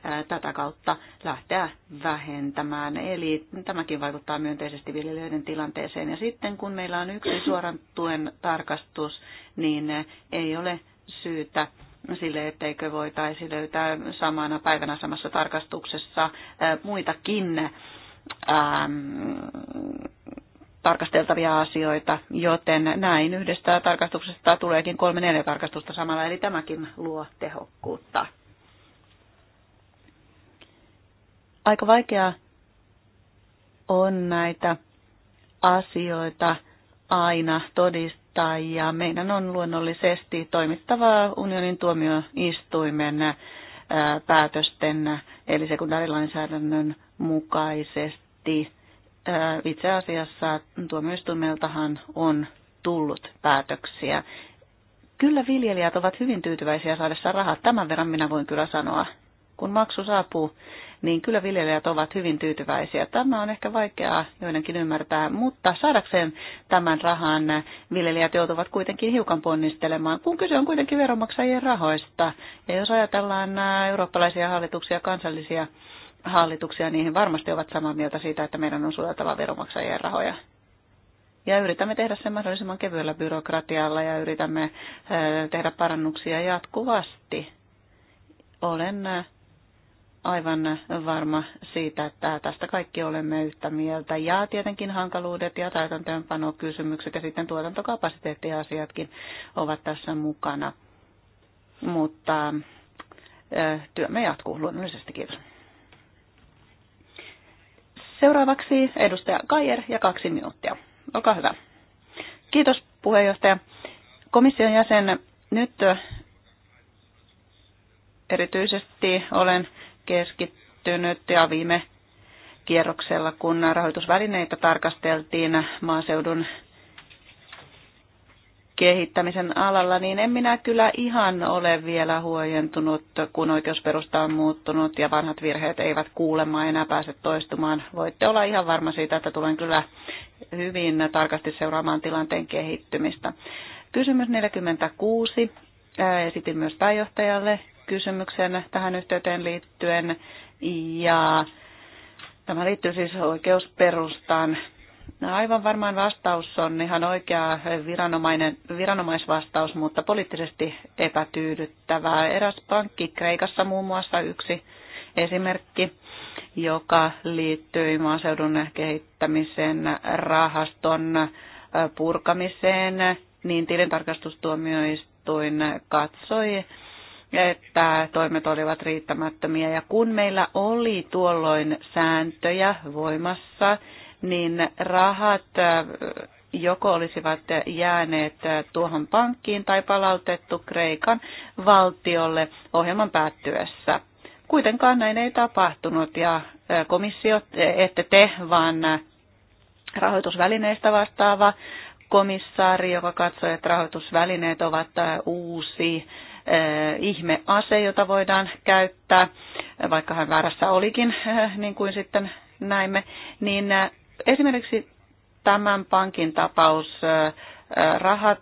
äh, tätä kautta lähteä vähentämään. Eli tämäkin vaikuttaa myönteisesti viljelijöiden tilanteeseen. Ja sitten kun meillä on yksi suoran tuen tarkastus, niin äh, ei ole syytä sille, etteikö voitaisi löytää samana päivänä samassa tarkastuksessa muitakin ähm, tarkasteltavia asioita, joten näin yhdestä tarkastuksesta tuleekin kolme neljä tarkastusta samalla, eli tämäkin luo tehokkuutta. Aika vaikeaa on näitä asioita aina todistaa ja meidän on luonnollisesti toimittava unionin tuomioistuimen päätösten eli sekundaarilainsäädännön mukaisesti itse asiassa tuomioistuimeltahan on tullut päätöksiä. Kyllä viljelijät ovat hyvin tyytyväisiä saadessa rahat. Tämän verran minä voin kyllä sanoa. Kun maksu saapuu, niin kyllä viljelijät ovat hyvin tyytyväisiä. Tämä on ehkä vaikeaa joidenkin ymmärtää, mutta saadakseen tämän rahan viljelijät joutuvat kuitenkin hiukan ponnistelemaan, kun kyse on kuitenkin veronmaksajien rahoista. Ja jos ajatellaan eurooppalaisia hallituksia, kansallisia hallituksia, niihin varmasti ovat samaa mieltä siitä, että meidän on suojeltava veronmaksajien rahoja. Ja yritämme tehdä sen mahdollisimman kevyellä byrokratialla ja yritämme tehdä parannuksia jatkuvasti. Olen aivan varma siitä, että tästä kaikki olemme yhtä mieltä. Ja tietenkin hankaluudet ja täytäntöönpanokysymykset ja sitten tuotantokapasiteettiasiatkin ovat tässä mukana. Mutta työmme jatkuu luonnollisesti. Kiitos. Seuraavaksi edustaja Kajer ja kaksi minuuttia. Olkaa hyvä. Kiitos puheenjohtaja. Komission jäsen, nyt erityisesti olen keskittynyt ja viime kierroksella, kun rahoitusvälineitä tarkasteltiin maaseudun kehittämisen alalla, niin en minä kyllä ihan ole vielä huojentunut, kun oikeusperusta on muuttunut ja vanhat virheet eivät kuulemaan enää pääse toistumaan. Voitte olla ihan varma siitä, että tulen kyllä hyvin tarkasti seuraamaan tilanteen kehittymistä. Kysymys 46. Esitin myös pääjohtajalle kysymyksen tähän yhteyteen liittyen ja tämä liittyy siis oikeusperustaan No, aivan varmaan vastaus on ihan oikea viranomainen, viranomaisvastaus, mutta poliittisesti epätyydyttävää. Eräs pankki Kreikassa muun muassa yksi esimerkki, joka liittyy maaseudun kehittämisen rahaston purkamiseen, niin tilintarkastustuomioistuin katsoi, että toimet olivat riittämättömiä. Ja kun meillä oli tuolloin sääntöjä voimassa, niin rahat joko olisivat jääneet tuohon pankkiin tai palautettu Kreikan valtiolle ohjelman päättyessä. Kuitenkaan näin ei tapahtunut ja komissio, e, ette te, vaan rahoitusvälineistä vastaava komissaari, joka katsoi, että rahoitusvälineet ovat uusi ihmease, jota voidaan käyttää, vaikka hän väärässä olikin, niin kuin sitten näimme, niin Esimerkiksi tämän pankin tapaus, rahat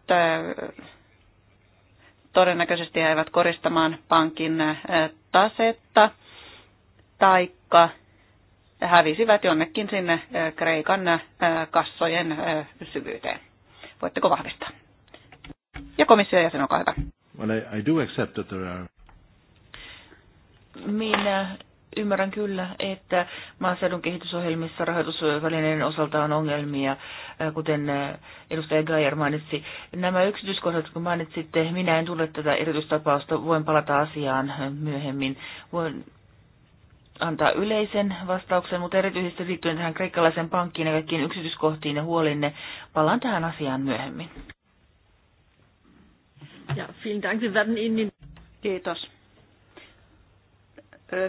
todennäköisesti jäivät koristamaan pankin tasetta, taikka hävisivät jonnekin sinne Kreikan kassojen syvyyteen. Voitteko vahvistaa? Ja komission jäsen, olkaa hyvä. Well, I, I do accept that there are... Minä ymmärrän kyllä, että maaseudun kehitysohjelmissa rahoitusvälineiden osalta on ongelmia, äh, kuten äh, edustaja Geyer mainitsi. Nämä yksityiskohdat, kun mainitsitte, minä en tule tätä erityistapausta, voin palata asiaan äh, myöhemmin. Voin antaa yleisen vastauksen, mutta erityisesti liittyen tähän kreikkalaisen pankkiin ja kaikkiin yksityiskohtiin ja huolinne, palaan tähän asiaan myöhemmin. Ja, vielen Dank. Wir werden Ihnen Kiitos.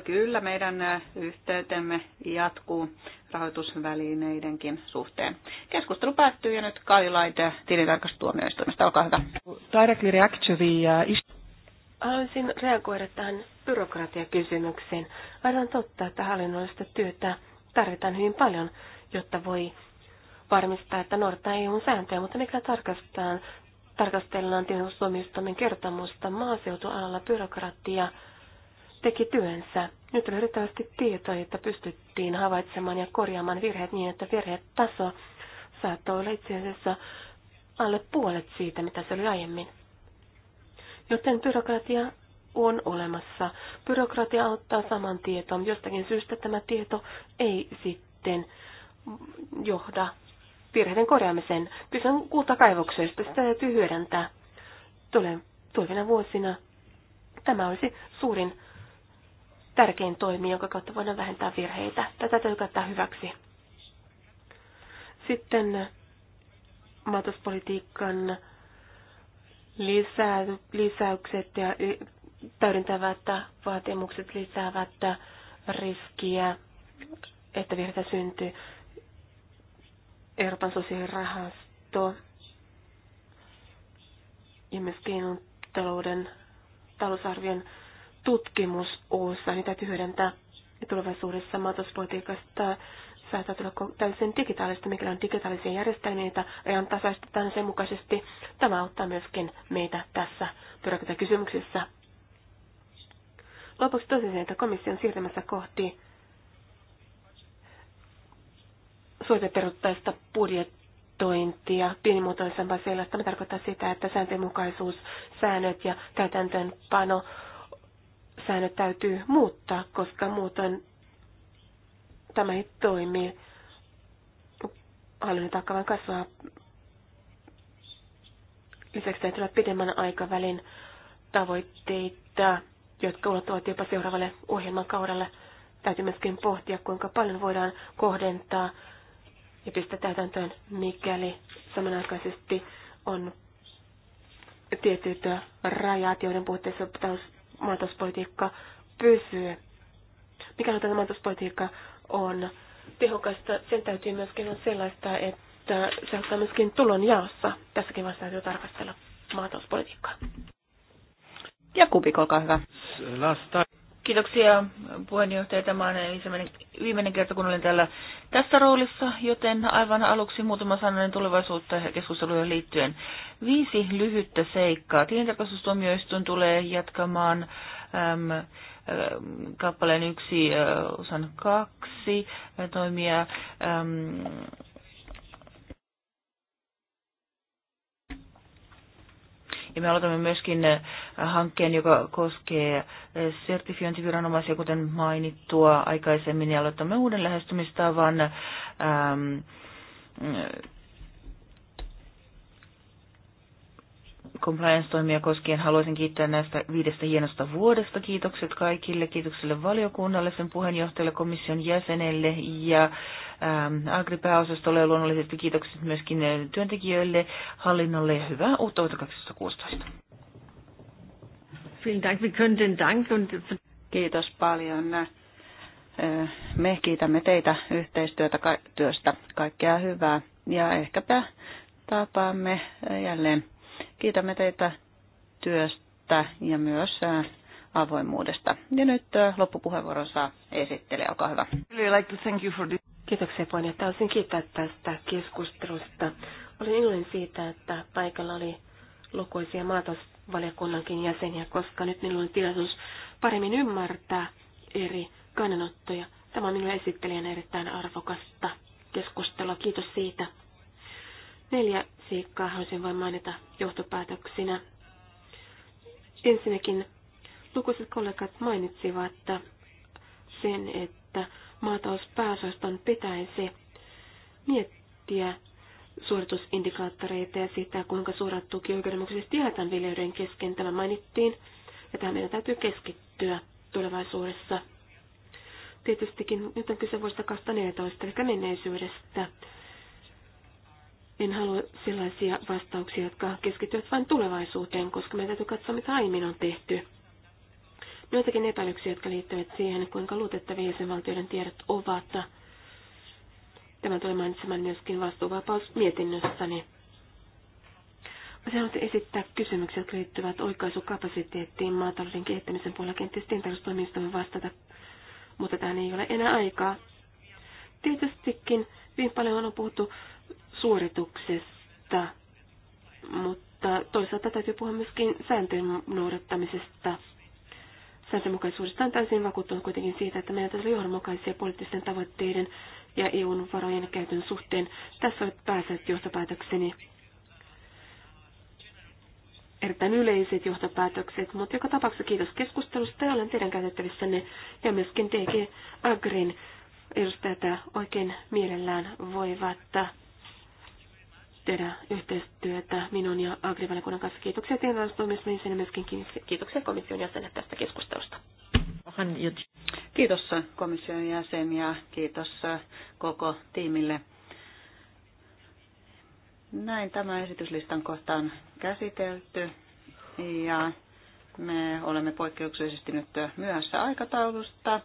Kyllä meidän yhteytemme jatkuu rahoitusvälineidenkin suhteen. Keskustelu päättyy ja nyt Kari Laite tilintarkastustuomioistuimesta. Olkaa hyvä. Directly react to the Haluaisin reagoida tähän byrokratiakysymykseen. Aivan totta, että hallinnollista työtä tarvitaan hyvin paljon, jotta voi varmistaa, että noudattaa EU-sääntöjä, mutta mikä tarkastetaan, tarkastellaan tilintarkastustuomioistuimen kertomusta maaseutualalla byrokratiaa teki työnsä. Nyt oli riittävästi tietoa, että pystyttiin havaitsemaan ja korjaamaan virheet niin, että virhetaso saattoi olla itse asiassa alle puolet siitä, mitä se oli aiemmin. Joten byrokratia on olemassa. Byrokratia auttaa saman tietoon. Jostakin syystä tämä tieto ei sitten johda virheiden korjaamiseen. Kyse on kultakaivoksesta, sitä täytyy hyödyntää tulevina vuosina. Tämä olisi suurin tärkein toimi, jonka kautta voidaan vähentää virheitä. Tätä täytyy käyttää hyväksi. Sitten maatalouspolitiikan lisä, lisäykset ja täydentävät vaatimukset lisäävät riskiä, että virheitä syntyy. Euroopan sosiaalirahasto ja myös talouden talousarvion tutkimusosa, niitä täytyy hyödyntää. Ja tulevaisuudessa maatalouspolitiikasta saattaa tulla täysin digitaalista, mikä on digitaalisia järjestelmiä, niitä ajan tasaistetaan sen mukaisesti. Tämä auttaa myöskin meitä tässä kysymyksessä. Lopuksi tosin, että komissio on siirtymässä kohti suojateruttaista budjettointia pienimuotoisempaa sellaista. Tämä tarkoittaa sitä, että sääntöjenmukaisuus, säännöt ja täytäntöönpano säännöt täytyy muuttaa, koska muuten tämä ei toimi. Hallinnon taakka kasvaa. Lisäksi täytyy olla pidemmän aikavälin tavoitteita, jotka ulottuvat jopa seuraavalle kaudelle, Täytyy myöskin pohtia, kuinka paljon voidaan kohdentaa ja pistää täytäntöön, mikäli samanaikaisesti on tietyt rajat, joiden puitteissa maatalouspolitiikka pysyy. Mikä on tämä maatalouspolitiikka on tehokasta, sen täytyy myöskin olla sellaista, että se ottaa myöskin tulon jaossa. Tässäkin vasta täytyy tarkastella maatalouspolitiikkaa. Ja Kubik, olkaa hyvä. Lasta. Kiitoksia puheenjohtaja. Tämä on ensimmäinen, viimeinen kerta, kun olen täällä tässä roolissa, joten aivan aluksi muutama sananen tulevaisuutta ja keskusteluja liittyen. Viisi lyhyttä seikkaa. Tilintarkastustuomioistuin tulee jatkamaan äm, kappaleen yksi, osan kaksi toimia äm, Ja me aloitamme myöskin äh, hankkeen, joka koskee äh, sertifiointiviranomaisia, kuten mainittua aikaisemmin, ja aloitamme uuden lähestymistavan ähm, compliance-toimia koskien haluaisin kiittää näistä viidestä hienosta vuodesta. Kiitokset kaikille, kiitokselle valiokunnalle, sen puheenjohtajalle, komission jäsenelle ja ähm, Agri-pääosastolle ja luonnollisesti kiitokset myöskin äh, työntekijöille, hallinnolle ja hyvää uutta vuotta 2016. Kiitos paljon. Äh, me kiitämme teitä yhteistyötä työstä. Kaikkea hyvää ja ehkäpä tapaamme jälleen Kiitämme teitä työstä ja myös äh, avoimuudesta. Ja nyt äh, loppupuheenvuoron saa esittelijä, olkaa hyvä. Kiitoksia puheenjohtaja. Haluaisin kiittää tästä keskustelusta. Olin iloinen siitä, että paikalla oli lukuisia maatalousvaliokunnankin jäseniä, koska nyt minulla on tilaisuus paremmin ymmärtää eri kannanottoja. Tämä on minulle esittelijänä erittäin arvokasta keskustelua. Kiitos siitä. Neljä seikkaa haluaisin vain mainita johtopäätöksinä. Ensinnäkin lukuiset kollegat mainitsivat että sen, että maatalouspääosaston pitäisi miettiä suoritusindikaattoreita ja sitä, kuinka suurat tuki oikeudenmukaisesti jaetaan viljelijöiden kesken. Tämä mainittiin ja tähän meidän täytyy keskittyä tulevaisuudessa. Tietystikin nyt on kyse vuodesta 2014, eli menneisyydestä. En halua sellaisia vastauksia, jotka keskittyvät vain tulevaisuuteen, koska meidän täytyy katsoa, mitä aiemmin on tehty. Joitakin epäilyksiä, jotka liittyvät siihen, kuinka luotettavia jäsenvaltioiden tiedot ovat. Tämä tulee mainitsemaan myöskin vastuuvapaus mietinnössäni. Mä haluaisin esittää kysymyksiä, jotka liittyvät oikaisukapasiteettiin maatalouden kehittämisen puolella. Kenties tientaloustoimistamme vastata, mutta tähän ei ole enää aikaa. Tietystikin hyvin paljon on puhuttu suorituksesta, mutta toisaalta täytyy puhua myöskin sääntöjen noudattamisesta. Sääntömukaisuudesta on täysin vakuuttunut kuitenkin siitä, että meidän täytyy johdonmukaisia poliittisten tavoitteiden ja EUn varojen käytön suhteen. Tässä olet pääset johtopäätökseni. Erittäin yleiset johtopäätökset, mutta joka tapauksessa kiitos keskustelusta ja olen teidän käytettävissänne ja myöskin TG Agrin edustajat oikein mielellään voivat tehdä yhteistyötä minun ja agrivaliokunnan kanssa. Kiitoksia teidän toimismiin ja myöskin kiitoksia komission jäsenet tästä keskustelusta. Kiitos komission jäsen ja kiitos koko tiimille. Näin tämä esityslistan kohta on käsitelty ja me olemme poikkeuksellisesti nyt myöhässä aikataulusta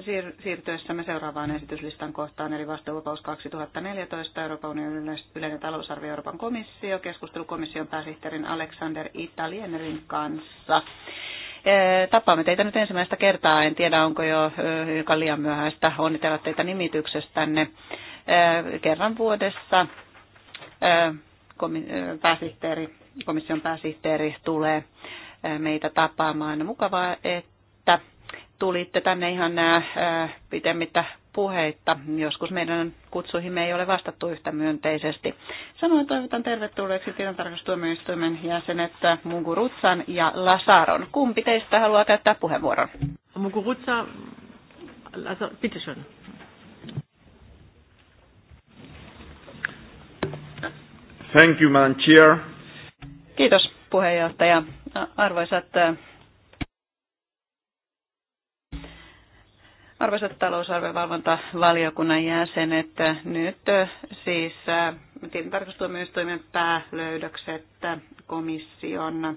siir- siirtyessämme seuraavaan esityslistan kohtaan, eli vastuuvapaus 2014, Euroopan unionin yleinen talousarvio Euroopan komissio, keskustelu komission pääsihteerin Alexander Italienerin kanssa. Tapaamme teitä nyt ensimmäistä kertaa, en tiedä onko jo hiukan liian myöhäistä onnitella teitä nimityksestänne kerran vuodessa. Pääsihteeri, komission pääsihteeri tulee meitä tapaamaan. Mukavaa, että tulitte tänne ihan nämä äh, äh, pitemmittä puheitta. Joskus meidän kutsuihimme ei ole vastattu yhtä myönteisesti. Samoin toivotan tervetulleeksi tilintarkastustuomioistuimen jäsenet äh, Mugurutsan ja Lasaron. Kumpi teistä haluaa käyttää puheenvuoron? Mugurutsa, Lasar, bitte Thank you, Madam Chair. Kiitos puheenjohtaja. Arvoisat Arvoisat talousarvevalvontavaliokunnan jäsenet, nyt siis tarkastustuomioistuimen päälöydökset komission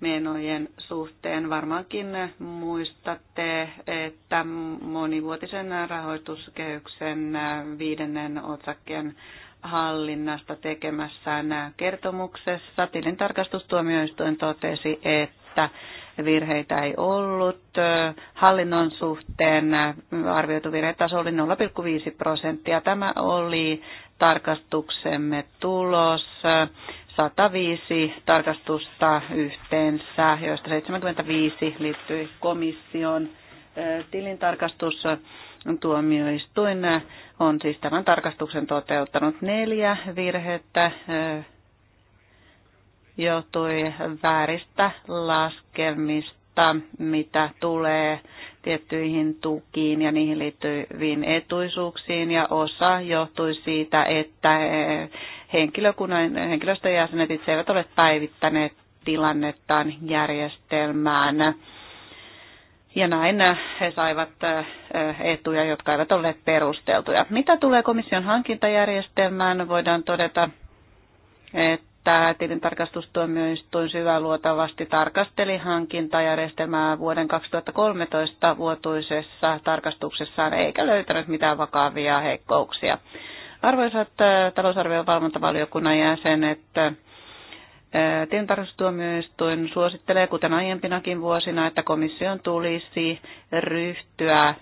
menojen suhteen. Varmaankin muistatte, että monivuotisen rahoituskehyksen viidennen otsakkeen hallinnasta tekemässään kertomuksessa tilintarkastustuomioistuin totesi, että virheitä ei ollut. Hallinnon suhteen arvioitu virhetaso oli 0,5 prosenttia. Tämä oli tarkastuksemme tulos. 105 tarkastusta yhteensä, joista 75 liittyi komission tilintarkastus tuomioistuin on siis tämän tarkastuksen toteuttanut neljä virhettä johtui vääristä laskemista, mitä tulee tiettyihin tukiin ja niihin liittyviin etuisuuksiin ja osa johtui siitä, että henkilökunnan, henkilöstön jäsenet itse eivät ole päivittäneet tilannettaan järjestelmään. Ja näin he saivat etuja, jotka eivät olleet perusteltuja. Mitä tulee komission hankintajärjestelmään, voidaan todeta, että että tilintarkastustuomioistuin syväluotavasti tarkasteli hankintajärjestelmää vuoden 2013 vuotuisessa tarkastuksessaan eikä löytänyt mitään vakavia heikkouksia. Arvoisat talousarvion valvontavaliokunnan jäsenet, Tilintarkastustuomioistuin suosittelee, kuten aiempinakin vuosina, että komission tulisi ryhtyä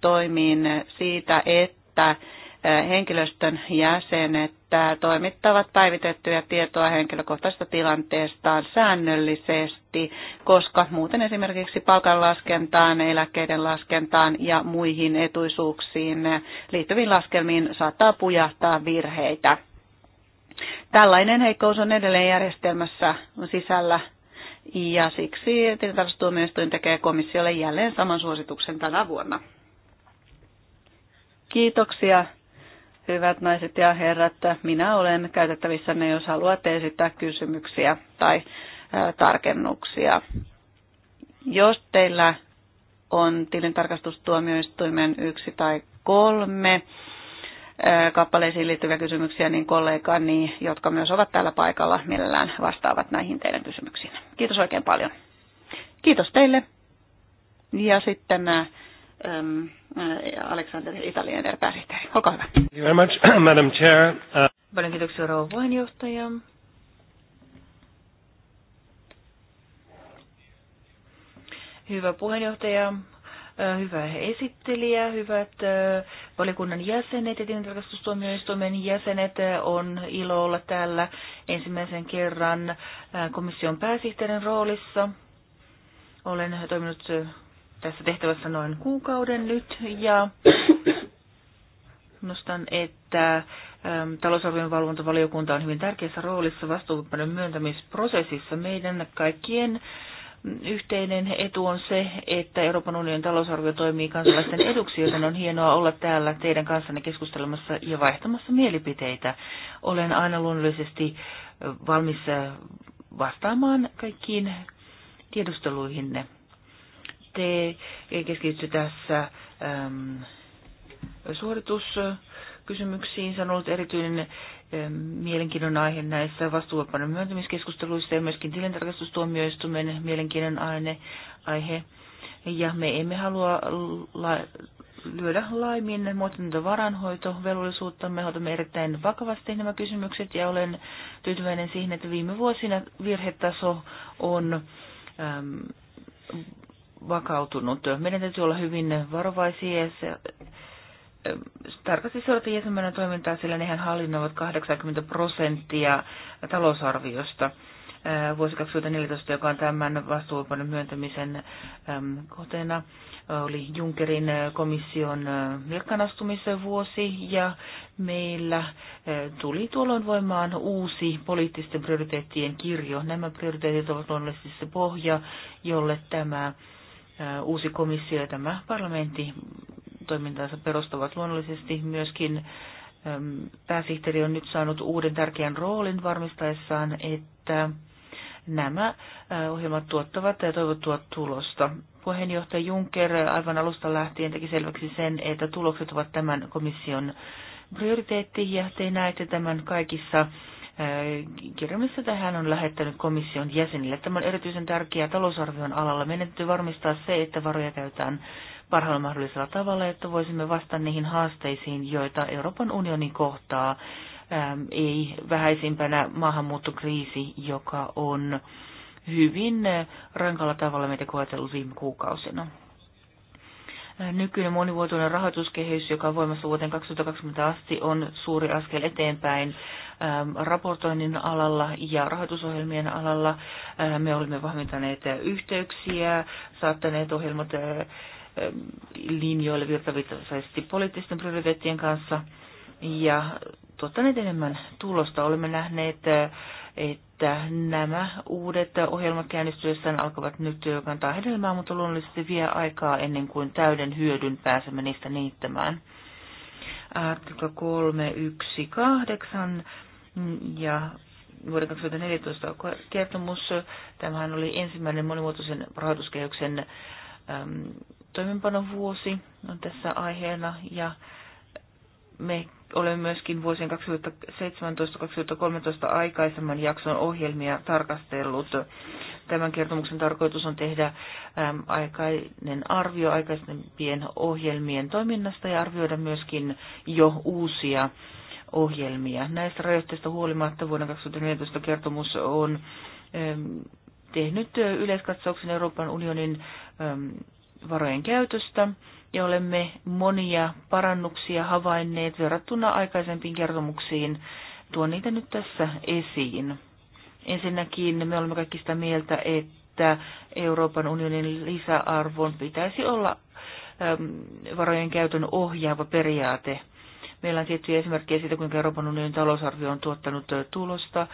toimiin siitä, että henkilöstön jäsenet toimittavat päivitettyjä tietoa henkilökohtaisesta tilanteestaan säännöllisesti, koska muuten esimerkiksi palkanlaskentaan, eläkkeiden laskentaan ja muihin etuisuuksiin liittyviin laskelmiin saattaa pujahtaa virheitä. Tällainen heikkous on edelleen järjestelmässä sisällä ja siksi tilintarkastustuomioistuin tekee komissiolle jälleen saman suosituksen tänä vuonna. Kiitoksia Hyvät naiset ja herrat, minä olen käytettävissänne, jos haluatte esittää kysymyksiä tai tarkennuksia. Jos teillä on tilintarkastustuomioistuimen yksi tai kolme kappaleisiin liittyviä kysymyksiä, niin kollegani, jotka myös ovat täällä paikalla, mielellään vastaavat näihin teidän kysymyksiin. Kiitos oikein paljon. Kiitos teille. Ja sitten äm, äh, Alexander Italian pääsihteeri. Olkaa hyvä. Thank you very much, Madam Chair. Uh... Paljon kiitoksia rouva puheenjohtaja. Hyvä puheenjohtaja, äh, hyvä esittelijä, hyvät äh, valikunnan jäsenet ja tilintarkastustuomioistuimen jäsenet. On ilo olla täällä ensimmäisen kerran komission pääsihteerin roolissa. Olen toiminut tässä tehtävässä noin kuukauden nyt ja nostan, että ähm, talousarvion valvontavaliokunta on hyvin tärkeässä roolissa vastuuvapauden myöntämisprosessissa. Meidän kaikkien yhteinen etu on se, että Euroopan unionin talousarvio toimii kansalaisten eduksi, joten on hienoa olla täällä teidän kanssanne keskustelemassa ja vaihtamassa mielipiteitä. Olen aina luonnollisesti äh, valmis äh, vastaamaan kaikkiin tiedusteluihinne te keskitty tässä äm, suorituskysymyksiin. Se on ollut erityinen ähm, mielenkiinnon aihe näissä vastuuvapauden myöntämiskeskusteluissa ja myöskin tilintarkastustuomioistuimen mielenkiinnon aine, aihe. Ja me emme halua la- lyödä laimin muotinta varanhoitovelvollisuutta. Me otamme erittäin vakavasti nämä kysymykset ja olen tyytyväinen siihen, että viime vuosina virhetaso on äm, vakautunut. Meidän täytyy olla hyvin varovaisia ja se, ähm, tarkasti seurata jäsenmäinen toimintaa, sillä nehän hallinnoivat 80 prosenttia talousarviosta äh, vuosi 2014, joka on tämän vastuuvapauden myöntämisen ähm, kohteena, oli Junckerin äh, komission äh, virkanastumisvuosi vuosi ja meillä tuli tuolloin voimaan uusi poliittisten prioriteettien kirjo. Nämä prioriteetit ovat luonnollisesti se pohja, jolle tämä uusi komissio ja tämä parlamentti toimintaansa perustavat luonnollisesti myöskin pääsihteeri on nyt saanut uuden tärkeän roolin varmistaessaan, että nämä ohjelmat tuottavat toivottua tulosta. Puheenjohtaja Juncker aivan alusta lähtien teki selväksi sen, että tulokset ovat tämän komission prioriteetti ja te näette tämän kaikissa kirjelmissä tähän on lähettänyt komission jäsenille. Tämä on erityisen tärkeää talousarvion alalla. Meidän täytyy varmistaa se, että varoja käytetään parhaalla mahdollisella tavalla, että voisimme vastata niihin haasteisiin, joita Euroopan unioni kohtaa. Ei vähäisimpänä maahanmuuttokriisi, joka on hyvin rankalla tavalla meitä koetellut viime kuukausina nykyinen monivuotoinen rahoituskehys, joka on voimassa vuoteen 2020 asti, on suuri askel eteenpäin Ähm, raportoinnin alalla ja rahoitusohjelmien alalla. Äh, me olimme vahvintaneet äh, yhteyksiä, saattaneet ohjelmat äh, ähm, linjoille virtaviittaisesti poliittisten prioriteettien kanssa ja tuottaneet enemmän tulosta. Olemme nähneet, että nämä uudet ohjelmat käynnistyessään alkavat nyt jo kantaa hedelmää, mutta luonnollisesti vie aikaa ennen kuin täyden hyödyn pääsemme niistä niittämään. Artikla 318 ja vuoden 2014 kertomus. Tämähän oli ensimmäinen monimuotoisen rahoituskehyksen äm, toimenpanovuosi on tässä aiheena ja me olemme myöskin vuosien 2017-2013 aikaisemman jakson ohjelmia tarkastellut. Tämän kertomuksen tarkoitus on tehdä äm, aikainen arvio aikaisempien ohjelmien toiminnasta ja arvioida myöskin jo uusia ohjelmia. Näistä rajoitteista huolimatta vuonna 2014 kertomus on ähm, tehnyt yleiskatsauksen Euroopan unionin ähm, varojen käytöstä ja olemme monia parannuksia havainneet verrattuna aikaisempiin kertomuksiin. Tuon niitä nyt tässä esiin. Ensinnäkin me olemme kaikki sitä mieltä, että Euroopan unionin lisäarvon pitäisi olla ähm, varojen käytön ohjaava periaate – Meillä on tiettyjä esimerkkejä siitä, kuinka Euroopan unionin talousarvio on tuottanut tulosta.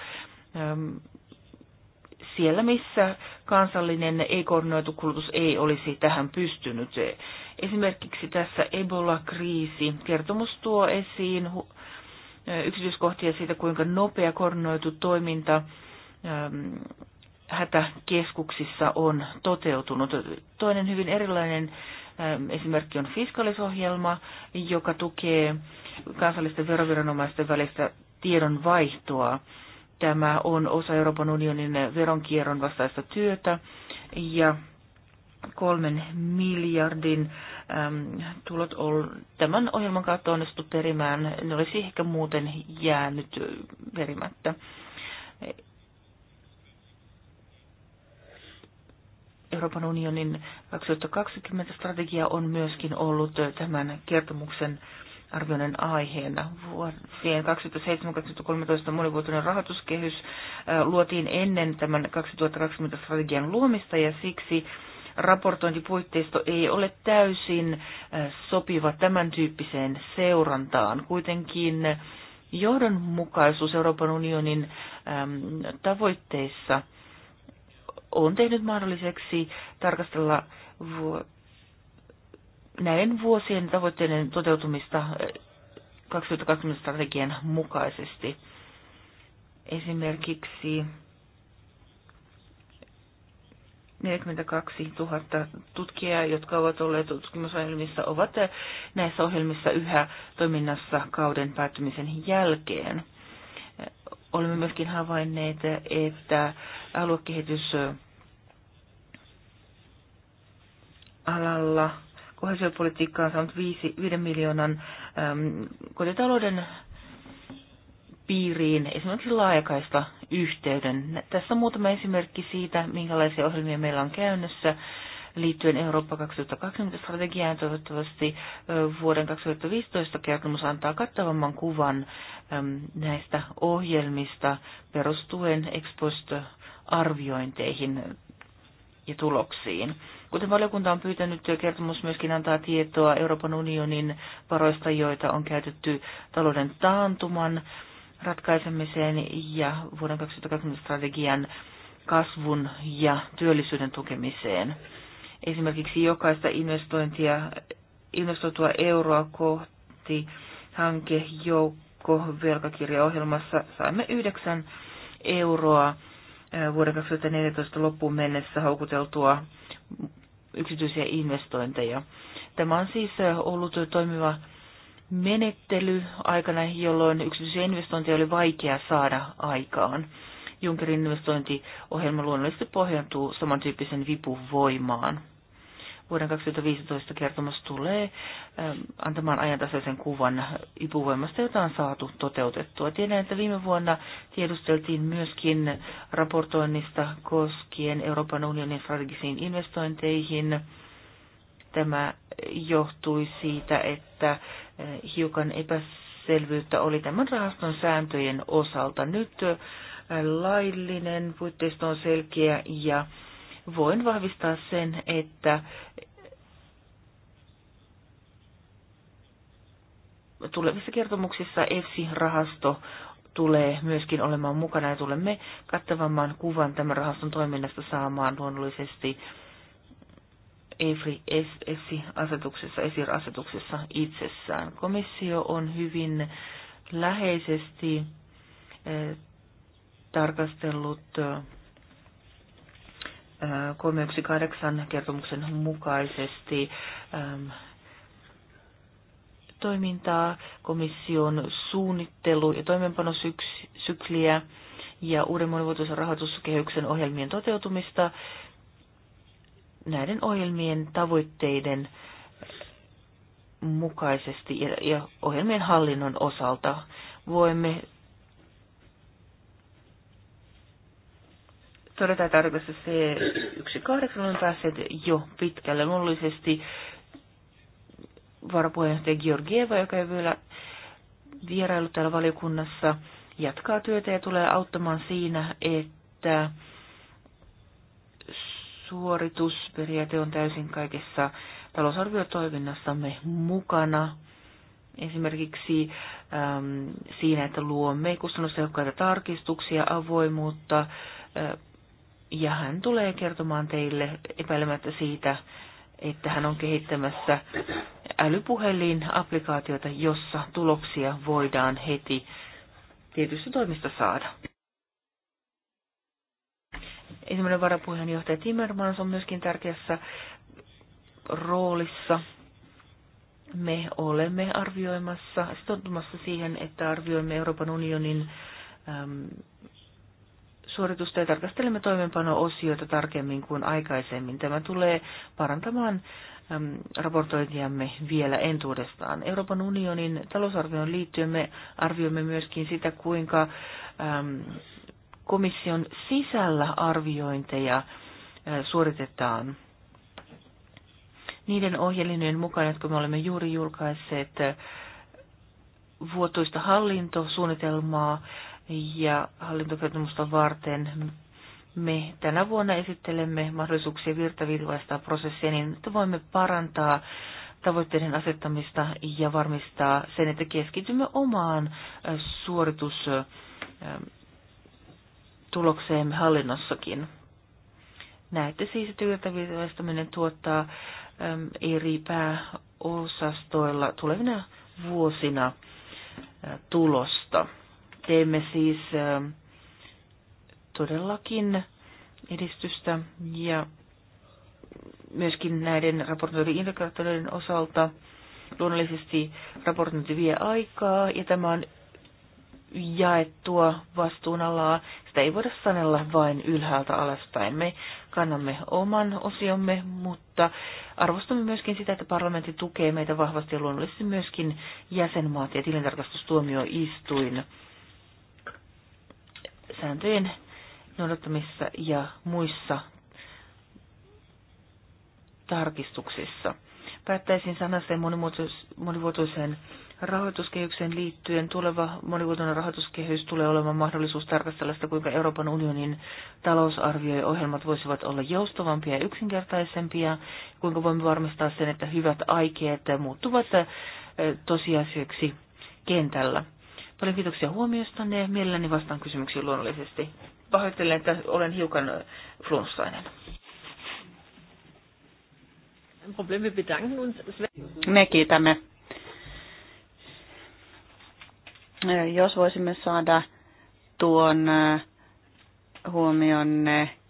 Siellä, missä kansallinen ei-koordinoitu kulutus ei olisi tähän pystynyt. Esimerkiksi tässä Ebola-kriisi. Kertomus tuo esiin yksityiskohtia siitä, kuinka nopea koordinoitu toiminta hätäkeskuksissa on toteutunut. Toinen hyvin erilainen esimerkki on fiskalisohjelma, joka tukee kansallisten veroviranomaisten välistä tiedonvaihtoa. vaihtoa. Tämä on osa Euroopan unionin veronkierron vastaista työtä ja kolmen miljardin äm, tulot on tämän ohjelman kautta onnistu perimään. Ne olisi ehkä muuten jäänyt perimättä. Euroopan unionin 2020 strategia on myöskin ollut tämän kertomuksen arvioinnin aiheena. Vuosien 2007-2013 monivuotinen rahoituskehys luotiin ennen tämän 2020-strategian luomista ja siksi raportointipuitteisto ei ole täysin sopiva tämän tyyppiseen seurantaan. Kuitenkin johdonmukaisuus Euroopan unionin tavoitteissa on tehnyt mahdolliseksi tarkastella näiden vuosien tavoitteiden toteutumista 2020 äh, strategian mukaisesti. Esimerkiksi 42 000 tutkijaa, jotka ovat olleet tutkimusohjelmissa, ovat äh, näissä ohjelmissa yhä toiminnassa kauden päättymisen jälkeen. Äh, olemme myöskin havainneet, että aluekehitys alalla kohesiopolitiikka on saanut 5, 5 miljoonan äm, kotitalouden piiriin esimerkiksi laajakaista yhteyden. Tässä on muutama esimerkki siitä, minkälaisia ohjelmia meillä on käynnissä liittyen Eurooppa 2020-strategiaan. Toivottavasti vuoden 2015 kertomus antaa kattavamman kuvan näistä ohjelmista perustuen ex arviointeihin ja tuloksiin. Kuten valiokunta on pyytänyt, kertomus myöskin antaa tietoa Euroopan unionin varoista, joita on käytetty talouden taantuman ratkaisemiseen ja vuoden 2020 strategian kasvun ja työllisyyden tukemiseen. Esimerkiksi jokaista investointia, investoitua euroa kohti hankejoukko velkakirjaohjelmassa saimme 9 euroa vuoden 2014 loppuun mennessä houkuteltua yksityisiä investointeja. Tämä on siis eh, ollut toimiva menettely aikana, jolloin yksityisiä investointeja oli vaikea saada aikaan. Junkerin investointiohjelma luonnollisesti pohjautuu samantyyppisen vipuvoimaan. Vuoden 2015 kertomus tulee ähm, antamaan ajantasaisen kuvan ipuvoimasta, jota on saatu toteutettua. Tiedän, että viime vuonna tiedusteltiin myöskin raportoinnista koskien Euroopan unionin strategisiin investointeihin. Tämä johtui siitä, että äh, hiukan epäselvyyttä oli tämän rahaston sääntöjen osalta. Nyt äh, laillinen puitteisto on selkeä ja voin vahvistaa sen, että tulevissa kertomuksissa EFSI-rahasto tulee myöskin olemaan mukana ja tulemme kattavamman kuvan tämän rahaston toiminnasta saamaan luonnollisesti EFSI-asetuksessa, ESIR-asetuksessa itsessään. Komissio on hyvin läheisesti eh, tarkastellut eh, 318 kertomuksen mukaisesti ähm, toimintaa, komission suunnittelu- ja toimeenpanosykliä ja uuden monivuotoisen rahoituskehyksen ohjelmien toteutumista, näiden ohjelmien tavoitteiden mukaisesti ja ohjelmien hallinnon osalta voimme todetaan tarkasti se 1.8. on päässyt jo pitkälle. Luonnollisesti varapuheenjohtaja Georgieva, joka ei vielä vierailu täällä valiokunnassa, jatkaa työtä ja tulee auttamaan siinä, että suoritusperiaate on täysin kaikessa talousarviotoiminnassamme mukana. Esimerkiksi äm, siinä, että luomme kustannustehokkaita tarkistuksia, avoimuutta, äh, ja hän tulee kertomaan teille epäilemättä siitä, että hän on kehittämässä älypuhelin-applikaatiota, jossa tuloksia voidaan heti tietystä toimista saada. Ensimmäinen varapuheenjohtaja Timmermans on myöskin tärkeässä roolissa. Me olemme arvioimassa, sitoutumassa siihen, että arvioimme Euroopan unionin äm, suoritusta ja tarkastelemme toimenpano-osioita tarkemmin kuin aikaisemmin. Tämä tulee parantamaan raportointiamme vielä entuudestaan. Euroopan unionin talousarvioon liittyen me arvioimme myöskin sitä, kuinka komission sisällä arviointeja suoritetaan niiden ohjelmien mukaan, jotka me olemme juuri julkaisseet, vuotuista hallintosuunnitelmaa ja hallintokertomusta varten me tänä vuonna esittelemme mahdollisuuksia virtaviivaistaa prosessia niin, että voimme parantaa tavoitteiden asettamista ja varmistaa sen, että keskitymme omaan suoritus-tulokseen hallinnossakin. Näette siis, että virtaviivaistaminen tuottaa eri pääosastoilla tulevina vuosina tulosta teemme siis ähm, todellakin edistystä ja myöskin näiden raportointi-integraattoreiden osalta luonnollisesti raportointi vie aikaa ja tämä on jaettua vastuunalaa. Sitä ei voida sanella vain ylhäältä alaspäin. Me kannamme oman osiomme, mutta arvostamme myöskin sitä, että parlamentti tukee meitä vahvasti ja luonnollisesti myöskin jäsenmaat ja tilintarkastustuomioistuin sääntöjen noudattamissa ja muissa tarkistuksissa. Päättäisin sanaseen monivuotoiseen rahoituskehykseen liittyen. Tuleva monivuotinen rahoituskehys tulee olemaan mahdollisuus tarkastella sitä, kuinka Euroopan unionin talousarvio ja ohjelmat voisivat olla joustavampia ja yksinkertaisempia, kuinka voimme varmistaa sen, että hyvät aikeet muuttuvat eh, tosiasioiksi kentällä. Paljon kiitoksia huomiostanne ja mielelläni vastaan kysymyksiin luonnollisesti. Pahoittelen, että olen hiukan flunssainen. Me kiitämme. Jos voisimme saada tuon äh, huomion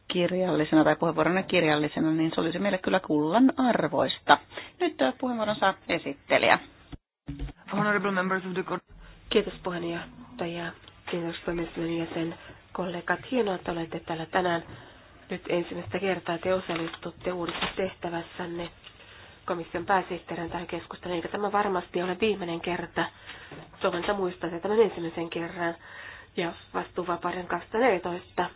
kirjallisena tai puheenvuorona kirjallisena, niin se olisi meille kyllä kullan arvoista. Nyt äh, puheenvuoron saa esittelijä. Honorable members of the court. Kiitos puheenjohtaja. Kiitos toimiston jäsen kollegat. Hienoa, että olette täällä tänään. Nyt ensimmäistä kertaa te osallistutte uudessa tehtävässänne komission pääsihteerin tähän keskusteluun, eikä tämä varmasti ole viimeinen kerta. Toivon, että muistatte tämän ensimmäisen kerran ja vastuuvapauden 2014.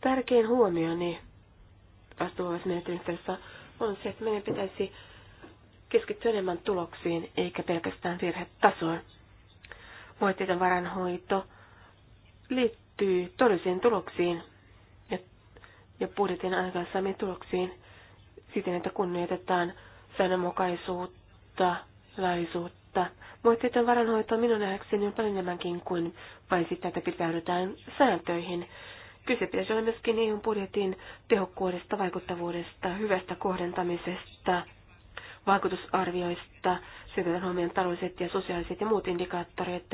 Tärkein huomioni vastuuvapausmenettelyn on se, että meidän pitäisi keskittyä enemmän tuloksiin eikä pelkästään virhetasoon. Moitteiden varanhoito liittyy todellisiin tuloksiin ja, ja budjetin aikaisemmin tuloksiin siten, että kunnioitetaan säännönmukaisuutta, laisuutta. Moitteiden varanhoito minun nähdäkseni on paljon enemmänkin kuin vain sitä, että pitäydytään sääntöihin. Kyse pitäisi olla myöskin eu budjetin tehokkuudesta, vaikuttavuudesta, hyvästä kohdentamisesta – vaikutusarvioista, syötetään huomioon taloudelliset ja sosiaaliset ja muut indikaattorit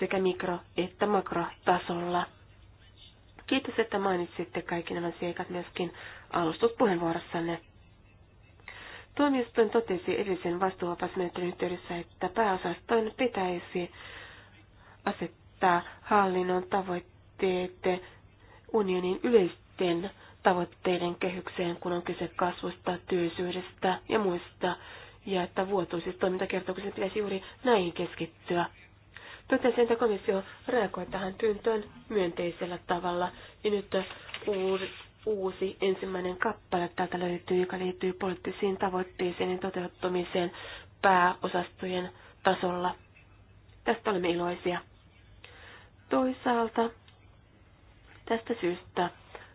sekä mikro- että makrotasolla. Kiitos, että mainitsitte kaikki nämä seikat myöskin alustuspuheenvuorossanne. Tuomioistuin totesi edellisen vastuuvapausmenettelyn yhteydessä, että pääosastoin pitäisi asettaa hallinnon tavoitteet unionin yleisten tavoitteiden kehykseen, kun on kyse kasvusta, työllisyydestä ja muista, ja että vuotuisissa toimintakertomuksissa pitäisi juuri näihin keskittyä. Totesin, että komissio reagoi tähän pyyntöön myönteisellä tavalla, ja nyt uusi, uusi ensimmäinen kappale täältä löytyy, joka liittyy poliittisiin tavoitteisiin ja toteuttamiseen pääosastojen tasolla. Tästä olemme iloisia. Toisaalta tästä syystä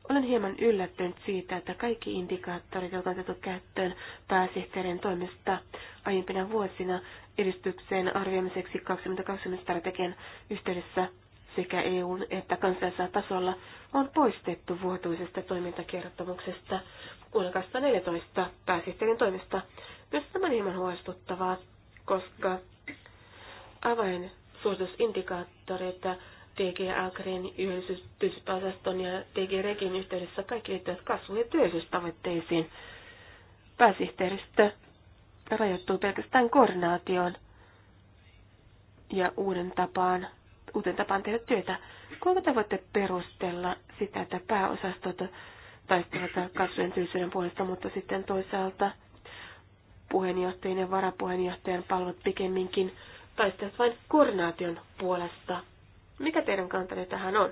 olen hieman yllättynyt siitä, että kaikki indikaattorit, jotka on otettu käyttöön pääsihteerin toimesta aiempina vuosina edistykseen arvioimiseksi 2020 strategian yhteydessä sekä EUn että kansallisella tasolla, on poistettu vuotuisesta toimintakertomuksesta vuonna 2014 pääsihteerin toimesta. Myös tämä on hieman huolestuttavaa, koska avainsuositusindikaattoreita TG Agrin yhdistysosaston ja TG Regin yhteydessä kaikki liittyvät kasvu- ja työllisyystavoitteisiin. Pääsihteeristö rajoittuu pelkästään koordinaatioon ja uuden tapaan, uuden tapaan tehdä työtä. Kuinka te voitte perustella sitä, että pääosastot taistelevat kasvujen työllisyyden puolesta, mutta sitten toisaalta puheenjohtajien ja varapuheenjohtajan palvelut pikemminkin taistelevat vain koordinaation puolesta? Mikä teidän kantanne tähän on?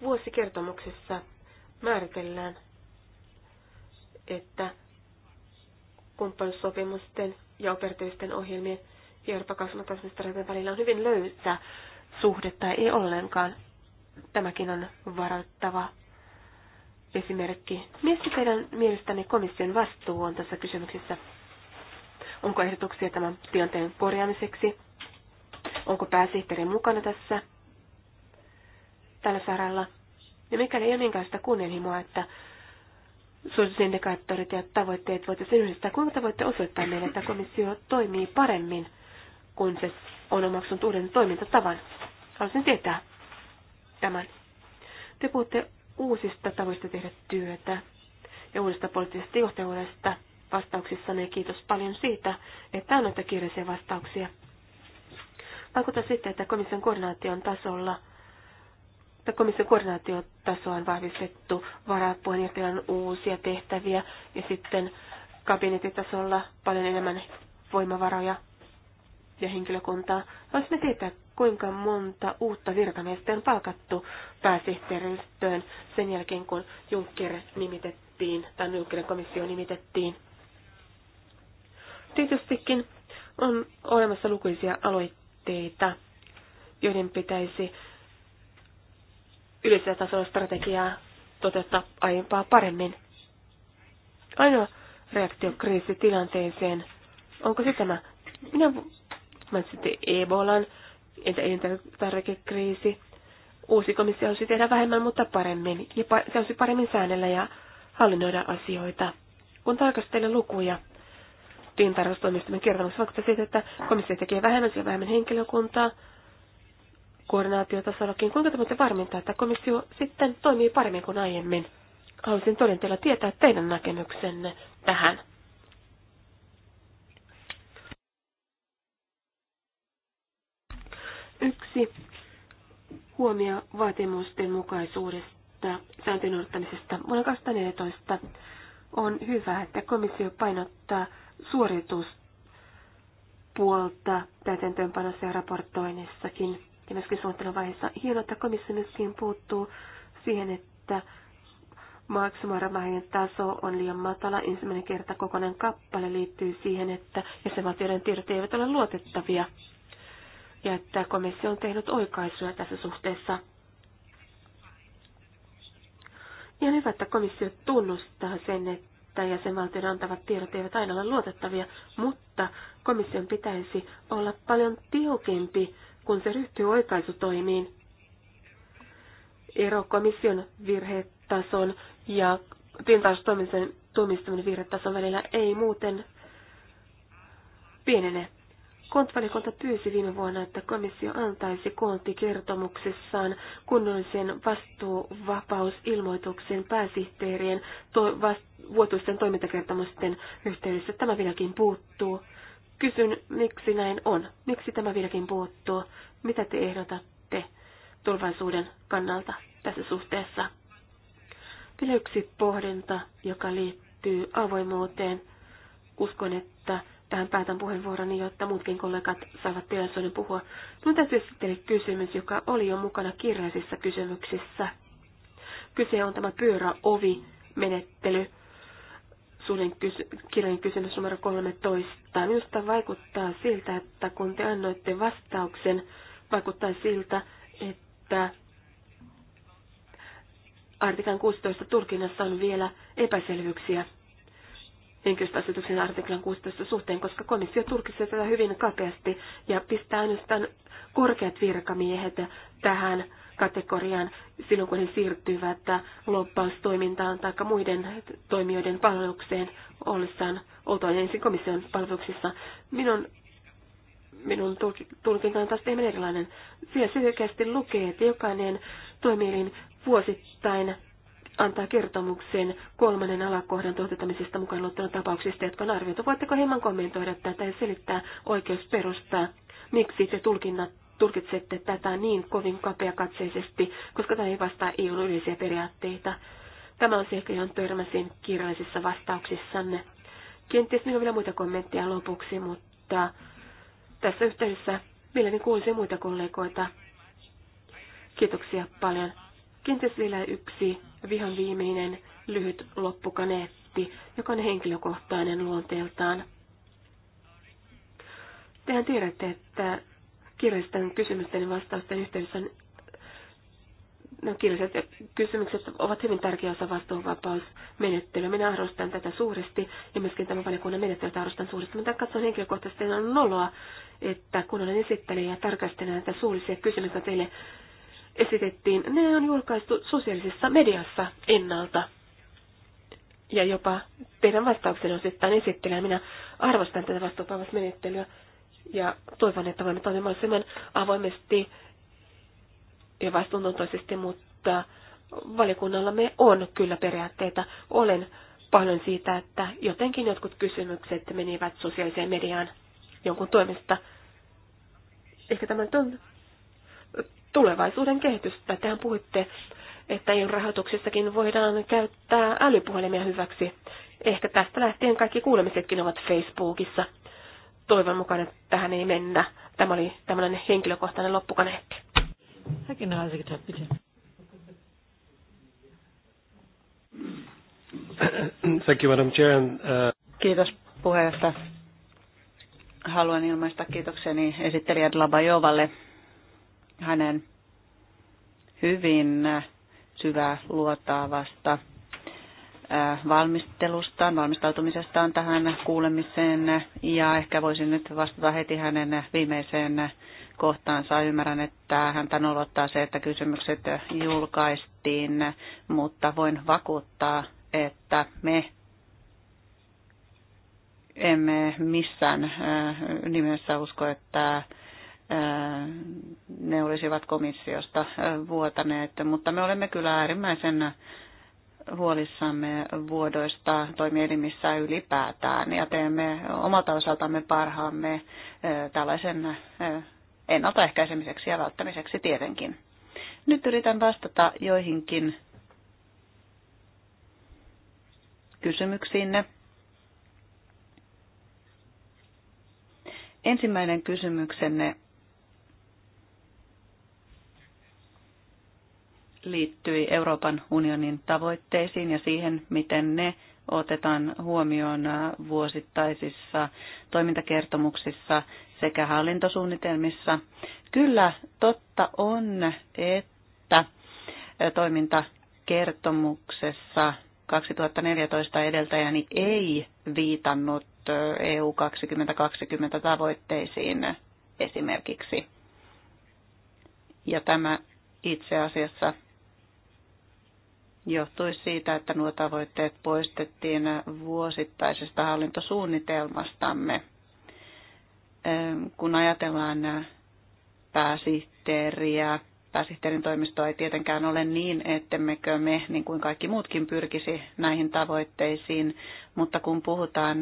Vuosikertomuksessa määritellään, että kumppanussopimusten ja operatiivisten ohjelmien ja Euroopan 2020 välillä on hyvin löysää suhde tai ei ollenkaan. Tämäkin on varoittava esimerkki. Missä teidän mielestänne komission vastuu on tässä kysymyksessä? Onko ehdotuksia tämän tilanteen korjaamiseksi? Onko pääsihteeri mukana tässä tällä saralla? Ja mikäli ei ole minkäänlaista kunnianhimoa, että suositusindikaattorit ja tavoitteet voitaisiin yhdistää, kuinka te voitte osoittaa meille, että komissio toimii paremmin, kun se on omaksunut uuden toimintatavan? Haluaisin tietää tämän. Te puhutte uusista tavoista tehdä työtä ja uudesta poliittisesta johtajuudesta – vastauksissanne. Kiitos paljon siitä, että annatte kirjallisia vastauksia. Vaikuttaa sitten, että komission koordinaation tasolla että komission koordinaatiotaso on vahvistettu, varapuheenjohtajan uusia tehtäviä ja sitten kabinetitasolla paljon enemmän voimavaroja ja henkilökuntaa. Voisimme tietää, kuinka monta uutta virkamiestä on palkattu pääsihteeristöön sen jälkeen, kun Juncker nimitettiin tai Junckerin komissio nimitettiin. Tietystikin on olemassa lukuisia aloitteita, joiden pitäisi yleisellä tasolla strategiaa toteuttaa aiempaa paremmin. Ainoa reaktio kriisitilanteeseen, onko se tämä? Minä mainitsin Ebolan, entä elintarvikekriisi. Uusi komissio halusi tehdä vähemmän, mutta paremmin, ja se halusi paremmin säännellä ja hallinnoida asioita. Kun tarkastelen lukuja, tilintarkastustoimistamme kertomassa vaikuttaa siitä, että komissio tekee vähemmän ja vähemmän henkilökuntaa koordinaatiotasollakin. Kuinka te voitte varmintaa, että komissio sitten toimii paremmin kuin aiemmin? Haluaisin todenteella tietää teidän näkemyksenne tähän. Yksi huomio vaatimusten mukaisuudesta sääntöjen noudattamisesta. Vuonna 2014 on hyvä, että komissio painottaa suorituspuolta täytäntöönpanossa ja raportoinnissakin ja myöskin suunnitteluvaiheessa. Hienoa, että komissio myöskin puuttuu siihen, että maksimaaramahojen taso on liian matala. Ensimmäinen kerta kokonainen kappale liittyy siihen, että jäsenvaltioiden tiedot eivät ole luotettavia ja että komissio on tehnyt oikaisuja tässä suhteessa. Ja hyvä, että komissio tunnustaa sen, että että jäsenvaltioiden antavat tiedot eivät aina ole luotettavia, mutta komission pitäisi olla paljon tiukempi, kun se ryhtyy oikaisutoimiin. Ero komission virhetason ja tilintarkastustoimistaminen virhetason välillä ei muuten pienene. Kontvalikunta pyysi viime vuonna, että komissio antaisi kontti-kertomuksessaan kunnollisen vastuuvapausilmoituksen pääsihteerien to- vast- vuotuisten toimintakertomusten yhteydessä. Tämä vieläkin puuttuu. Kysyn, miksi näin on? Miksi tämä vieläkin puuttuu? Mitä te ehdotatte tulvaisuuden kannalta tässä suhteessa? Vielä yksi pohdinta, joka liittyy avoimuuteen. Uskon, että tähän päätän puheenvuoroni, jotta muutkin kollegat saavat tilaisuuden puhua. Minun täytyy esitellä kysymys, joka oli jo mukana kirjallisissa kysymyksissä. Kyse on tämä pyöräovi-menettely, Suuren kysy- kirjan kysymys numero 13. Minusta vaikuttaa siltä, että kun te annoitte vastauksen, vaikuttaa siltä, että artikan 16 tulkinnassa on vielä epäselvyyksiä henkilöstöasetuksen artiklan 16 suhteen, koska komissio tulkitsee tätä hyvin kapeasti ja pistää ainoastaan korkeat virkamiehet tähän kategoriaan silloin, kun he siirtyvät loppaustoimintaan tai muiden toimijoiden palvelukseen ollessaan oltoon ensin komission palveluksissa. Minun, minun tulkintani taas hieman erilainen. Siellä selkeästi lukee, että jokainen toimielin vuosittain antaa kertomuksen kolmannen alakohdan toteuttamisesta mukaan luettuna tapauksista, jotka on arvioitu. Voitteko hieman kommentoida tätä ja selittää oikeusperustaa, miksi te tulkinnat tulkitsette tätä niin kovin kapeakatseisesti, koska tämä ei vastaa EUn yleisiä periaatteita. Tämä on se ehkä, johon törmäsin kirjallisissa vastauksissanne. Kenties minulla on vielä muita kommentteja lopuksi, mutta tässä yhteydessä mielelläni kuulisin muita kollegoita. Kiitoksia paljon. Kenties vielä yksi vihan viimeinen lyhyt loppukaneetti, joka on henkilökohtainen luonteeltaan. Tehän tiedätte, että kirjallisten kysymysten ja vastausten yhteydessä on no, kirjalliset kysymykset ovat hyvin tärkeä osa vastuunvapausmenettelyä. Minä arvostan tätä suuresti ja myöskin tämän valiokunnan menettelyä arvostan suuresti. Mutta katson henkilökohtaisesti on noloa, että kun olen esittelijä ja tarkastelen näitä suullisia kysymyksiä teille esitettiin, ne on julkaistu sosiaalisessa mediassa ennalta. Ja jopa teidän vastauksenne osittain esittelee. Minä arvostan tätä menettelyä ja toivon, että voimme toimia mahdollisimman avoimesti ja vastuuntuntoisesti, mutta me on kyllä periaatteita. Olen paljon siitä, että jotenkin jotkut kysymykset menivät sosiaaliseen mediaan jonkun toimesta. Ehkä tämä on tulevaisuuden kehitystä. Tähän puhuitte, että EU-rahoituksessakin voidaan käyttää älypuhelimia hyväksi. Ehkä tästä lähtien kaikki kuulemisetkin ovat Facebookissa. Toivon mukaan, että tähän ei mennä. Tämä oli tämmöinen henkilökohtainen loppukaneetti. Uh, Kiitos puheenjohtaja. Haluan ilmaista kiitokseni esittelijä Labajovalle hänen hyvin syvää luotaavasta valmistelustaan, valmistautumisestaan tähän kuulemiseen ja ehkä voisin nyt vastata heti hänen viimeiseen kohtaansa. Ymmärrän, että häntä nolottaa se, että kysymykset julkaistiin, mutta voin vakuuttaa, että me emme missään nimessä usko, että ne olisivat komissiosta vuotaneet, mutta me olemme kyllä äärimmäisen huolissamme vuodoista toimielimissä ylipäätään ja teemme omalta osaltamme parhaamme tällaisen ennaltaehkäisemiseksi ja välttämiseksi tietenkin. Nyt yritän vastata joihinkin kysymyksiinne. Ensimmäinen kysymyksenne liittyi Euroopan unionin tavoitteisiin ja siihen, miten ne otetaan huomioon äh, vuosittaisissa toimintakertomuksissa sekä hallintosuunnitelmissa. Kyllä totta on, että äh, toimintakertomuksessa 2014 edeltäjäni ei viitannut äh, EU 2020 tavoitteisiin esimerkiksi. Ja tämä itse asiassa johtui siitä, että nuo tavoitteet poistettiin vuosittaisesta hallintosuunnitelmastamme. Kun ajatellaan pääsihteeriä, pääsihteerin toimistoa ei tietenkään ole niin, ettemmekö me, niin kuin kaikki muutkin, pyrkisi näihin tavoitteisiin, mutta kun puhutaan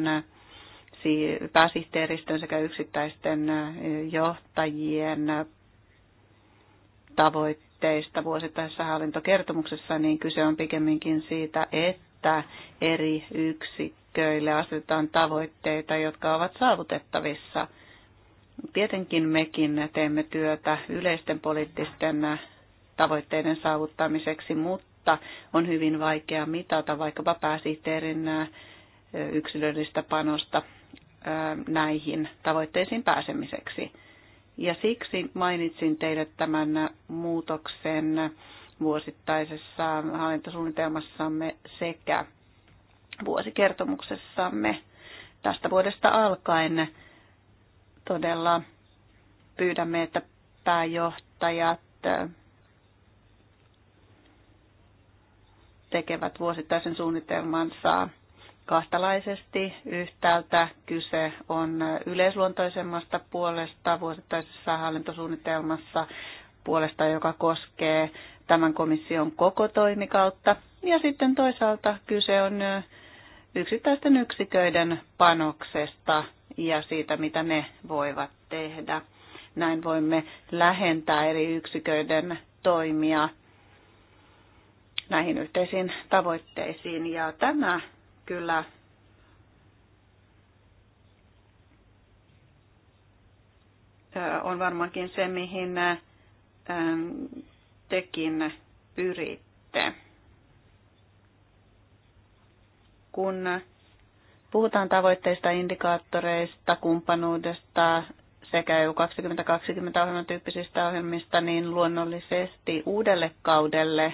pääsihteeristön sekä yksittäisten eh, johtajien tavoitteista, tavoitteista vuosittaisessa hallintokertomuksessa, niin kyse on pikemminkin siitä, että eri yksiköille asetetaan tavoitteita, jotka ovat saavutettavissa. Tietenkin mekin teemme työtä yleisten poliittisten tavoitteiden saavuttamiseksi, mutta on hyvin vaikea mitata vaikkapa pääsihteerin yksilöllistä panosta näihin tavoitteisiin pääsemiseksi. Ja siksi mainitsin teille tämän muutoksen vuosittaisessa hallintosuunnitelmassamme sekä vuosikertomuksessamme tästä vuodesta alkaen. Todella pyydämme, että pääjohtajat tekevät vuosittaisen suunnitelmansa kahtalaisesti. Yhtäältä kyse on yleisluontoisemmasta puolesta vuosittaisessa hallintosuunnitelmassa puolesta, joka koskee tämän komission koko toimikautta. Ja sitten toisaalta kyse on yksittäisten yksiköiden panoksesta ja siitä, mitä ne voivat tehdä. Näin voimme lähentää eri yksiköiden toimia näihin yhteisiin tavoitteisiin. Ja tämä kyllä on varmaankin se, mihin tekin pyritte. Kun puhutaan tavoitteista, indikaattoreista, kumppanuudesta sekä EU 2020-ohjelman tyyppisistä ohjelmista, niin luonnollisesti uudelle kaudelle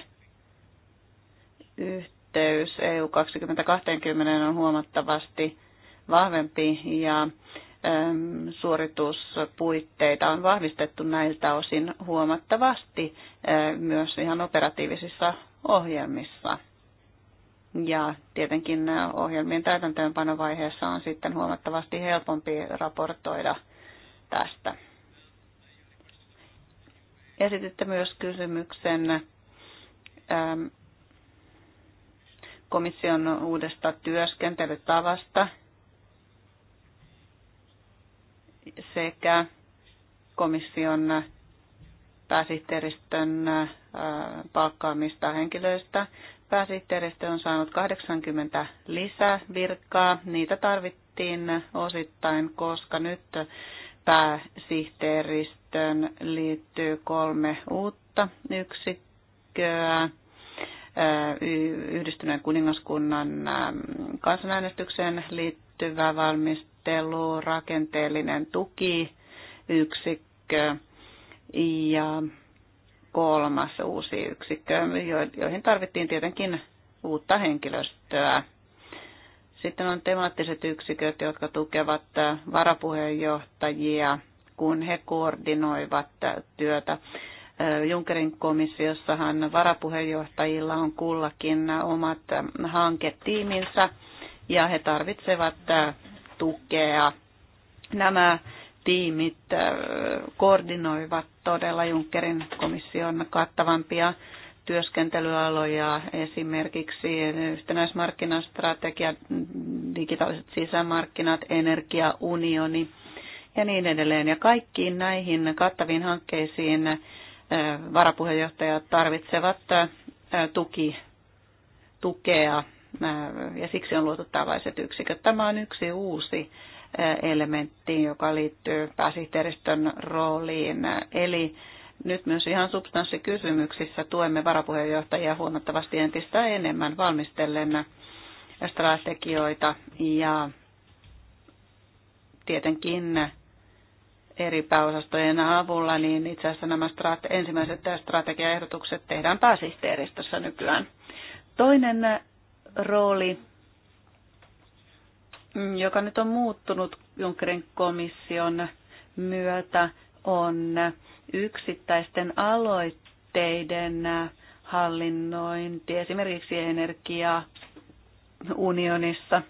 yhteen yhteys EU 2020 on huomattavasti vahvempi ja suorituspuitteita on vahvistettu näiltä osin huomattavasti myös ihan operatiivisissa ohjelmissa. Ja tietenkin ohjelmien täytäntöönpanovaiheessa on sitten huomattavasti helpompi raportoida tästä. Esititte myös kysymyksen komission uudesta työskentelytavasta sekä komission pääsihteeristön palkkaamista henkilöistä. Pääsihteeristö on saanut 80 lisää virkaa. Niitä tarvittiin osittain, koska nyt pääsihteeristöön liittyy kolme uutta yksikköä yhdistyneen kuningaskunnan kansanäänestykseen liittyvä valmistelu, rakenteellinen tuki, yksikkö ja kolmas uusi yksikkö, joihin tarvittiin tietenkin uutta henkilöstöä. Sitten on temaattiset yksiköt, jotka tukevat varapuheenjohtajia, kun he koordinoivat työtä. Junckerin komissiossahan varapuheenjohtajilla on kullakin omat hanketiiminsä ja he tarvitsevat tukea. Nämä tiimit koordinoivat todella Junckerin komission kattavampia työskentelyaloja, esimerkiksi yhtenäismarkkinastrategia, digitaaliset sisämarkkinat, energiaunioni ja niin edelleen. Ja kaikkiin näihin kattaviin hankkeisiin varapuheenjohtajat tarvitsevat tuki, tukea ja siksi on luotu tällaiset yksiköt. Tämä on yksi uusi elementti, joka liittyy pääsihteeristön rooliin. Eli nyt myös ihan substanssikysymyksissä tuemme varapuheenjohtajia huomattavasti entistä enemmän valmistellen strategioita ja tietenkin eri pääosastojen avulla, niin itse asiassa nämä strate- ensimmäiset strategiaehdotukset tehdään pääsihteeristössä nykyään. Toinen rooli, joka nyt on muuttunut Junckerin komission myötä, on yksittäisten aloitteiden hallinnointi, esimerkiksi energiaunionissa –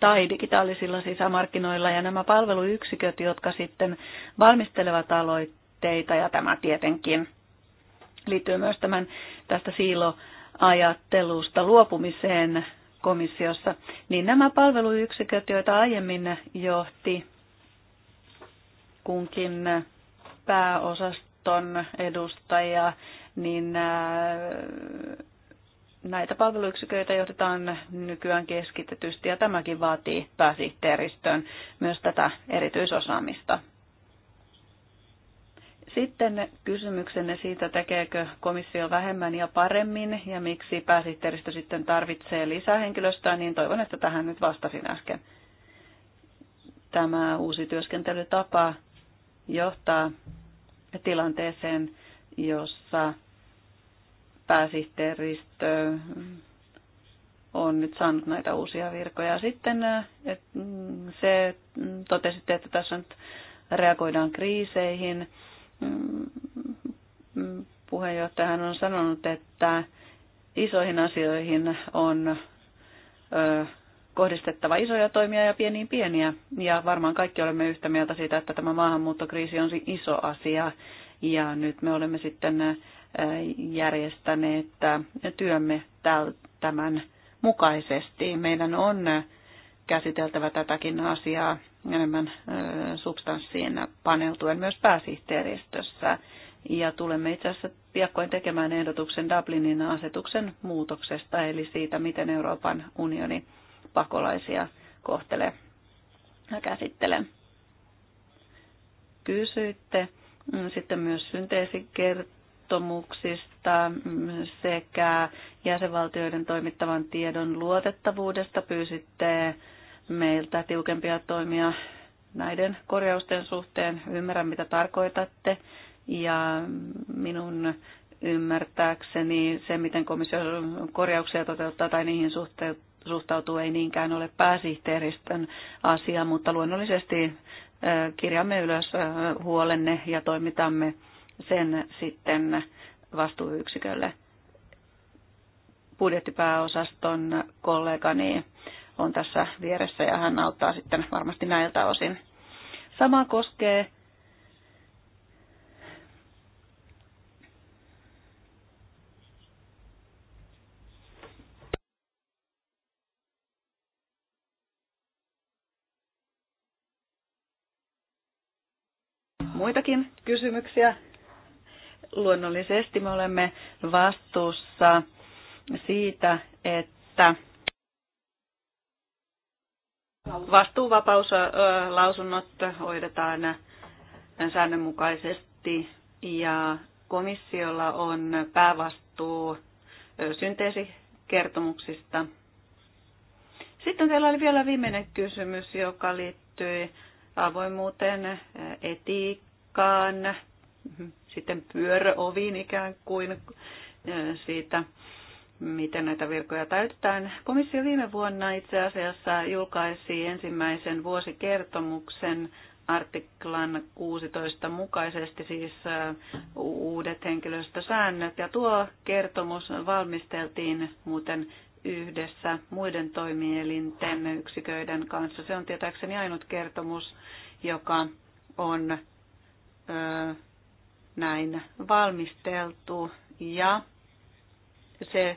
tai digitaalisilla sisämarkkinoilla ja nämä palveluyksiköt, jotka sitten valmistelevat aloitteita ja tämä tietenkin liittyy myös tämän tästä siiloajattelusta luopumiseen komissiossa, niin nämä palveluyksiköt, joita aiemmin johti kunkin pääosaston edustaja, niin äh, näitä palveluyksiköitä johdetaan nykyään keskitetysti ja tämäkin vaatii pääsihteeristöön myös tätä erityisosaamista. Sitten kysymyksenne siitä, tekeekö komissio vähemmän ja paremmin ja miksi pääsihteeristö sitten tarvitsee lisää henkilöstöä, niin toivon, että tähän nyt vastasin äsken. Tämä uusi työskentelytapa johtaa tilanteeseen, jossa pääsihteeristö on nyt saanut näitä uusia virkoja. Sitten et, mm, se mm, totesitte, että tässä nyt reagoidaan kriiseihin. Mm, Puheenjohtajahan on sanonut, että isoihin asioihin on ö, kohdistettava isoja toimia ja pieniin pieniä. Ja varmaan kaikki olemme yhtä mieltä siitä, että tämä maahanmuuttokriisi on iso asia. Ja nyt me olemme sitten järjestäneet työmme tämän mukaisesti. Meidän on käsiteltävä tätäkin asiaa enemmän substanssiin paneutuen myös pääsihteeristössä. Ja tulemme itse asiassa piakkoin tekemään ehdotuksen Dublinin asetuksen muutoksesta, eli siitä, miten Euroopan unioni pakolaisia kohtelee ja käsittelee. Kysyitte mm, sitten myös synteesikertoa onnettomuuksista sekä jäsenvaltioiden toimittavan tiedon luotettavuudesta. Pyysitte meiltä tiukempia toimia näiden korjausten suhteen. Ymmärrän, mitä tarkoitatte. Ja minun ymmärtääkseni se, miten komissio korjauksia toteuttaa tai niihin suhtautuu, ei niinkään ole pääsihteeristön asia, mutta luonnollisesti kirjaamme ylös huolenne ja toimitamme sen sitten vastuuyksikölle. Budjettipääosaston kollegani on tässä vieressä ja hän auttaa sitten varmasti näiltä osin. Sama koskee muitakin kysymyksiä luonnollisesti me olemme vastuussa siitä, että vastuuvapauslausunnot hoidetaan säännönmukaisesti ja komissiolla on päävastuu synteesikertomuksista. Sitten teillä oli vielä viimeinen kysymys, joka liittyy avoimuuteen, etiikkaan, sitten pyöröoviin ikään kuin siitä, miten näitä virkoja täytetään. Komissio viime vuonna itse asiassa julkaisi ensimmäisen vuosikertomuksen artiklan 16 mukaisesti siis uudet henkilöstösäännöt. Ja tuo kertomus valmisteltiin muuten yhdessä muiden toimielinten yksiköiden kanssa. Se on tietääkseni ainut kertomus, joka on näin valmisteltu ja se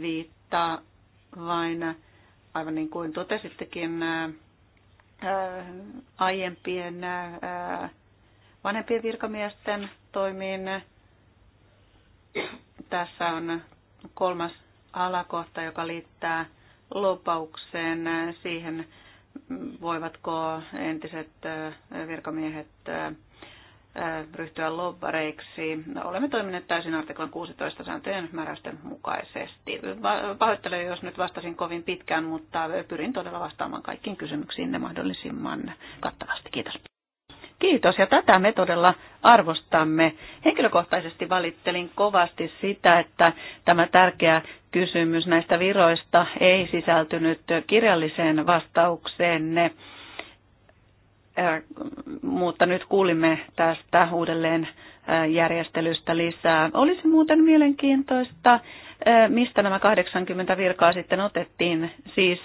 viittaa vain, aivan niin kuin totesittekin, äh, aiempien äh, vanhempien virkamiesten toimiin. Tässä on kolmas alakohta, joka liittää lopaukseen siihen, voivatko entiset äh, virkamiehet Äh, ryhtyä lobbareiksi. No, olemme toimineet täysin artiklan 16 sääntöjen määräysten mukaisesti. Pahoittelen, jos nyt vastasin kovin pitkään, mutta pyrin todella vastaamaan kaikkiin kysymyksiin ne mahdollisimman kattavasti. Kiitos. Kiitos, ja tätä me todella arvostamme. Henkilökohtaisesti valittelin kovasti sitä, että tämä tärkeä kysymys näistä viroista ei sisältynyt kirjalliseen vastaukseenne mutta nyt kuulimme tästä uudelleen järjestelystä lisää. Olisi muuten mielenkiintoista, mistä nämä 80 virkaa sitten otettiin, siis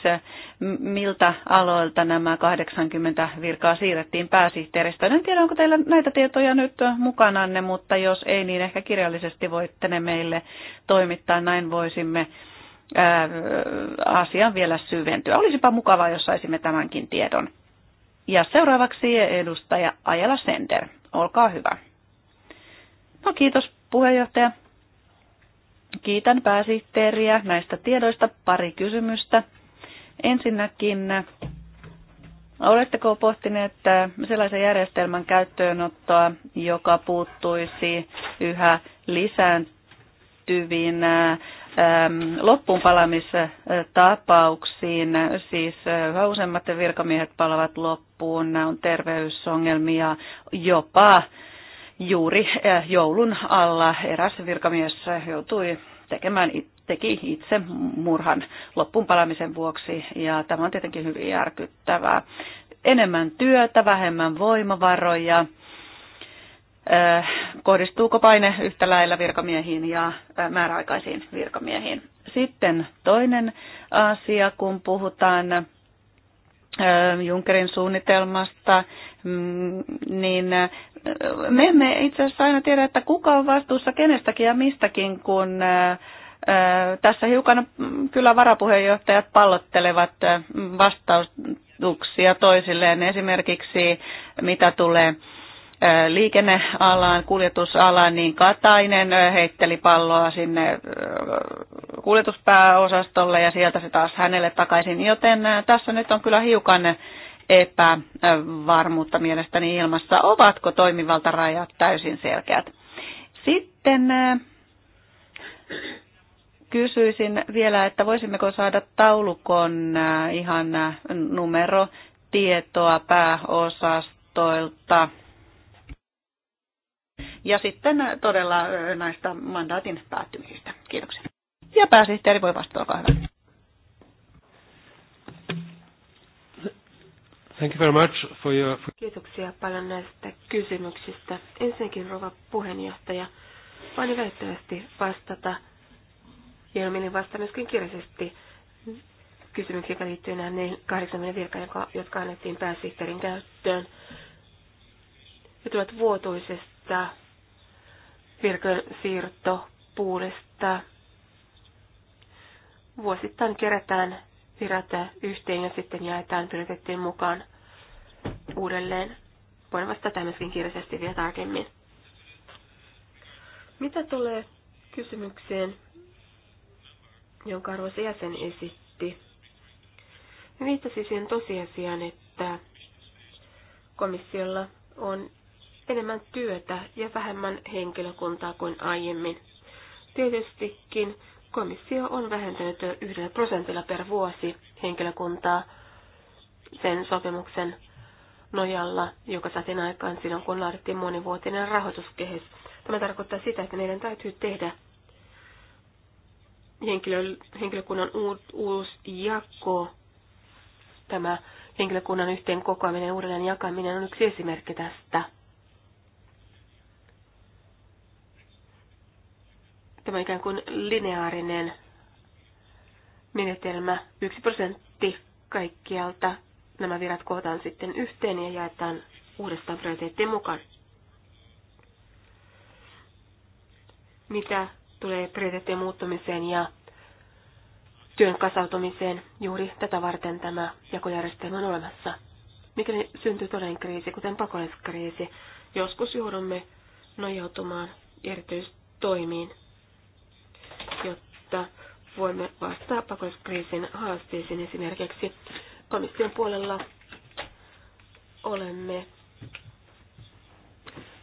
miltä aloilta nämä 80 virkaa siirrettiin pääsihteeristä. En tiedä, onko teillä näitä tietoja nyt mukananne, mutta jos ei, niin ehkä kirjallisesti voitte ne meille toimittaa. Näin voisimme asian vielä syventyä. Olisipa mukavaa, jos saisimme tämänkin tiedon. Ja seuraavaksi edustaja Ajala Sender. Olkaa hyvä. No kiitos puheenjohtaja. Kiitän pääsihteeriä näistä tiedoista. Pari kysymystä. Ensinnäkin, oletteko pohtineet äh, sellaisen järjestelmän käyttöönottoa, joka puuttuisi yhä lisääntyviin äh, Ähm, loppuun äh, siis äh, yhä useimmat virkamiehet palavat loppuun, on terveysongelmia jopa juuri äh, joulun alla eräs virkamies joutui tekemään, teki itse murhan loppuun vuoksi ja tämä on tietenkin hyvin järkyttävää. Enemmän työtä, vähemmän voimavaroja kohdistuuko paine yhtä lailla virkamiehiin ja määräaikaisiin virkamiehiin. Sitten toinen asia, kun puhutaan Junkerin suunnitelmasta, mm, niin me emme itse asiassa aina tiedä, että kuka on vastuussa kenestäkin ja mistäkin, kun tässä hiukan kyllä varapuheenjohtajat pallottelevat vastauksia toisilleen, esimerkiksi mitä tulee liikennealaan, kuljetusalaan, niin Katainen heitteli palloa sinne kuljetuspääosastolle ja sieltä se taas hänelle takaisin. Joten tässä nyt on kyllä hiukan epävarmuutta mielestäni ilmassa. Ovatko toimivaltarajat täysin selkeät? Sitten kysyisin vielä, että voisimmeko saada taulukon ihan numerotietoa pääosastoilta ja sitten äh, todella äh, näistä mandaatin päättymisistä. Kiitoksia. Ja pääsihteeri voi vastata, olkaa hyvä. Thank you very much for your... Kiitoksia paljon näistä kysymyksistä. Ensinnäkin rouva puheenjohtaja, voin välttämättä vastata ja minä vastaan myöskin kirjallisesti kysymyksiä, jotka liittyy näihin 80 virkaan, jotka annettiin pääsihteerin käyttöön. Ne tulevat vuotuisesta virkansiirtopuulesta. Vuosittain kerätään virata yhteen ja sitten jaetaan pyritettiin mukaan uudelleen. Voin vastata myöskin kirjallisesti vielä tarkemmin. Mitä tulee kysymykseen, jonka arvoisa jäsen esitti? Viittasi siihen tosiasiaan, että komissiolla on enemmän työtä ja vähemmän henkilökuntaa kuin aiemmin. Tietystikin komissio on vähentänyt yhdellä prosentilla per vuosi henkilökuntaa sen sopimuksen nojalla, joka saatiin aikaan silloin, kun laadittiin monivuotinen rahoituskehys. Tämä tarkoittaa sitä, että meidän täytyy tehdä henkilö, henkilökunnan uusi jako. Tämä henkilökunnan yhteen kokoaminen ja uudelleen jakaminen on yksi esimerkki tästä. Tämä ikään kuin lineaarinen menetelmä. Yksi prosentti kaikkialta nämä virat kootaan sitten yhteen ja jaetaan uudestaan prioriteettien mukaan. Mitä tulee prioriteettien muuttumiseen ja työn kasautumiseen, juuri tätä varten tämä jakojärjestelmä on olemassa. Mikäli syntyy todellinen kriisi, kuten pakolaiskriisi, joskus joudumme nojautumaan erityistoimiin että voimme vastata pakolaiskriisin haasteisiin esimerkiksi komission puolella olemme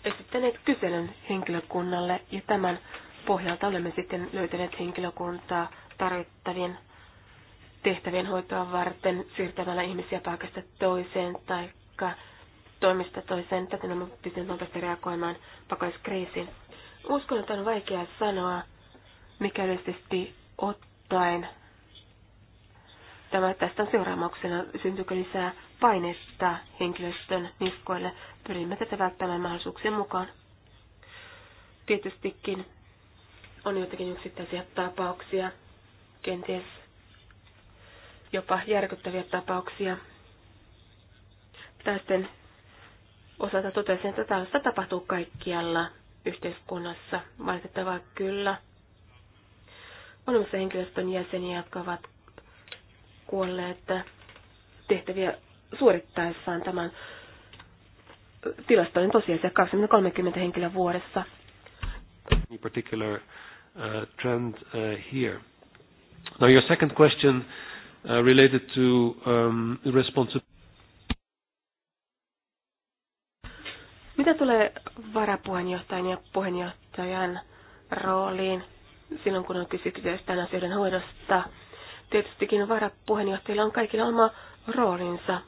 esittäneet kyselyn henkilökunnalle ja tämän pohjalta olemme sitten löytäneet henkilökuntaa tarvittavien tehtävien hoitoa varten siirtämällä ihmisiä paikasta toiseen tai toimista toiseen. Täten on pystyneet nopeasti reagoimaan pakolaiskriisiin. Uskon, että on vaikea sanoa, mikä ottaen tämä tästä on seuraamuksena, syntyykö lisää painetta henkilöstön niskoille. Pyrimme tätä välttämään mahdollisuuksien mukaan. Tietystikin on joitakin yksittäisiä tapauksia, kenties jopa järkyttäviä tapauksia. Tästä osalta totesin, että tällaista tapahtuu kaikkialla yhteiskunnassa. Valitettavaa kyllä on olemassa henkilöstön jäseniä, jotka ovat kuolleet tehtäviä suorittaessaan tämän tilastoinnin tosiasia 20-30 henkilöä vuodessa. Particular uh, trend uh, here. Now your second question uh, related to um, responsibility. Mitä tulee varapuheenjohtajan ja puheenjohtajan rooliin? silloin, kun on kyse kyseisten asioiden hoidosta. Tietystikin varapuheenjohtajilla on kaikilla oma roolinsa.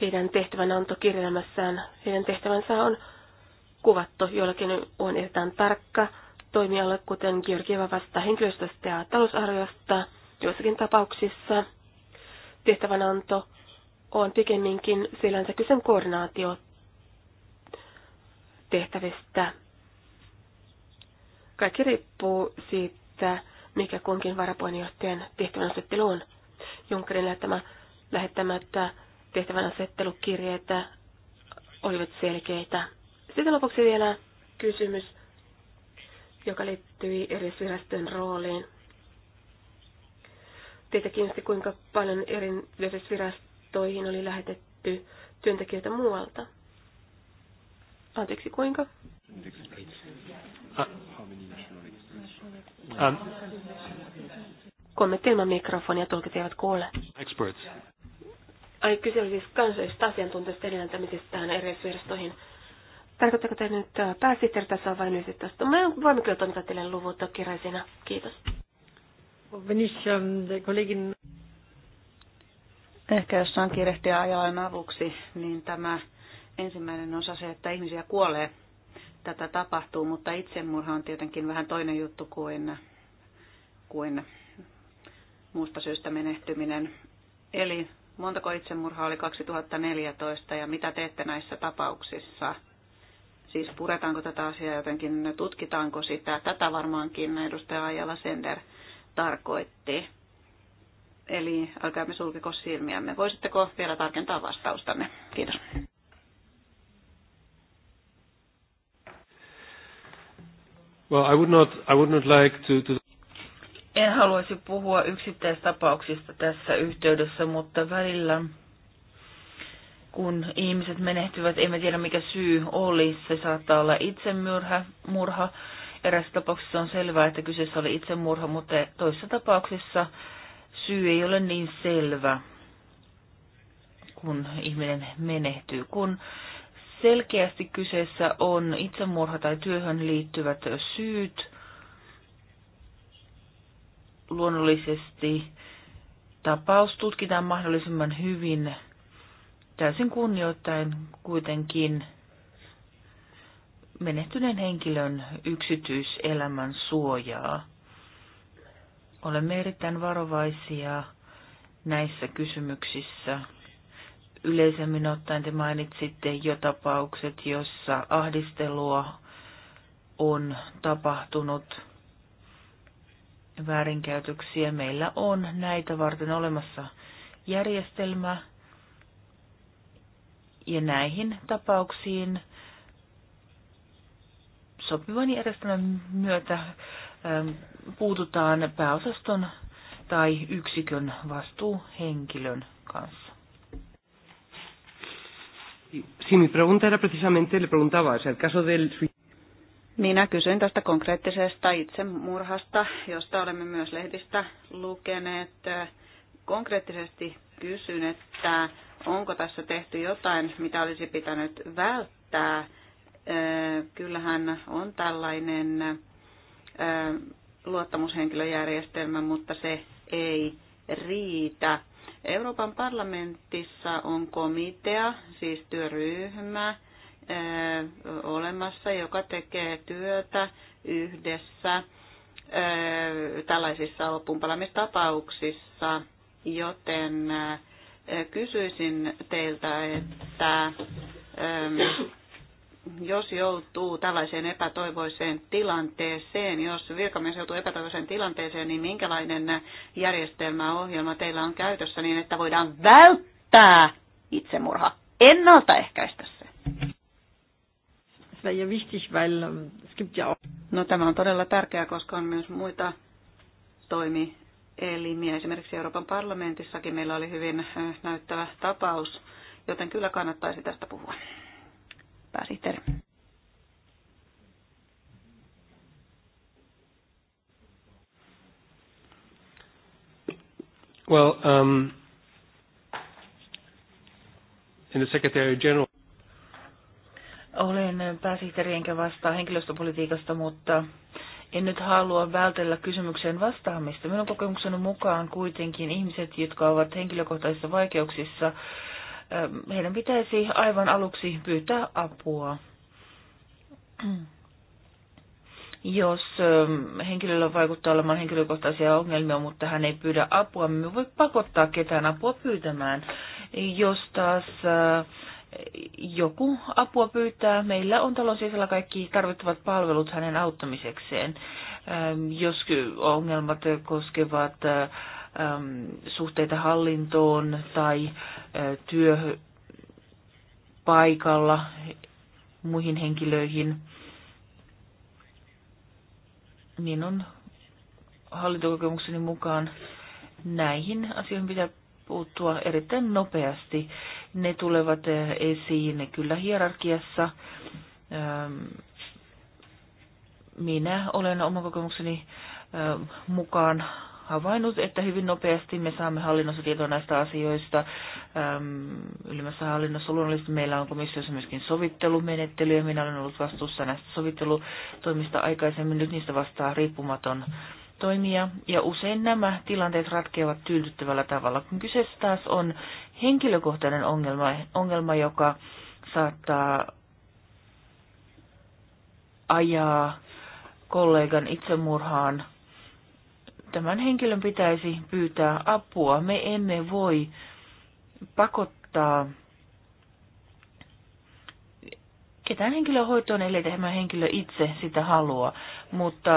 Heidän tehtävänä on toki Heidän tehtävänsä on kuvattu. Jollakin on erittäin tarkka toimialue, kuten Georgieva vastaa henkilöstöstä ja talousarviosta. Joissakin tapauksissa tehtävänanto on pikemminkin sillänsä kyse koordinaatiota tehtävistä. Kaikki riippuu siitä, mikä kunkin varapuheenjohtajan tehtävän asettelu on. Junckerin lähettämä, lähettämättä tehtävän asettelukirjeet olivat selkeitä. Sitten lopuksi vielä kysymys, joka liittyy eri virastojen rooliin. Teitä kiinnosti, kuinka paljon eri virastoihin oli lähetetty työntekijöitä muualta. Anteeksi, kuinka? Kolme ah. Kommentti ilman mikrofonia, tulkit eivät kuule. Experts. Ai, kyse on siis kansallisista asiantuntijoista edellentämisestä tähän eri virastoihin. Tarkoittako te nyt äh, pääsihteeritasoa vai nyt tästä? Me voimme kyllä toimittaa teille luvut kirjaisina. Kiitos. Kollegin... Ehkä jos saan kirjehtiä ajoin avuksi, niin tämä ensimmäinen osa se, että ihmisiä kuolee. Tätä tapahtuu, mutta itsemurha on tietenkin vähän toinen juttu kuin, kuin muusta syystä menehtyminen. Eli montako itsemurhaa oli 2014 ja mitä teette näissä tapauksissa? Siis puretaanko tätä asiaa jotenkin, tutkitaanko sitä? Tätä varmaankin edustaja Ajala Sender tarkoitti. Eli älkäämme sulkeko silmiämme. Voisitteko vielä tarkentaa vastaustanne? Kiitos. Well, I would not, I would not like to, to... En haluaisi puhua yksittäistapauksista tässä yhteydessä, mutta välillä kun ihmiset menehtyvät, emme tiedä mikä syy oli. Se saattaa olla itsemurha. Murha. Erässä tapauksessa on selvää, että kyseessä oli itsemurha, mutta toisessa tapauksessa syy ei ole niin selvä, kun ihminen menehtyy. Kun selkeästi kyseessä on itsemurha tai työhön liittyvät syyt. Luonnollisesti tapaus tutkitaan mahdollisimman hyvin, täysin kunnioittain kuitenkin menehtyneen henkilön yksityiselämän suojaa. Olemme erittäin varovaisia näissä kysymyksissä yleisemmin ottaen te mainitsitte jo tapaukset, jossa ahdistelua on tapahtunut väärinkäytöksiä. Meillä on näitä varten olemassa järjestelmä ja näihin tapauksiin sopivan järjestelmän myötä ähm, puututaan pääosaston tai yksikön vastuuhenkilön kanssa. Si mi pregunta era precisamente, le preguntaba, o sea, el caso del... Minä kysyin tästä konkreettisesta itsemurhasta, josta olemme myös lehdistä lukeneet. Konkreettisesti kysyn, että onko tässä tehty jotain, mitä olisi pitänyt välttää. Äh, kyllähän on tällainen äh, luottamushenkilöjärjestelmä, mutta se ei riitä. Euroopan parlamentissa on komitea, siis työryhmä, eh, olemassa, joka tekee työtä yhdessä eh, tällaisissa loppuunpalamistapauksissa, joten eh, kysyisin teiltä, että jos joutuu tällaiseen epätoivoiseen tilanteeseen, jos virkamies joutuu epätoivoiseen tilanteeseen, niin minkälainen järjestelmä ohjelma teillä on käytössä niin, että voidaan välttää itsemurha, ennaltaehkäistä se? Ähm, no tämä on todella tärkeää, koska on myös muita toimielimiä. Esimerkiksi Euroopan parlamentissakin meillä oli hyvin äh, näyttävä tapaus, joten kyllä kannattaisi tästä puhua pääsihteeri. Well, um, in the Secretary General. Olen pääsihteeri enkä vastaa henkilöstöpolitiikasta, mutta en nyt halua vältellä kysymykseen vastaamista. Minun kokemukseni mukaan kuitenkin ihmiset, jotka ovat henkilökohtaisissa vaikeuksissa, meidän ähm, pitäisi aivan aluksi pyytää apua. Jos ähm, henkilöllä vaikuttaa olemaan henkilökohtaisia ongelmia, mutta hän ei pyydä apua, me voi pakottaa ketään apua pyytämään. Jos taas äh, joku apua pyytää, meillä on talon sisällä kaikki tarvittavat palvelut hänen auttamisekseen. Ähm, jos ongelmat koskevat äh, Ähm, suhteita hallintoon tai äh, työpaikalla muihin henkilöihin, niin on hallintokokemukseni mukaan näihin asioihin pitää puuttua erittäin nopeasti. Ne tulevat äh, esiin kyllä hierarkiassa. Ähm, minä olen oman kokemukseni äh, mukaan havainnut, että hyvin nopeasti me saamme hallinnossa tietoa näistä asioista. Äm, ylimmässä hallinnossa luonnollisesti meillä on komissiossa myöskin sovittelumenettely ja minä olen ollut vastuussa näistä sovittelutoimista aikaisemmin. Nyt niistä vastaa riippumaton toimija ja usein nämä tilanteet ratkeavat tyydyttävällä tavalla. Kun kyseessä taas on henkilökohtainen ongelma, ongelma joka saattaa ajaa kollegan itsemurhaan tämän henkilön pitäisi pyytää apua. Me emme voi pakottaa ketään henkilöä hoitoon, ellei tämä henkilö itse sitä halua. Mutta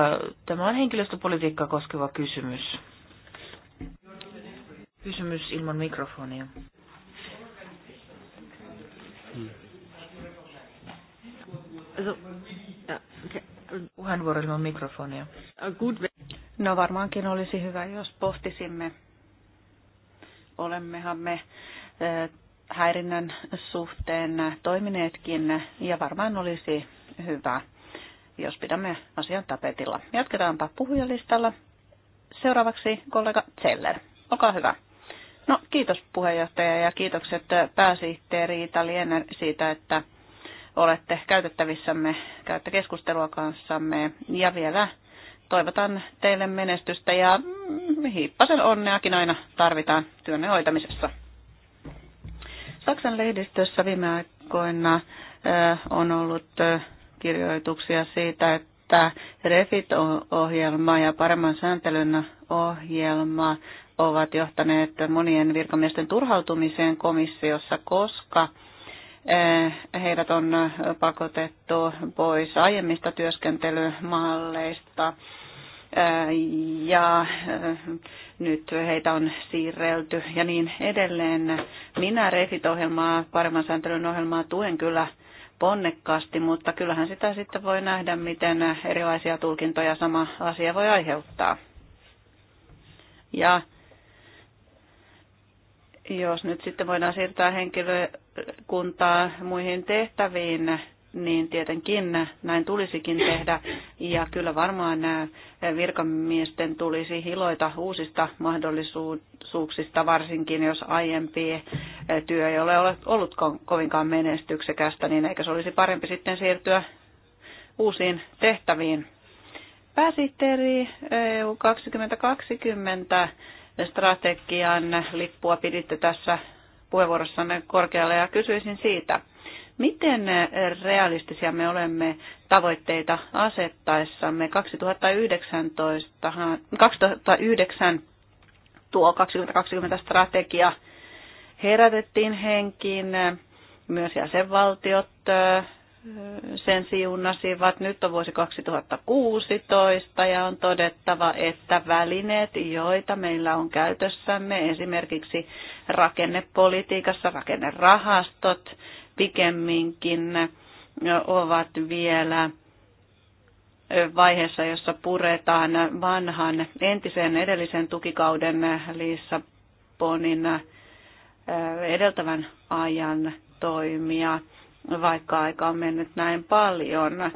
tämä on henkilöstöpolitiikkaa koskeva kysymys. Kysymys ilman mikrofonia. Hmm. Puheenvuoro ilman mikrofonia. No varmaankin olisi hyvä, jos pohtisimme, olemmehan me häirinnän suhteen toimineetkin ja varmaan olisi hyvä, jos pidämme asian tapetilla. Jatketaanpa puhujalistalla. Seuraavaksi kollega Zeller. Olkaa hyvä. No kiitos puheenjohtaja ja kiitokset pääsihteeri Ita siitä, että olette käytettävissämme, käytte keskustelua kanssamme ja vielä toivotan teille menestystä ja mm, hiippasen onneakin aina tarvitaan työnne hoitamisessa. Saksan lehdistössä viime aikoina on ollut kirjoituksia siitä, että REFIT-ohjelma ja paremman sääntelyn ohjelma ovat johtaneet monien virkamiesten turhautumiseen komissiossa, koska heidät on pakotettu pois aiemmista työskentelymalleista ja nyt heitä on siirrelty ja niin edelleen. Minä Refit-ohjelmaa, paremman sääntelyn ohjelmaa tuen kyllä ponnekkaasti, mutta kyllähän sitä sitten voi nähdä, miten erilaisia tulkintoja sama asia voi aiheuttaa. Ja jos nyt sitten voidaan siirtää henkilökuntaa muihin tehtäviin, niin tietenkin näin tulisikin tehdä. Ja kyllä varmaan nämä virkamiesten tulisi hiloita uusista mahdollisuuksista, varsinkin jos aiempi työ ei ole ollut kovinkaan menestyksekästä, niin eikö se olisi parempi sitten siirtyä uusiin tehtäviin. Pääsihteeri EU 2020 strategian lippua piditte tässä puheenvuorossanne korkealle ja kysyisin siitä – Miten eh, realistisia me olemme tavoitteita asettaessamme? 2019, 2009 tuo 2020 strategia herätettiin henkiin, myös jäsenvaltiot eh, sen siunasivat. Nyt on vuosi 2016 ja on todettava, että välineet, joita meillä on käytössämme, esimerkiksi rakennepolitiikassa rakennerahastot, pikemminkin ovat vielä vaiheessa, jossa puretaan vanhan entisen edellisen tukikauden Lissabonin edeltävän ajan toimia, vaikka aika on mennyt näin paljon.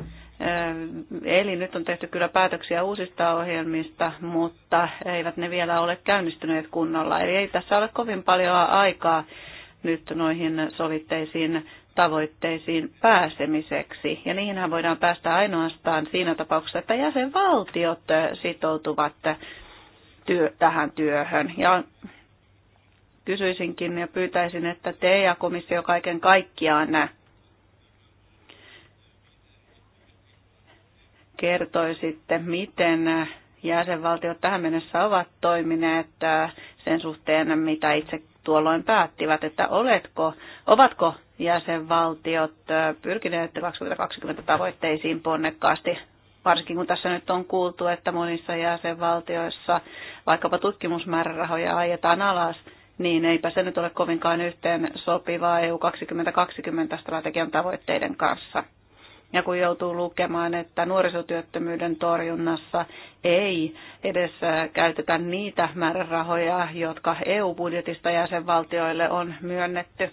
Eli nyt on tehty kyllä päätöksiä uusista ohjelmista, mutta eivät ne vielä ole käynnistyneet kunnolla. Eli ei tässä ole kovin paljon aikaa nyt noihin sovitteisiin tavoitteisiin pääsemiseksi. Ja niihinhän voidaan päästä ainoastaan siinä tapauksessa, että jäsenvaltiot sitoutuvat työ, tähän työhön. Ja kysyisinkin ja pyytäisin, että te ja komissio kaiken kaikkiaan kertoisitte, miten jäsenvaltiot tähän mennessä ovat toimineet sen suhteen, mitä itse tuolloin päättivät, että oletko, ovatko jäsenvaltiot pyrkineet 2020 tavoitteisiin ponnekkaasti, varsinkin kun tässä nyt on kuultu, että monissa jäsenvaltioissa vaikkapa tutkimusmäärärahoja ajetaan alas, niin eipä se nyt ole kovinkaan yhteen sopivaa EU 2020 strategian tavoitteiden kanssa. Ja kun joutuu lukemaan, että nuorisotyöttömyyden torjunnassa ei edes käytetä niitä määrärahoja, jotka EU-budjetista jäsenvaltioille on myönnetty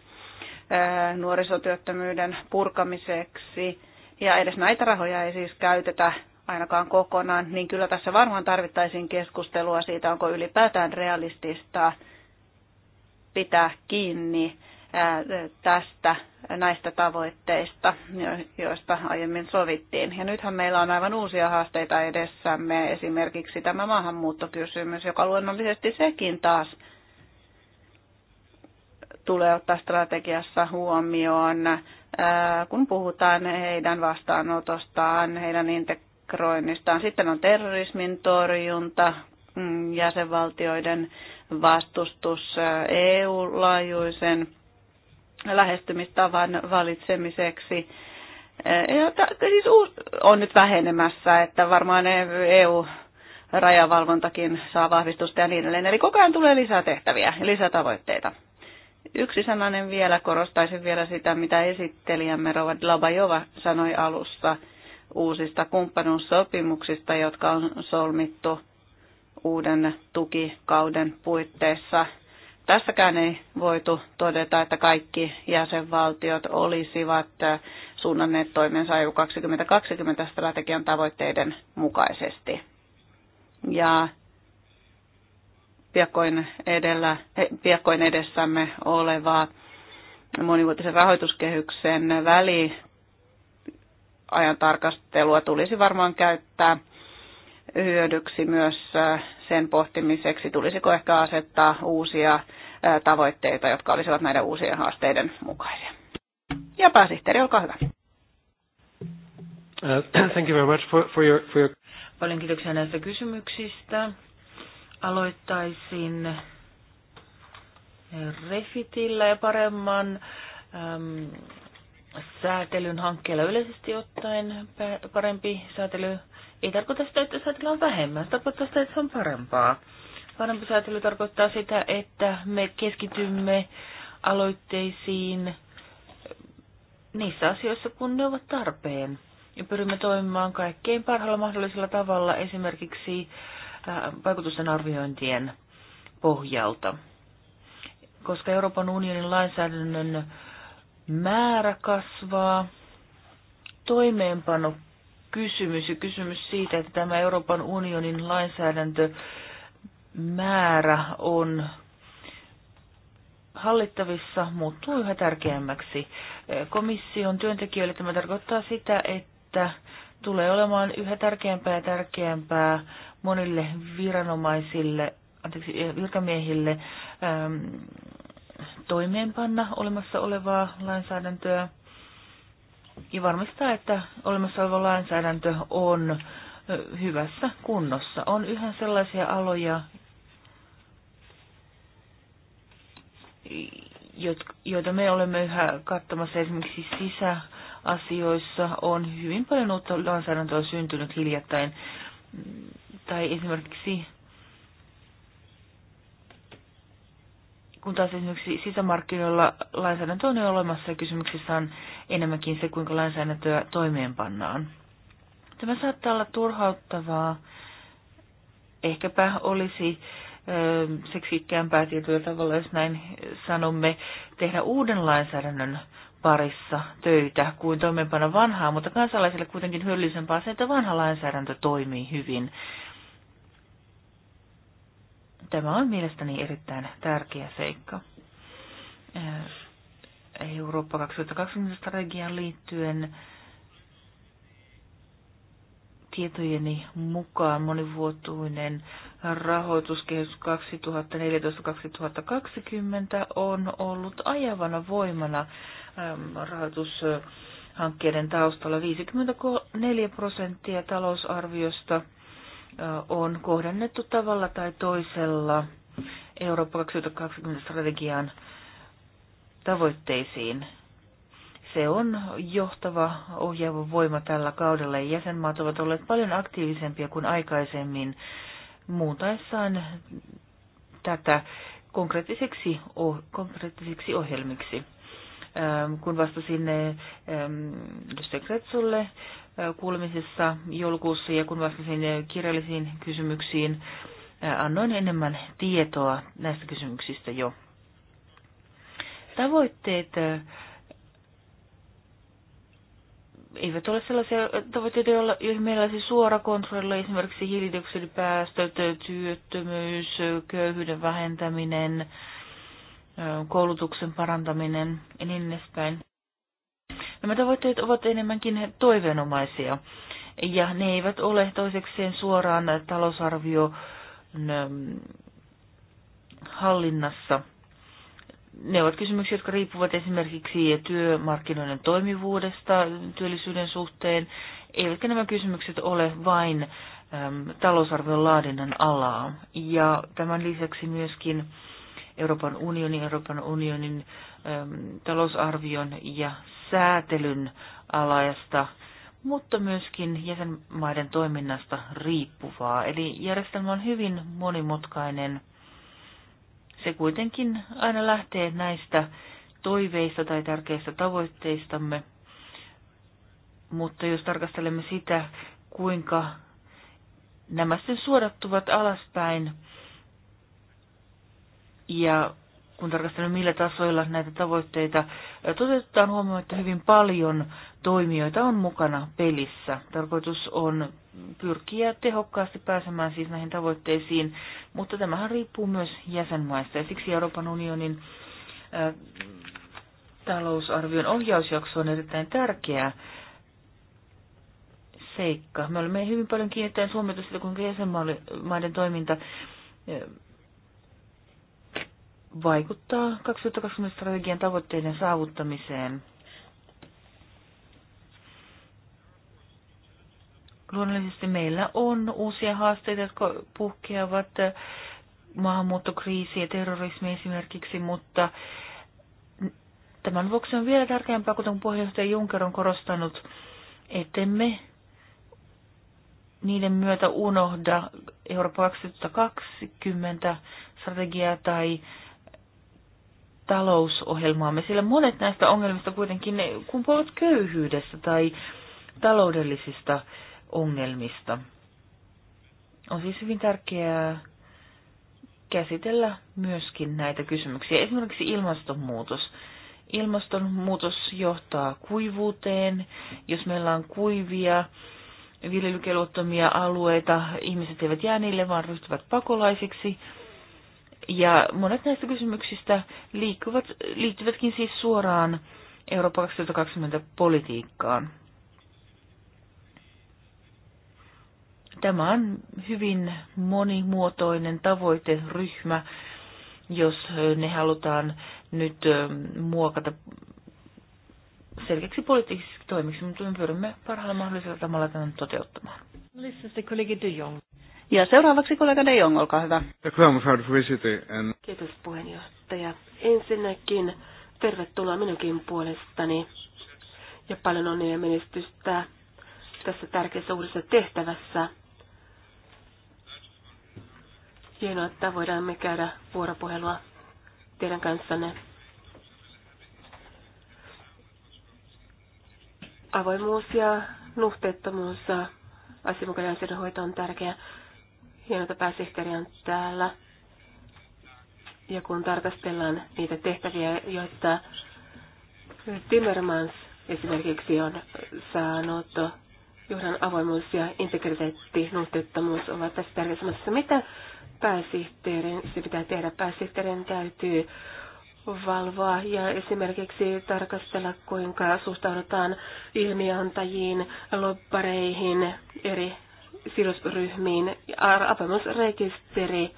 nuorisotyöttömyyden purkamiseksi, ja edes näitä rahoja ei siis käytetä ainakaan kokonaan, niin kyllä tässä varmaan tarvittaisiin keskustelua siitä, onko ylipäätään realistista pitää kiinni tästä näistä tavoitteista, joista aiemmin sovittiin. Ja nythän meillä on aivan uusia haasteita edessämme, esimerkiksi tämä maahanmuuttokysymys, joka luonnollisesti sekin taas tulee ottaa strategiassa huomioon, kun puhutaan heidän vastaanotostaan, heidän integroinnistaan. Sitten on terrorismin torjunta, mm, jäsenvaltioiden vastustus EU-laajuisen lähestymistavan valitsemiseksi. Eh, ja siis on nyt vähenemässä, että varmaan EU e rajavalvontakin saa vahvistusta ja niin edelleen. Eli koko ajan tulee lisää tehtäviä ja lisätavoitteita. Yksi sananen vielä, korostaisin vielä sitä, mitä esittelijämme Rova Labajova sanoi alussa uusista kumppanuussopimuksista, jotka on solmittu uuden tukikauden puitteissa – tässäkään ei voitu todeta, että kaikki jäsenvaltiot olisivat suunnanneet toimensa EU 2020 strategian tavoitteiden mukaisesti. Ja piakkoin, edellä, eh, piakkoin edessämme oleva monivuotisen rahoituskehyksen väliajan tarkastelua tulisi varmaan käyttää – hyödyksi myös äh, sen pohtimiseksi, tulisiko ehkä asettaa uusia äh, tavoitteita, jotka olisivat näiden uusien haasteiden mukaisia. Ja pääsihteeri, olkaa hyvä. Uh, thank you very much for, for your, for your... Paljon kiitoksia näistä kysymyksistä. Aloittaisin eh, refitillä ja paremman äm, säätelyn hankkeella yleisesti ottaen. Parempi säätely ei tarkoita sitä, että säätelyä on vähemmän. tarkoittaa sitä, että se on parempaa. Parempi säätely tarkoittaa sitä, että me keskitymme aloitteisiin niissä asioissa, kun ne ovat tarpeen. Ja pyrimme toimimaan kaikkein parhaalla mahdollisella tavalla esimerkiksi äh, vaikutusten arviointien pohjalta. Koska Euroopan unionin lainsäädännön määrä kasvaa, toimeenpano kysymys ja kysymys siitä, että tämä Euroopan unionin lainsäädäntö määrä on hallittavissa muuttuu yhä tärkeämmäksi. Komission työntekijöille tämä tarkoittaa sitä, että tulee olemaan yhä tärkeämpää ja tärkeämpää monille viranomaisille, anteeksi, eh, virkamiehille ähm, toimeenpanna olemassa olevaa lainsäädäntöä ja varmistaa, että olemassa oleva lainsäädäntö on hyvässä kunnossa. On yhä sellaisia aloja, joita me olemme yhä kattamassa esimerkiksi sisäasioissa. On hyvin paljon uutta lainsäädäntöä syntynyt hiljattain. Tai esimerkiksi kun taas esimerkiksi sisämarkkinoilla lainsäädäntö on jo olemassa ja kysymyksessä on enemmänkin se, kuinka lainsäädäntöä toimeenpannaan. Tämä saattaa olla turhauttavaa. Ehkäpä olisi seksikkäämpää tietyllä tavalla, jos näin sanomme, tehdä uuden lainsäädännön parissa töitä kuin toimeenpana vanhaa, mutta kansalaisille kuitenkin hyödyllisempää se, että vanha lainsäädäntö toimii hyvin. Tämä on mielestäni erittäin tärkeä seikka. Äh, Eurooppa 2020-strategiaan liittyen tietojeni mukaan monivuotuinen rahoituskehys 2014-2020 on ollut ajavana voimana ähm, rahoitushankkeiden taustalla 54 prosenttia talousarviosta – on kohdannettu tavalla tai toisella Eurooppa 2020 strategian tavoitteisiin. Se on johtava ohjaava voima tällä kaudella ja jäsenmaat ovat olleet paljon aktiivisempia kuin aikaisemmin muuntaessaan tätä konkreettisiksi, konkreettisiksi ohjelmiksi kun vastasin edustaja Kretsulle, kuulemisessa joulukuussa ja kun vastasin kirjallisiin kysymyksiin, annoin enemmän tietoa näistä kysymyksistä jo. Tavoitteet eh, eivät ole sellaisia tavoitteita, joihin meillä olisi suora kontrolli, esimerkiksi hiilidioksidipäästöt, työttömyys, köyhyyden vähentäminen, eh, koulutuksen parantaminen ja niin edespäin. Nämä tavoitteet ovat enemmänkin toiveenomaisia, ja ne eivät ole toisekseen suoraan talousarvio mm, hallinnassa. Ne ovat kysymyksiä, jotka riippuvat esimerkiksi työmarkkinoiden toimivuudesta työllisyyden suhteen, eivätkä nämä kysymykset ole vain äm, talousarvion laadinnan alaa. Ja tämän lisäksi myöskin Euroopan unionin, Euroopan unionin äm, talousarvion ja säätelyn alaista, mutta myöskin jäsenmaiden toiminnasta riippuvaa. Eli järjestelmä on hyvin monimutkainen. Se kuitenkin aina lähtee näistä toiveista tai tärkeistä tavoitteistamme, mutta jos tarkastelemme sitä, kuinka nämä sitten suodattuvat alaspäin ja kun tarkastelemme millä tasoilla näitä tavoitteita toteutetaan, huomioon, että hyvin paljon toimijoita on mukana pelissä. Tarkoitus on pyrkiä tehokkaasti pääsemään siis näihin tavoitteisiin, mutta tämähän riippuu myös jäsenmaista ja siksi Euroopan unionin talousarvion ohjausjakso on erittäin tärkeää seikka. Me olemme hyvin paljon kiinnittäneet huomiota siitä, kuinka jäsenmaiden toiminta vaikuttaa 2020 strategian tavoitteiden saavuttamiseen. Luonnollisesti meillä on uusia haasteita, jotka puhkeavat äh, maahanmuuttokriisi ja terrorismi esimerkiksi, mutta tämän vuoksi on vielä tärkeämpää, kuten puheenjohtaja Juncker on korostanut, ettemme niiden myötä unohda Eurooppa 2020 strategiaa tai talousohjelmaamme, sillä monet näistä ongelmista kuitenkin puhut köyhyydestä tai taloudellisista ongelmista. On siis hyvin tärkeää käsitellä myöskin näitä kysymyksiä. Esimerkiksi ilmastonmuutos. Ilmastonmuutos johtaa kuivuuteen. Jos meillä on kuivia, viljelykelvottomia alueita, ihmiset eivät jää niille, vaan ryhtyvät pakolaisiksi. Ja monet näistä kysymyksistä liikkuvat, liittyvätkin siis suoraan Eurooppa 2020 politiikkaan. Tämä on hyvin monimuotoinen tavoiteryhmä, jos ne halutaan nyt muokata selkeäksi poliittisiksi toimiksi, mutta me pyrimme parhaalla mahdollisella tavalla tämän toteuttamaan. Lisäksi kollegi de Jong. Ja seuraavaksi kollega De Jong, olkaa hyvä. Kiitos puheenjohtaja. Ensinnäkin tervetuloa minunkin puolestani ja paljon onnea ja menestystä tässä tärkeässä uudessa tehtävässä. Hienoa, että voidaan me käydä vuoropuhelua teidän kanssanne. Avoimuus ja nuhteettomuus asianmukainen asioiden hoito on tärkeää. Hienoa, että pääsihteeri on täällä. Ja kun tarkastellaan niitä tehtäviä, joita Timmermans esimerkiksi on saanut, johdan avoimuus ja integriteetti, nuhteettomuus ovat tässä tärkeässä Mitä pääsihteerin, se pitää tehdä? Pääsihteerin täytyy valvoa ja esimerkiksi tarkastella, kuinka suhtaudutaan ilmiantajiin, loppareihin, eri sidosryhmiin. Apemusrekisteri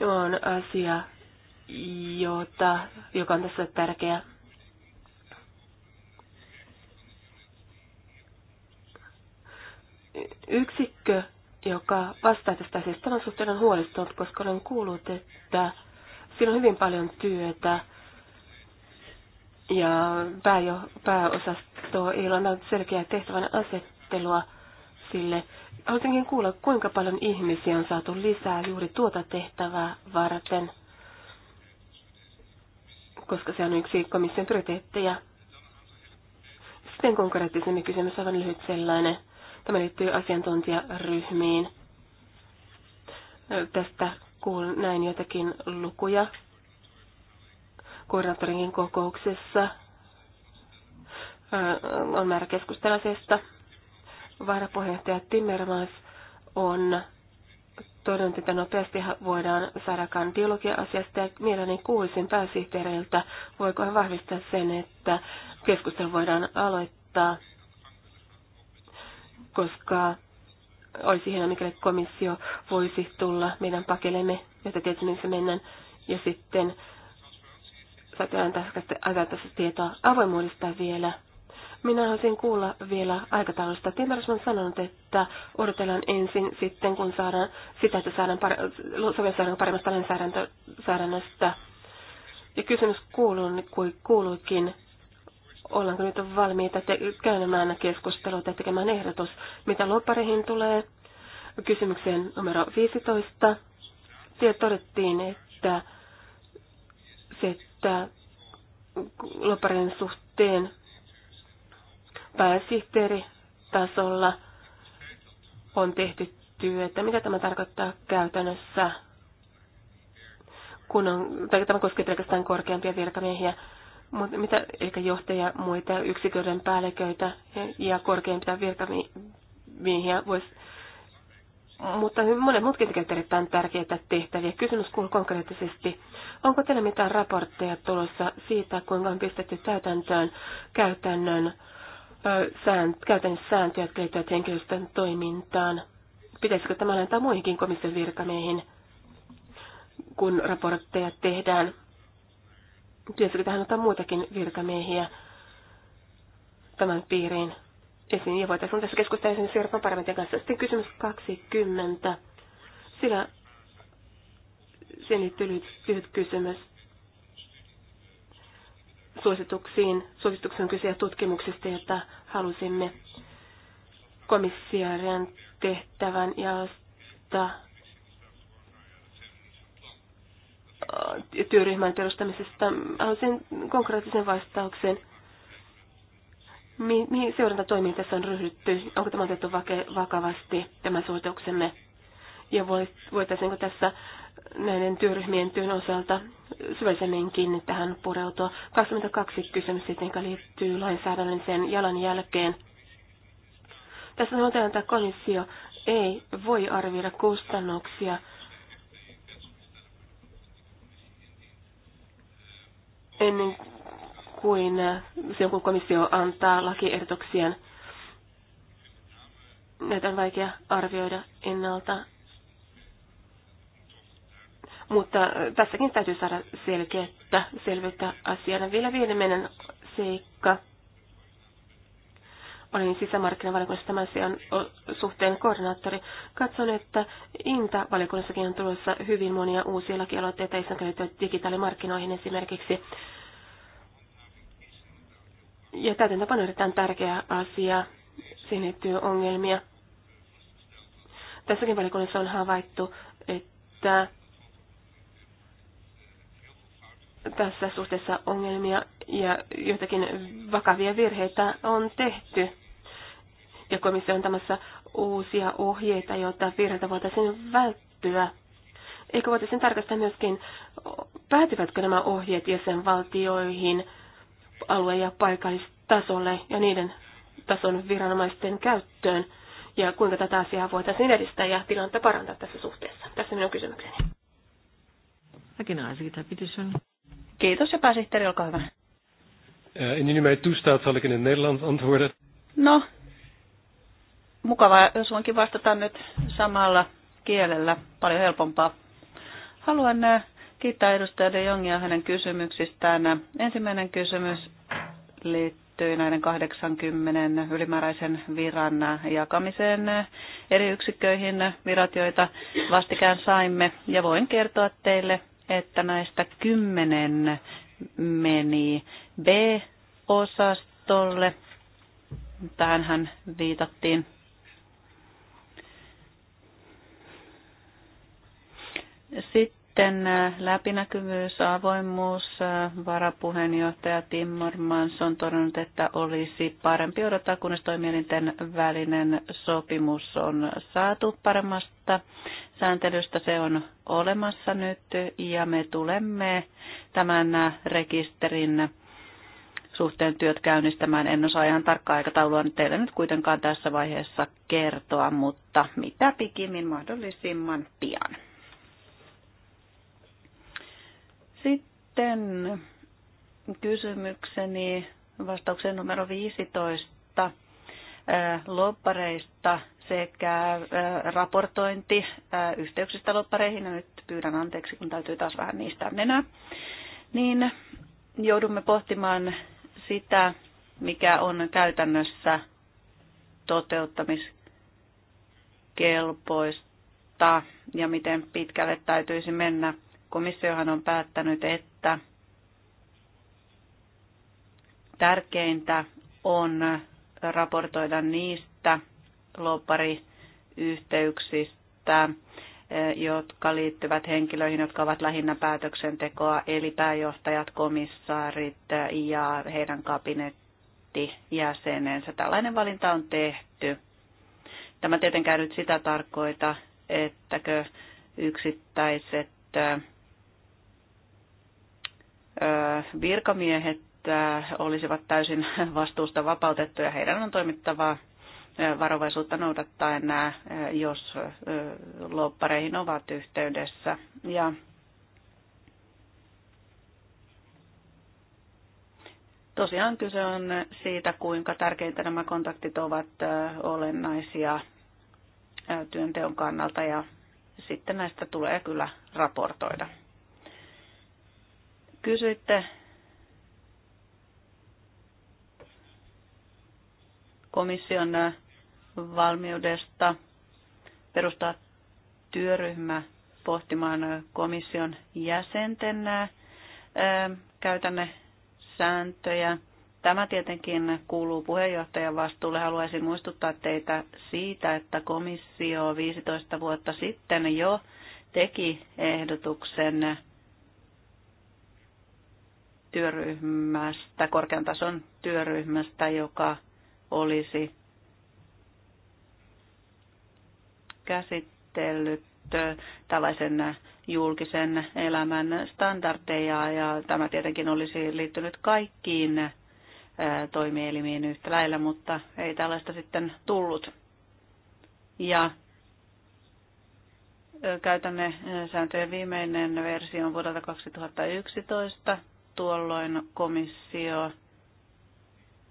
on asia, jota, joka on tässä tärkeä. Yksikkö, joka vastaa tästä asiasta, on suhteen huolestunut, koska olen kuullut, että siinä on hyvin paljon työtä ja pääjo, pääosasto ei ole selkeää tehtävän asettelua sille. Haluaisinkin kuulla, kuinka paljon ihmisiä on saatu lisää juuri tuota tehtävää varten, koska se on yksi komission prioriteetteja. Sitten konkreettisemmin kysymys on lyhyt sellainen. Tämä liittyy asiantuntijaryhmiin. Tästä kuulin näin jotakin lukuja koordinaattorinkin kokouksessa. On määrä keskustella asiasta varapuheenjohtaja Timmermans on todennut, että nopeasti voidaan saada dialogia-asiasta ja mielelläni kuulisin pääsihteeriltä, voiko hän vahvistaa sen, että keskustelu voidaan aloittaa, koska olisi hienoa, mikäli komissio voisi tulla meidän pakelemme, jotta tietysti missä mennään, ja sitten saattaa antaa tässä tietoa avoimuudesta vielä minä haluaisin kuulla vielä aikataulusta. Timmermans on sanonut, että odotellaan ensin sitten, kun saadaan sitä, että saadaan par- saadaan paremmasta lainsäädännöstä. Ja kysymys kuuluu, niin kuin kuuluikin ollaanko nyt valmiita te- käymään keskustelua tai tekemään ehdotus, mitä loppareihin tulee. Kysymykseen numero 15. Siellä todettiin, että se, että loppareiden suhteen pääsihteeritasolla on tehty työtä. Mitä tämä tarkoittaa käytännössä? Kun on, tai tämä koskee pelkästään korkeampia virkamiehiä, mutta mitä ehkä johtajia, muita yksiköiden päälliköitä ja, ja korkeimpia virkamiehiä voisi mutta monet muutkin tekevät erittäin tärkeitä tehtäviä. Kysymys kuuluu konkreettisesti, onko teillä mitään raportteja tulossa siitä, kuinka on pistetty täytäntöön käytännön käytännössä sääntöjä, jotka liittyvät henkilöstön toimintaan. Pitäisikö tämä antaa muihinkin komission virkamiehiin, kun raportteja tehdään? Pitäisikö tähän ottaa muitakin virkamiehiä tämän piiriin esiin? Ja voitaisiin tässä keskustella esimerkiksi Euroopan parlamentin kanssa. Sitten kysymys 20. Sillä sen liittyy lyhyt, lyhyt kysymys suosituksiin. Suosituksen kyse tutkimuksista, jota halusimme komissiaarien tehtävän jaosta äh, työryhmän perustamisesta. Haluaisin konkreettisen vastauksen. Mi- mihin seurantatoimiin tässä on ryhdytty? Onko tämä otettu vakavasti, tämä suosituksemme? Ja voitaisiinko tässä näiden työryhmien työn osalta syvällisemminkin tähän pureutua. 22 kysymys sitten, joka liittyy lainsäädännölliseen jalanjälkeen. Tässä sanotaan, että komissio ei voi arvioida kustannuksia ennen kuin se kun komissio antaa lakiehdotuksien. Näitä on vaikea arvioida ennalta mutta äh, tässäkin täytyy saada selkeyttä, selvyyttä asiana. Vielä viimeinen seikka. Olin sisämarkkinavaliokunnassa tämän asian suhteen koordinaattori. Katson, että Inta-valiokunnassakin on tulossa hyvin monia uusia lakialoitteita, jotka liittyvät digitaalimarkkinoihin esimerkiksi. Ja täytäntöpano on erittäin tärkeä asia. Siihen liittyy ongelmia. Tässäkin valiokunnassa on havaittu, että tässä suhteessa ongelmia ja joitakin vakavia virheitä on tehty. Ja komissio on tämässä uusia ohjeita, jotta virheitä voitaisiin välttyä. Eikö voitaisiin tarkastaa myöskin, päätyvätkö nämä ohjeet jäsenvaltioihin, alue- ja paikallistasolle ja niiden tason viranomaisten käyttöön, ja kuinka tätä asiaa voitaisiin edistää ja tilannetta parantaa tässä suhteessa. Tässä minun kysymykseni. Mäkin olen siitä pitäisi Kiitos ja pääsihteeri, olkaa hyvä. Eh, indien u mij toestaat, zal ik in het Nederlands antwoorden. No, mukavaa, jos voinkin vastata nyt samalla kielellä, paljon helpompaa. Haluan eh, kiittää edustaja De Jongia hänen kysymyksistään. Ensimmäinen kysymys liittyy näiden 80 ylimääräisen viran jakamiseen eri yksikköihin virat, joita vastikään saimme. Ja voin kertoa teille, että näistä kymmenen meni B-osastolle. Tähänhän viitattiin. Sitten sitten äh, läpinäkyvyys, avoimuus, äh, varapuheenjohtaja Timmermans on todennut, että olisi parempi odottaa, kunnes toimielinten välinen sopimus on saatu paremmasta sääntelystä. Se on olemassa nyt ja me tulemme tämän äh, rekisterin suhteen työt käynnistämään. En osaa ihan tarkkaa aikataulua nyt teille nyt kuitenkaan tässä vaiheessa kertoa, mutta mitä pikimmin mahdollisimman pian. Sitten kysymykseni vastauksen numero 15 loppareista sekä raportointi yhteyksistä loppareihin, nyt pyydän anteeksi, kun täytyy taas vähän niistä mennä, niin joudumme pohtimaan sitä, mikä on käytännössä toteuttamiskelpoista ja miten pitkälle täytyisi mennä Komissiohan on päättänyt, että tärkeintä on raportoida niistä loppariyhteyksistä, jotka liittyvät henkilöihin, jotka ovat lähinnä päätöksentekoa, eli pääjohtajat, komissaarit ja heidän kabinettijäsenensä. Tällainen valinta on tehty. Tämä tietenkään nyt sitä tarkoita, ettäkö yksittäiset virkamiehet olisivat täysin vastuusta vapautettuja. Heidän on toimittava varovaisuutta noudattaen nämä, jos loppareihin ovat yhteydessä. Ja tosiaan kyse on siitä, kuinka tärkeitä nämä kontaktit ovat olennaisia työnteon kannalta ja sitten näistä tulee kyllä raportoida. Kysyitte komission äh, valmiudesta perustaa työryhmä pohtimaan äh, komission jäsenten äh, käytännön sääntöjä. Tämä tietenkin kuuluu puheenjohtajan vastuulle. Haluaisin muistuttaa teitä siitä, että komissio 15 vuotta sitten jo teki ehdotuksen työryhmästä, korkean tason työryhmästä, joka olisi käsitellyt tällaisen julkisen elämän standardeja ja tämä tietenkin olisi liittynyt kaikkiin toimielimiin yhtä lailla, mutta ei tällaista sitten tullut. Ja käytämme sääntöjen viimeinen versio on vuodelta 2011 tuolloin komissio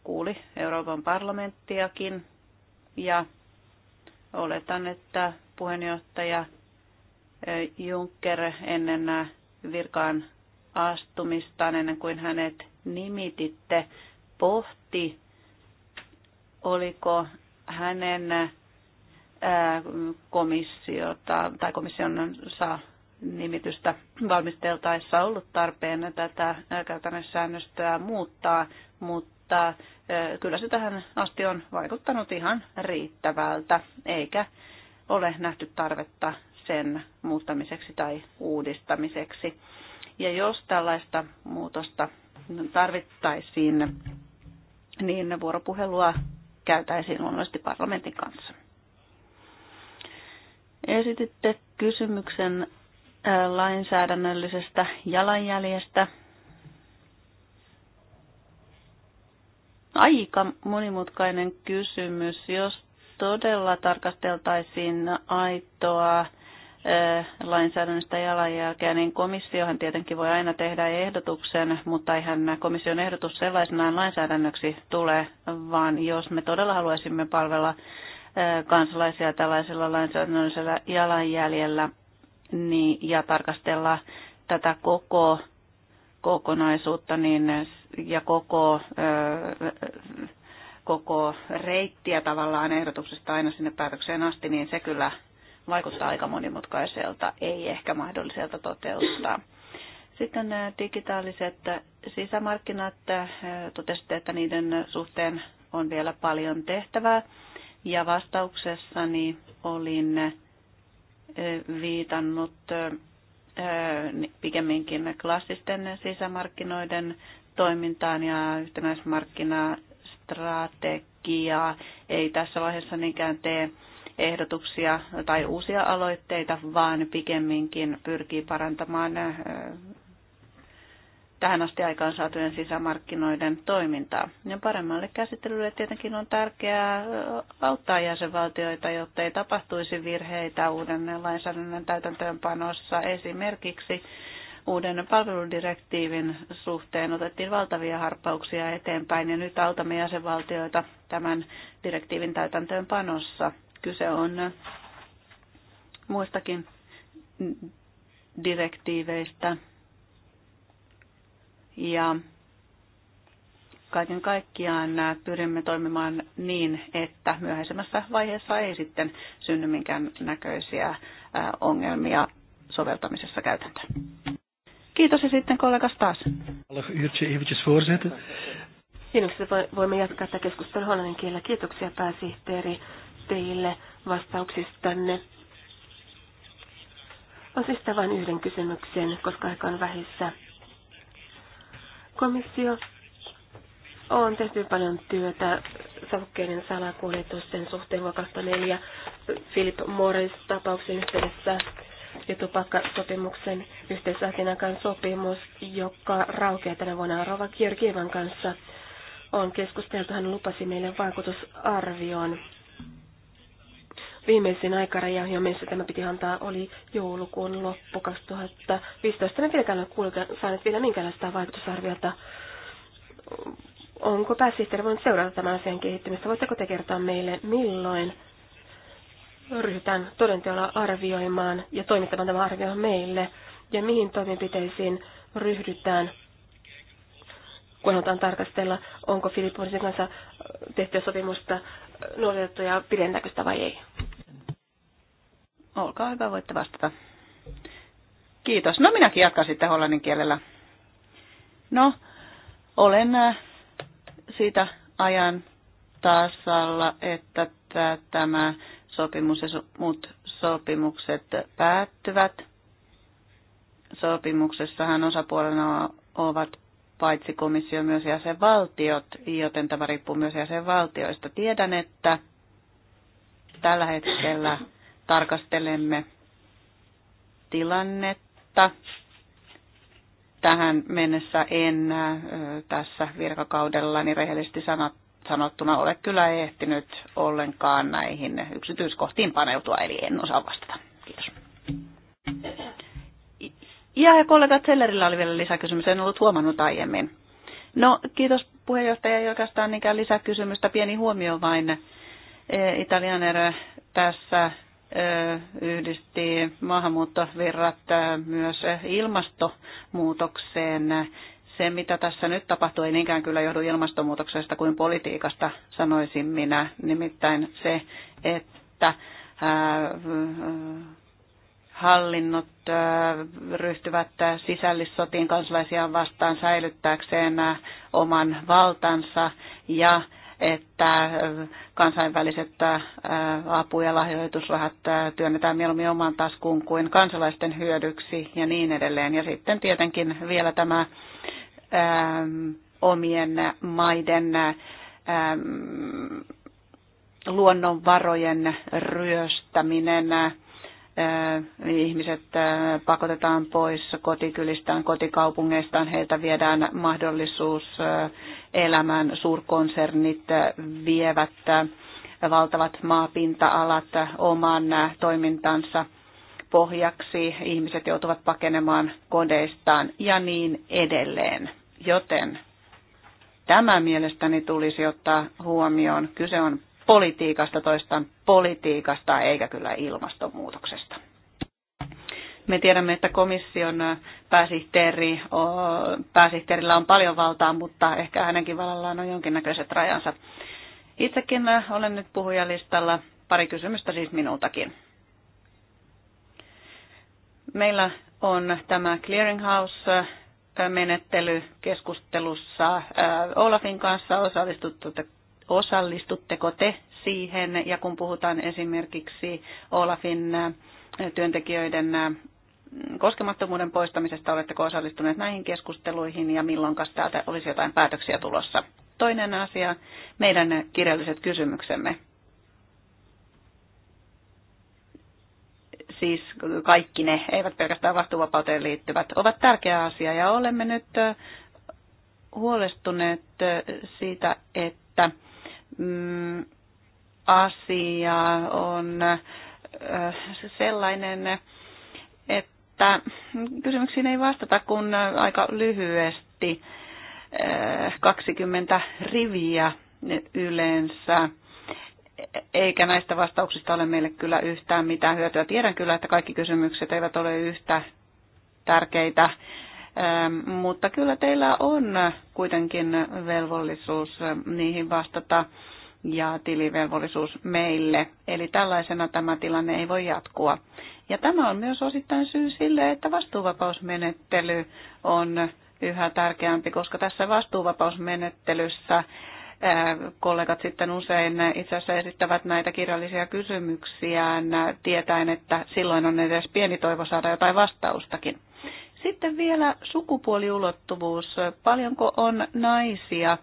kuuli Euroopan parlamenttiakin ja oletan, että puheenjohtaja eh, Juncker ennen eh, virkaan astumistaan, ennen kuin hänet nimititte, pohti, oliko hänen eh, komissiota tai komission saa nimitystä valmisteltaessa ollut tarpeen tätä käytännössäännöstöä muuttaa, mutta kyllä se tähän asti on vaikuttanut ihan riittävältä, eikä ole nähty tarvetta sen muuttamiseksi tai uudistamiseksi. Ja jos tällaista muutosta tarvittaisiin, niin vuoropuhelua käytäisiin luonnollisesti parlamentin kanssa. Esititte kysymyksen lainsäädännöllisestä jalanjäljestä. Aika monimutkainen kysymys. Jos todella tarkasteltaisiin aitoa lainsäädännöstä jalanjälkeä, niin komissiohan tietenkin voi aina tehdä ehdotuksen, mutta eihän komission ehdotus sellaisenaan lainsäädännöksi tule, vaan jos me todella haluaisimme palvella kansalaisia tällaisella lainsäädännöllisellä jalanjäljellä, niin, ja tarkastella tätä koko kokonaisuutta niin, ja koko, ö, koko reittiä tavallaan ehdotuksesta aina sinne päätökseen asti, niin se kyllä vaikuttaa aika monimutkaiselta, ei ehkä mahdolliselta toteuttaa. Sitten digitaaliset sisämarkkinat, totesitte, että niiden suhteen on vielä paljon tehtävää. Ja vastauksessani olin viitannut pikemminkin klassisten sisämarkkinoiden toimintaan ja yhtenäismarkkinastrategiaa. Ei tässä vaiheessa niinkään tee ehdotuksia tai uusia aloitteita, vaan pikemminkin pyrkii parantamaan tähän asti aikaan saatujen sisämarkkinoiden toimintaa. Ja paremmalle käsittelylle tietenkin on tärkeää auttaa jäsenvaltioita, jotta ei tapahtuisi virheitä uuden lainsäädännön täytäntöönpanossa. Esimerkiksi uuden palveludirektiivin suhteen otettiin valtavia harppauksia eteenpäin ja nyt autamme jäsenvaltioita tämän direktiivin täytäntöönpanossa. Kyse on muistakin direktiiveistä ja kaiken kaikkiaan pyrimme toimimaan niin, että myöhäisemmässä vaiheessa ei sitten synny minkään näköisiä ongelmia soveltamisessa käytäntöön. Kiitos ja sitten kollegas taas. Kiitoksia. Voimme jatkaa tätä keskustelua hollannin kielellä. Kiitoksia pääsihteeri teille vastauksistanne. siis vain yhden kysymyksen, koska aika on vähissä. Komissio on tehty paljon työtä savukkeiden salakuljetusten suhteen vuokasta neljä Philip Morris tapauksen yhteydessä ja tupakkasopimuksen yhteisasianakan sopimus, joka raukeaa tänä vuonna Rova Georgievan kanssa. On keskusteltu, hän lupasi meille vaikutusarvion Viimeisin aikaraja, johon mennessä tämä piti antaa, oli joulukuun loppu 2015. En vieläkään ole saaneet vielä minkäänlaista vaikutusarviota. Onko pääsihteeri voinut seurata tämän asian kehittymistä? Voitteko te kertoa meille, milloin ryhdytään todenteolla arvioimaan ja toimittamaan tämä arvio meille, ja mihin toimenpiteisiin ryhdytään, kun halutaan tarkastella, onko Filippoisen kanssa tehtyä sopimusta noudatettu ja pidentääkö vai ei. Olkaa hyvä, voitte vastata. Kiitos. No minäkin jatkan sitten hollannin kielellä. No, olen äh, siitä ajan tasalla, että tämä sopimus ja muut sopimukset päättyvät. Sopimuksessahan osapuolena ovat paitsi komissio myös jäsenvaltiot, joten tämä riippuu myös jäsenvaltioista. Tiedän, että tällä hetkellä tarkastelemme tilannetta. Tähän mennessä en tässä virkakaudella niin rehellisesti sanottuna ole kyllä ehtinyt ollenkaan näihin yksityiskohtiin paneutua, eli en osaa vastata. Kiitos. Ja, ja kollega Zellerillä oli vielä lisäkysymys, en ollut huomannut aiemmin. No, kiitos puheenjohtaja. Ei oikeastaan niinkään lisäkysymystä. Pieni huomio vain. E, Italianer tässä yhdisti maahanmuuttovirrat myös ilmastonmuutokseen. Se, mitä tässä nyt tapahtuu, ei niinkään kyllä johdu ilmastonmuutoksesta kuin politiikasta, sanoisin minä. Nimittäin se, että hallinnot ryhtyvät sisällissotiin kansalaisia vastaan säilyttääkseen oman valtansa ja että kansainväliset apu- ja lahjoitusrahat työnnetään mieluummin omaan taskuun kuin kansalaisten hyödyksi ja niin edelleen. Ja sitten tietenkin vielä tämä omien maiden luonnonvarojen ryöstäminen ihmiset pakotetaan pois kotikylistään, kotikaupungeistaan, heiltä viedään mahdollisuus elämään, suurkonsernit vievät valtavat maapinta-alat oman toimintansa pohjaksi, ihmiset joutuvat pakenemaan kodeistaan ja niin edelleen. Joten tämä mielestäni tulisi ottaa huomioon. Kyse on politiikasta, toistan politiikasta eikä kyllä ilmastonmuutoksesta. Me tiedämme, että komission pääsihteeri, pääsihteerillä on paljon valtaa, mutta ehkä hänenkin valallaan on jonkinnäköiset rajansa. Itsekin olen nyt puhujalistalla. Pari kysymystä siis minultakin. Meillä on tämä clearinghouse-menettely keskustelussa Olafin kanssa. osallistuttu osallistutteko te siihen, ja kun puhutaan esimerkiksi Olafin äh, työntekijöiden äh, koskemattomuuden poistamisesta, oletteko osallistuneet näihin keskusteluihin ja milloin täältä olisi jotain päätöksiä tulossa? Toinen asia, meidän kirjalliset kysymyksemme. Siis kaikki ne, eivät pelkästään vastuuvapauteen liittyvät, ovat tärkeä asia ja olemme nyt äh, huolestuneet siitä, että mm, asia on äh, sellainen, että kysymyksiin ei vastata kun aika lyhyesti 20 äh, riviä yleensä eikä näistä vastauksista ole meille kyllä yhtään mitään hyötyä. Tiedän kyllä, että kaikki kysymykset eivät ole yhtä tärkeitä, ähm, mutta kyllä teillä on kuitenkin velvollisuus niihin vastata ja tilivelvollisuus meille. Eli tällaisena tämä tilanne ei voi jatkua. Ja tämä on myös osittain syy sille, että vastuuvapausmenettely on yhä tärkeämpi, koska tässä vastuuvapausmenettelyssä kollegat sitten usein itse asiassa esittävät näitä kirjallisia kysymyksiään tietäen, että silloin on edes pieni toivo saada jotain vastaustakin. Sitten vielä sukupuoliulottuvuus. Paljonko on naisia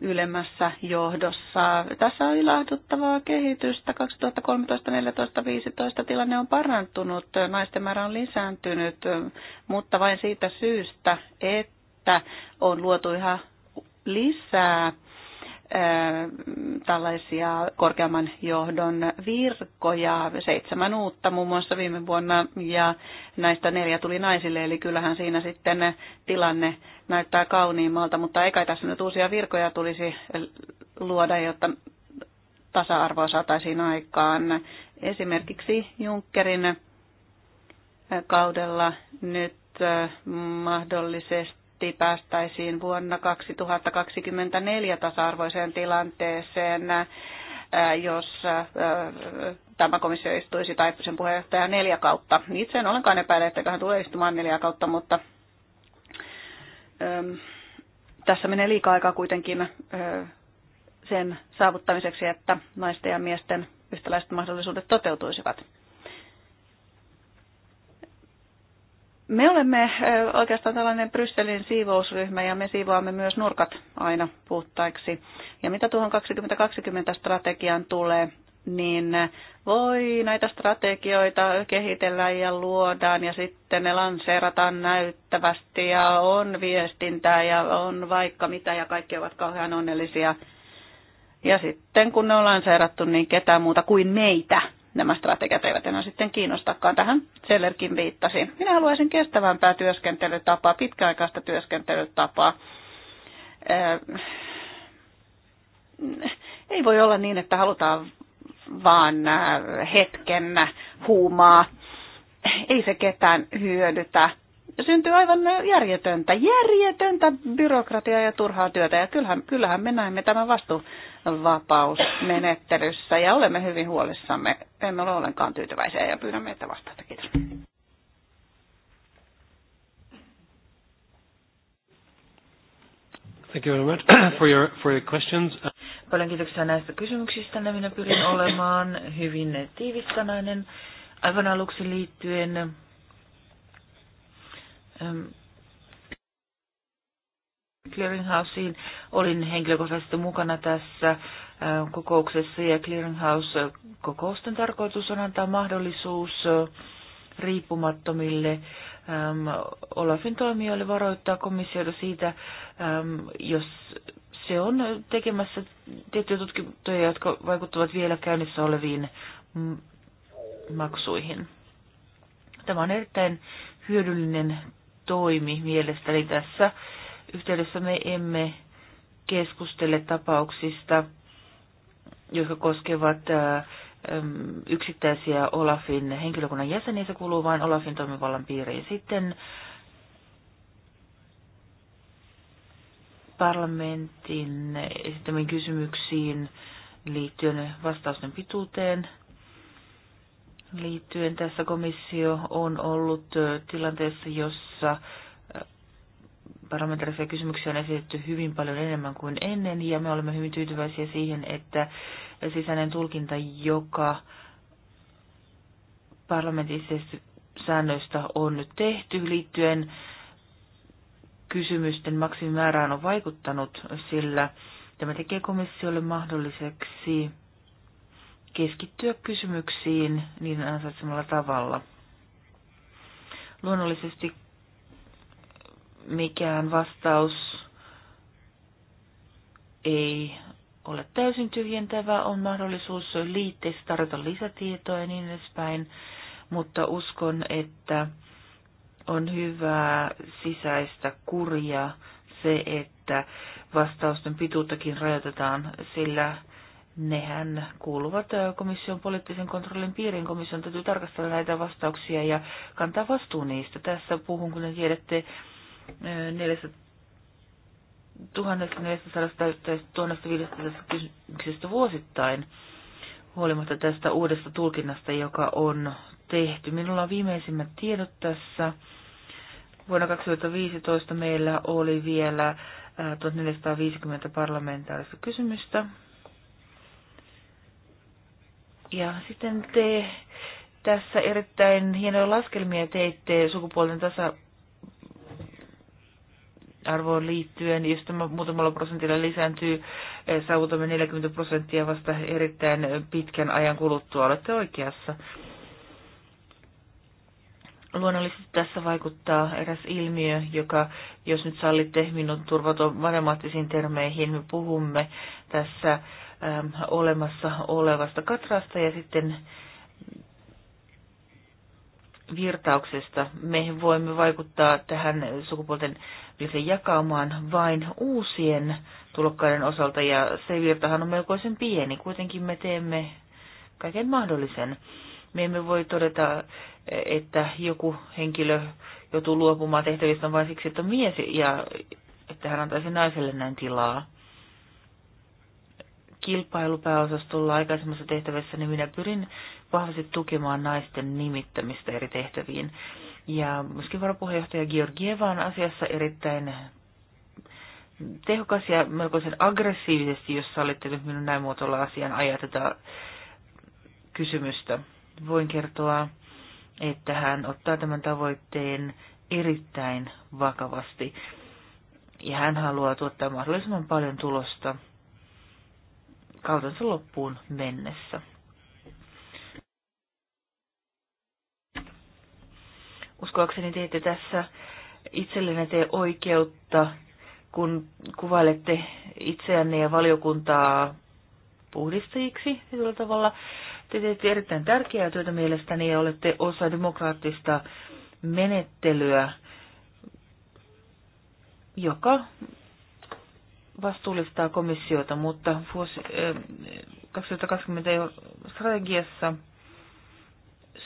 ylemmässä johdossa. Tässä on ilahduttavaa kehitystä. 2013, 14, 15 tilanne on parantunut, naisten määrä on lisääntynyt, mutta vain siitä syystä, että on luotu ihan lisää tällaisia korkeamman johdon virkoja, seitsemän uutta muun muassa viime vuonna, ja näistä neljä tuli naisille, eli kyllähän siinä sitten tilanne näyttää kauniimmalta, mutta eikä tässä nyt uusia virkoja tulisi luoda, jotta tasa-arvoa saataisiin aikaan. Esimerkiksi Junckerin kaudella nyt mahdollisesti että päästäisiin vuonna 2024 tasa-arvoiseen tilanteeseen, äh, jos äh, tämä komissio istuisi tai sen puheenjohtaja neljä kautta. Itse en ollenkaan epäile, että hän tulee istumaan neljä kautta, mutta äm, tässä menee liikaa aikaa kuitenkin äh, sen saavuttamiseksi, että naisten ja miesten yhtäläiset mahdollisuudet toteutuisivat. Me olemme oikeastaan tällainen Brysselin siivousryhmä ja me siivoamme myös nurkat aina puhtaiksi. Ja mitä tuohon 2020-strategiaan tulee, niin voi näitä strategioita kehitellä ja luodaan ja sitten ne lanseerataan näyttävästi ja on viestintää ja on vaikka mitä ja kaikki ovat kauhean onnellisia. Ja sitten kun ne on lanseerattu, niin ketään muuta kuin meitä nämä strategiat eivät enää sitten kiinnostakaan. Tähän Sellerkin viittasi. Minä haluaisin kestävämpää työskentelytapaa, pitkäaikaista työskentelytapaa. Äh, ei voi olla niin, että halutaan vaan äh, hetken huumaa. Ei se ketään hyödytä syntyy aivan järjetöntä, järjetöntä byrokratiaa ja turhaa työtä. Ja kyllähän, kyllähän me näemme tämän vastuvapausmenettelyssä ja olemme hyvin huolissamme. Emme ole ollenkaan tyytyväisiä ja pyydämme, että vastaatte. Kiitos. Thank you very much for your, for your questions. Paljon kiitoksia näistä kysymyksistä. Minä pyrin olemaan hyvin tiivistanainen. Aivan aluksi liittyen Ähm, Clearinghousein Olin henkilökohtaisesti mukana tässä ähm, kokouksessa ja Clearinghouse-kokousten tarkoitus on antaa mahdollisuus äh, riippumattomille ähm, Olafin toimijoille varoittaa komissiota siitä, jos se on tekemässä tiettyjä tutkintoja, jotka vaikuttavat vielä käynnissä oleviin maksuihin. Tämä on erittäin hyödyllinen toimi mielestäni tässä yhteydessä me emme keskustele tapauksista, jotka koskevat yksittäisiä Olafin henkilökunnan jäseniä, se kuuluu vain Olafin toimivallan piiriin. Sitten parlamentin esittämiin kysymyksiin liittyen vastausten pituuteen liittyen tässä komissio on ollut tilanteessa, jossa parlamentaarisia kysymyksiä on esitetty hyvin paljon enemmän kuin ennen, ja me olemme hyvin tyytyväisiä siihen, että sisäinen tulkinta, joka parlamentissa säännöistä on nyt tehty liittyen kysymysten maksimimäärään on vaikuttanut, sillä tämä tekee komissiolle mahdolliseksi keskittyä kysymyksiin niin ansaitsemalla tavalla. Luonnollisesti mikään vastaus ei ole täysin tyhjentävä, on mahdollisuus liitteessä tarjota lisätietoa ja niin edespäin, mutta uskon, että on hyvää sisäistä kuria se, että vastausten pituuttakin rajoitetaan, sillä nehän kuuluvat komission poliittisen kontrollin piiriin. Komission täytyy tarkastella näitä vastauksia ja kantaa vastuu niistä. Tässä puhun, kun tiedätte, 1400 kysymyksestä vuosittain huolimatta tästä uudesta tulkinnasta, joka on tehty. Minulla on viimeisimmät tiedot tässä. Vuonna 2015 meillä oli vielä 1450 parlamentaarista kysymystä ja sitten te tässä erittäin hienoja laskelmia teitte sukupuolten tasa arvoon liittyen, jos tämä muutamalla prosentilla lisääntyy, eh, saavutamme 40 prosenttia vasta erittäin pitkän ajan kuluttua. Olette oikeassa. Luonnollisesti tässä vaikuttaa eräs ilmiö, joka, jos nyt sallitte minun turvaton matemaattisiin termeihin, me puhumme tässä Ähm, olemassa olevasta katrasta ja sitten virtauksesta. Me voimme vaikuttaa tähän sukupuolten virteen jakaumaan vain uusien tulokkaiden osalta, ja se virtahan on melkoisen pieni. Kuitenkin me teemme kaiken mahdollisen. Me emme voi todeta, että joku henkilö joutuu luopumaan tehtävistä vain siksi, että on mies, ja että hän antaisi naiselle näin tilaa kilpailupääosastolla aikaisemmassa tehtävässä, niin minä pyrin vahvasti tukemaan naisten nimittämistä eri tehtäviin. Ja myöskin varapuheenjohtaja Georgieva on asiassa erittäin tehokas ja melkoisen aggressiivisesti, jos sallitte nyt minun näin muotoilla asian ajaa tätä kysymystä. Voin kertoa, että hän ottaa tämän tavoitteen erittäin vakavasti ja hän haluaa tuottaa mahdollisimman paljon tulosta kautensa loppuun mennessä. Uskoakseni teette tässä itsellenne tee oikeutta, kun kuvailette itseänne ja valiokuntaa puhdistajiksi sillä tavalla. Te teette erittäin tärkeää työtä mielestäni ja olette osa demokraattista menettelyä, joka vastuullistaa komissiota, mutta vuosi, 2020 eh, strategiassa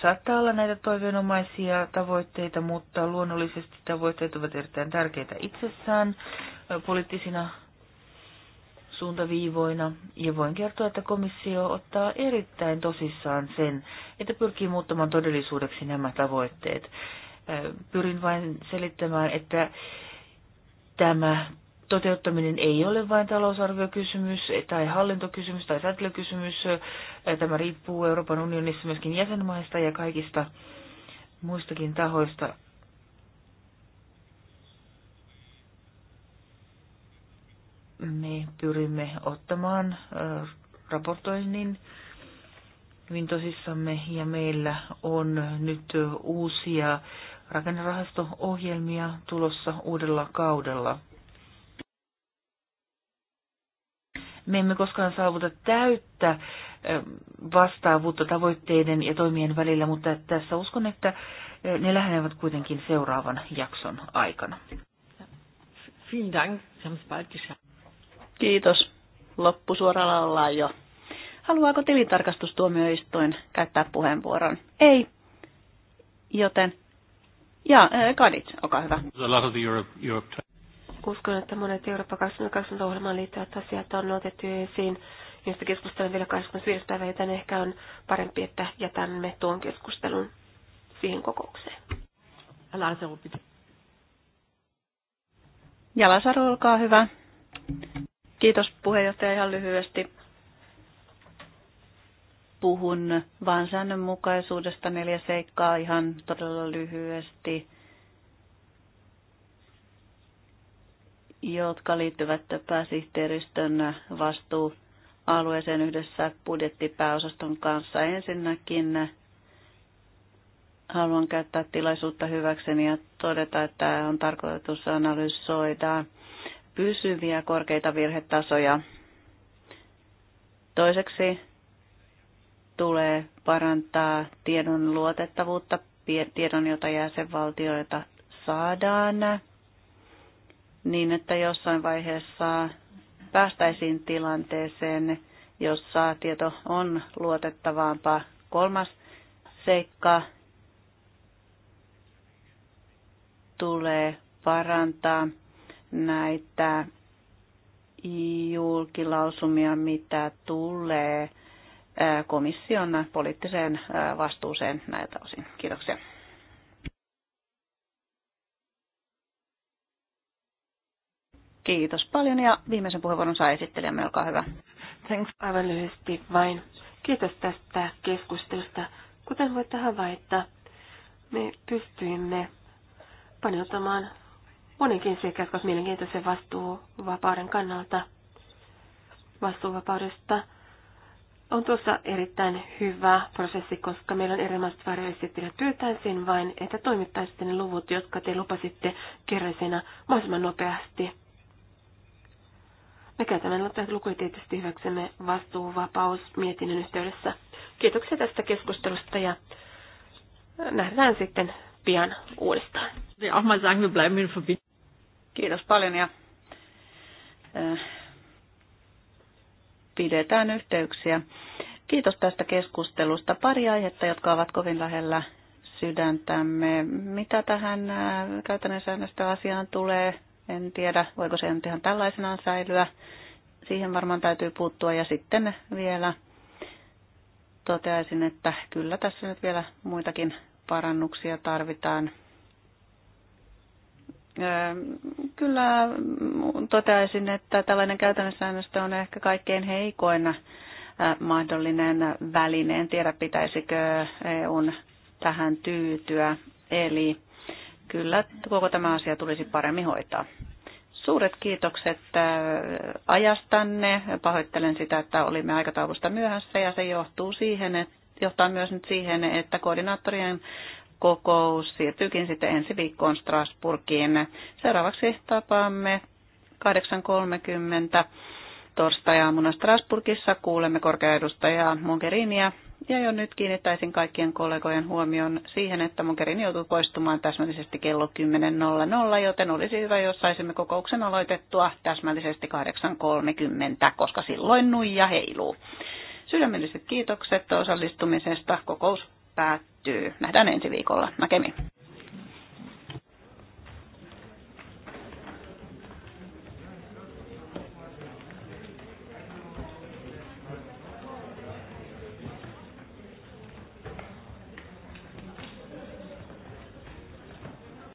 saattaa olla näitä toiveenomaisia tavoitteita, mutta luonnollisesti tavoitteet ovat erittäin tärkeitä itsessään eh, poliittisina suuntaviivoina. Ja voin kertoa, että komissio ottaa erittäin tosissaan sen, että pyrkii muuttamaan todellisuudeksi nämä tavoitteet. Eh, pyrin vain selittämään, että tämä toteuttaminen ei ole vain talousarviokysymys tai hallintokysymys tai säätelykysymys. Tämä riippuu Euroopan unionissa myöskin jäsenmaista ja kaikista muistakin tahoista. Me pyrimme ottamaan raportoinnin hyvin tosissamme ja meillä on nyt uusia rakennerahasto-ohjelmia tulossa uudella kaudella. Me emme koskaan saavuta täyttä vastaavuutta tavoitteiden ja toimien välillä, mutta tässä uskon, että ne lähenevät kuitenkin seuraavan jakson aikana. Kiitos. Loppu suoralla Kiitos. ollaan jo. Haluaako tilintarkastustuomioistuin käyttää puheenvuoron? Ei. Joten, ja Kadit, olkaa hyvä. Uskon, että monet Eurooppa 2020 ohjelmaan liittyvät asiat on otettu esiin, joista keskustelen vielä 25. päivä, joten ehkä on parempi, että jätämme tuon keskustelun siihen kokoukseen. Jalasaru, olkaa hyvä. Kiitos puheenjohtaja ihan lyhyesti. Puhun vain säännönmukaisuudesta neljä seikkaa ihan todella lyhyesti. jotka liittyvät pääsihteeristön vastuualueeseen yhdessä budjettipääosaston kanssa. Ensinnäkin haluan käyttää tilaisuutta hyväkseni ja todeta, että on tarkoitus analysoida pysyviä korkeita virhetasoja. Toiseksi tulee parantaa tiedon luotettavuutta, tiedon, jota jäsenvaltioita saadaan niin, että jossain vaiheessa päästäisiin tilanteeseen, jossa tieto on luotettavaampaa. Kolmas seikka tulee parantaa näitä julkilausumia, mitä tulee komission poliittiseen vastuuseen näiltä osin. Kiitoksia. Kiitos paljon ja viimeisen puheenvuoron saa esittelijämme, olkaa hyvä. Thanks aivan lyhyesti vain. Kiitos tästä keskustelusta. Kuten voitte havaita, me pystyimme paneutumaan monenkin sekä koska mielenkiintoisen vastuuvapauden kannalta vastuuvapaudesta on tuossa erittäin hyvä prosessi, koska meillä on erilaiset varjoesittelijät. sen vain, että toimittaisitte ne luvut, jotka te lupasitte kerrallisena mahdollisimman nopeasti. Me käytämme näitä lukuja tietysti hyväksemme vastuuvapaus mietinnön yhteydessä. Kiitoksia tästä keskustelusta ja nähdään sitten pian uudestaan. Kiitos paljon ja äh, pidetään yhteyksiä. Kiitos tästä keskustelusta. Pari aihetta, jotka ovat kovin lähellä sydäntämme. Mitä tähän äh, käytännön säännöstöasiaan tulee? En tiedä, voiko se nyt ihan tällaisenaan säilyä. Siihen varmaan täytyy puuttua. Ja sitten vielä toteaisin, että kyllä tässä nyt vielä muitakin parannuksia tarvitaan. Öö, kyllä toteaisin, että tällainen käytännössäännöstö on ehkä kaikkein heikoin äh, mahdollinen väline. En tiedä, pitäisikö EUn tähän tyytyä. Eli kyllä koko tämä asia tulisi paremmin hoitaa. Suuret kiitokset äh, ajastanne. Pahoittelen sitä, että olimme aikataulusta myöhässä ja se johtuu siihen, että johtaa myös nyt siihen, että koordinaattorien kokous siirtyykin sitten ensi viikkoon Strasburgiin. Seuraavaksi tapaamme 8.30 torstai-aamuna Strasburgissa. Kuulemme korkeaedustajaa Mogherinia. Ja jo nyt kiinnittäisin kaikkien kollegojen huomion siihen, että Mogherini joutuu poistumaan täsmällisesti kello 10.00, joten olisi hyvä, jos saisimme kokouksen aloitettua täsmällisesti 8.30, koska silloin nuija heiluu. Sydämelliset kiitokset osallistumisesta. Kokous päättyy. Nähdään ensi viikolla. Näkemiin.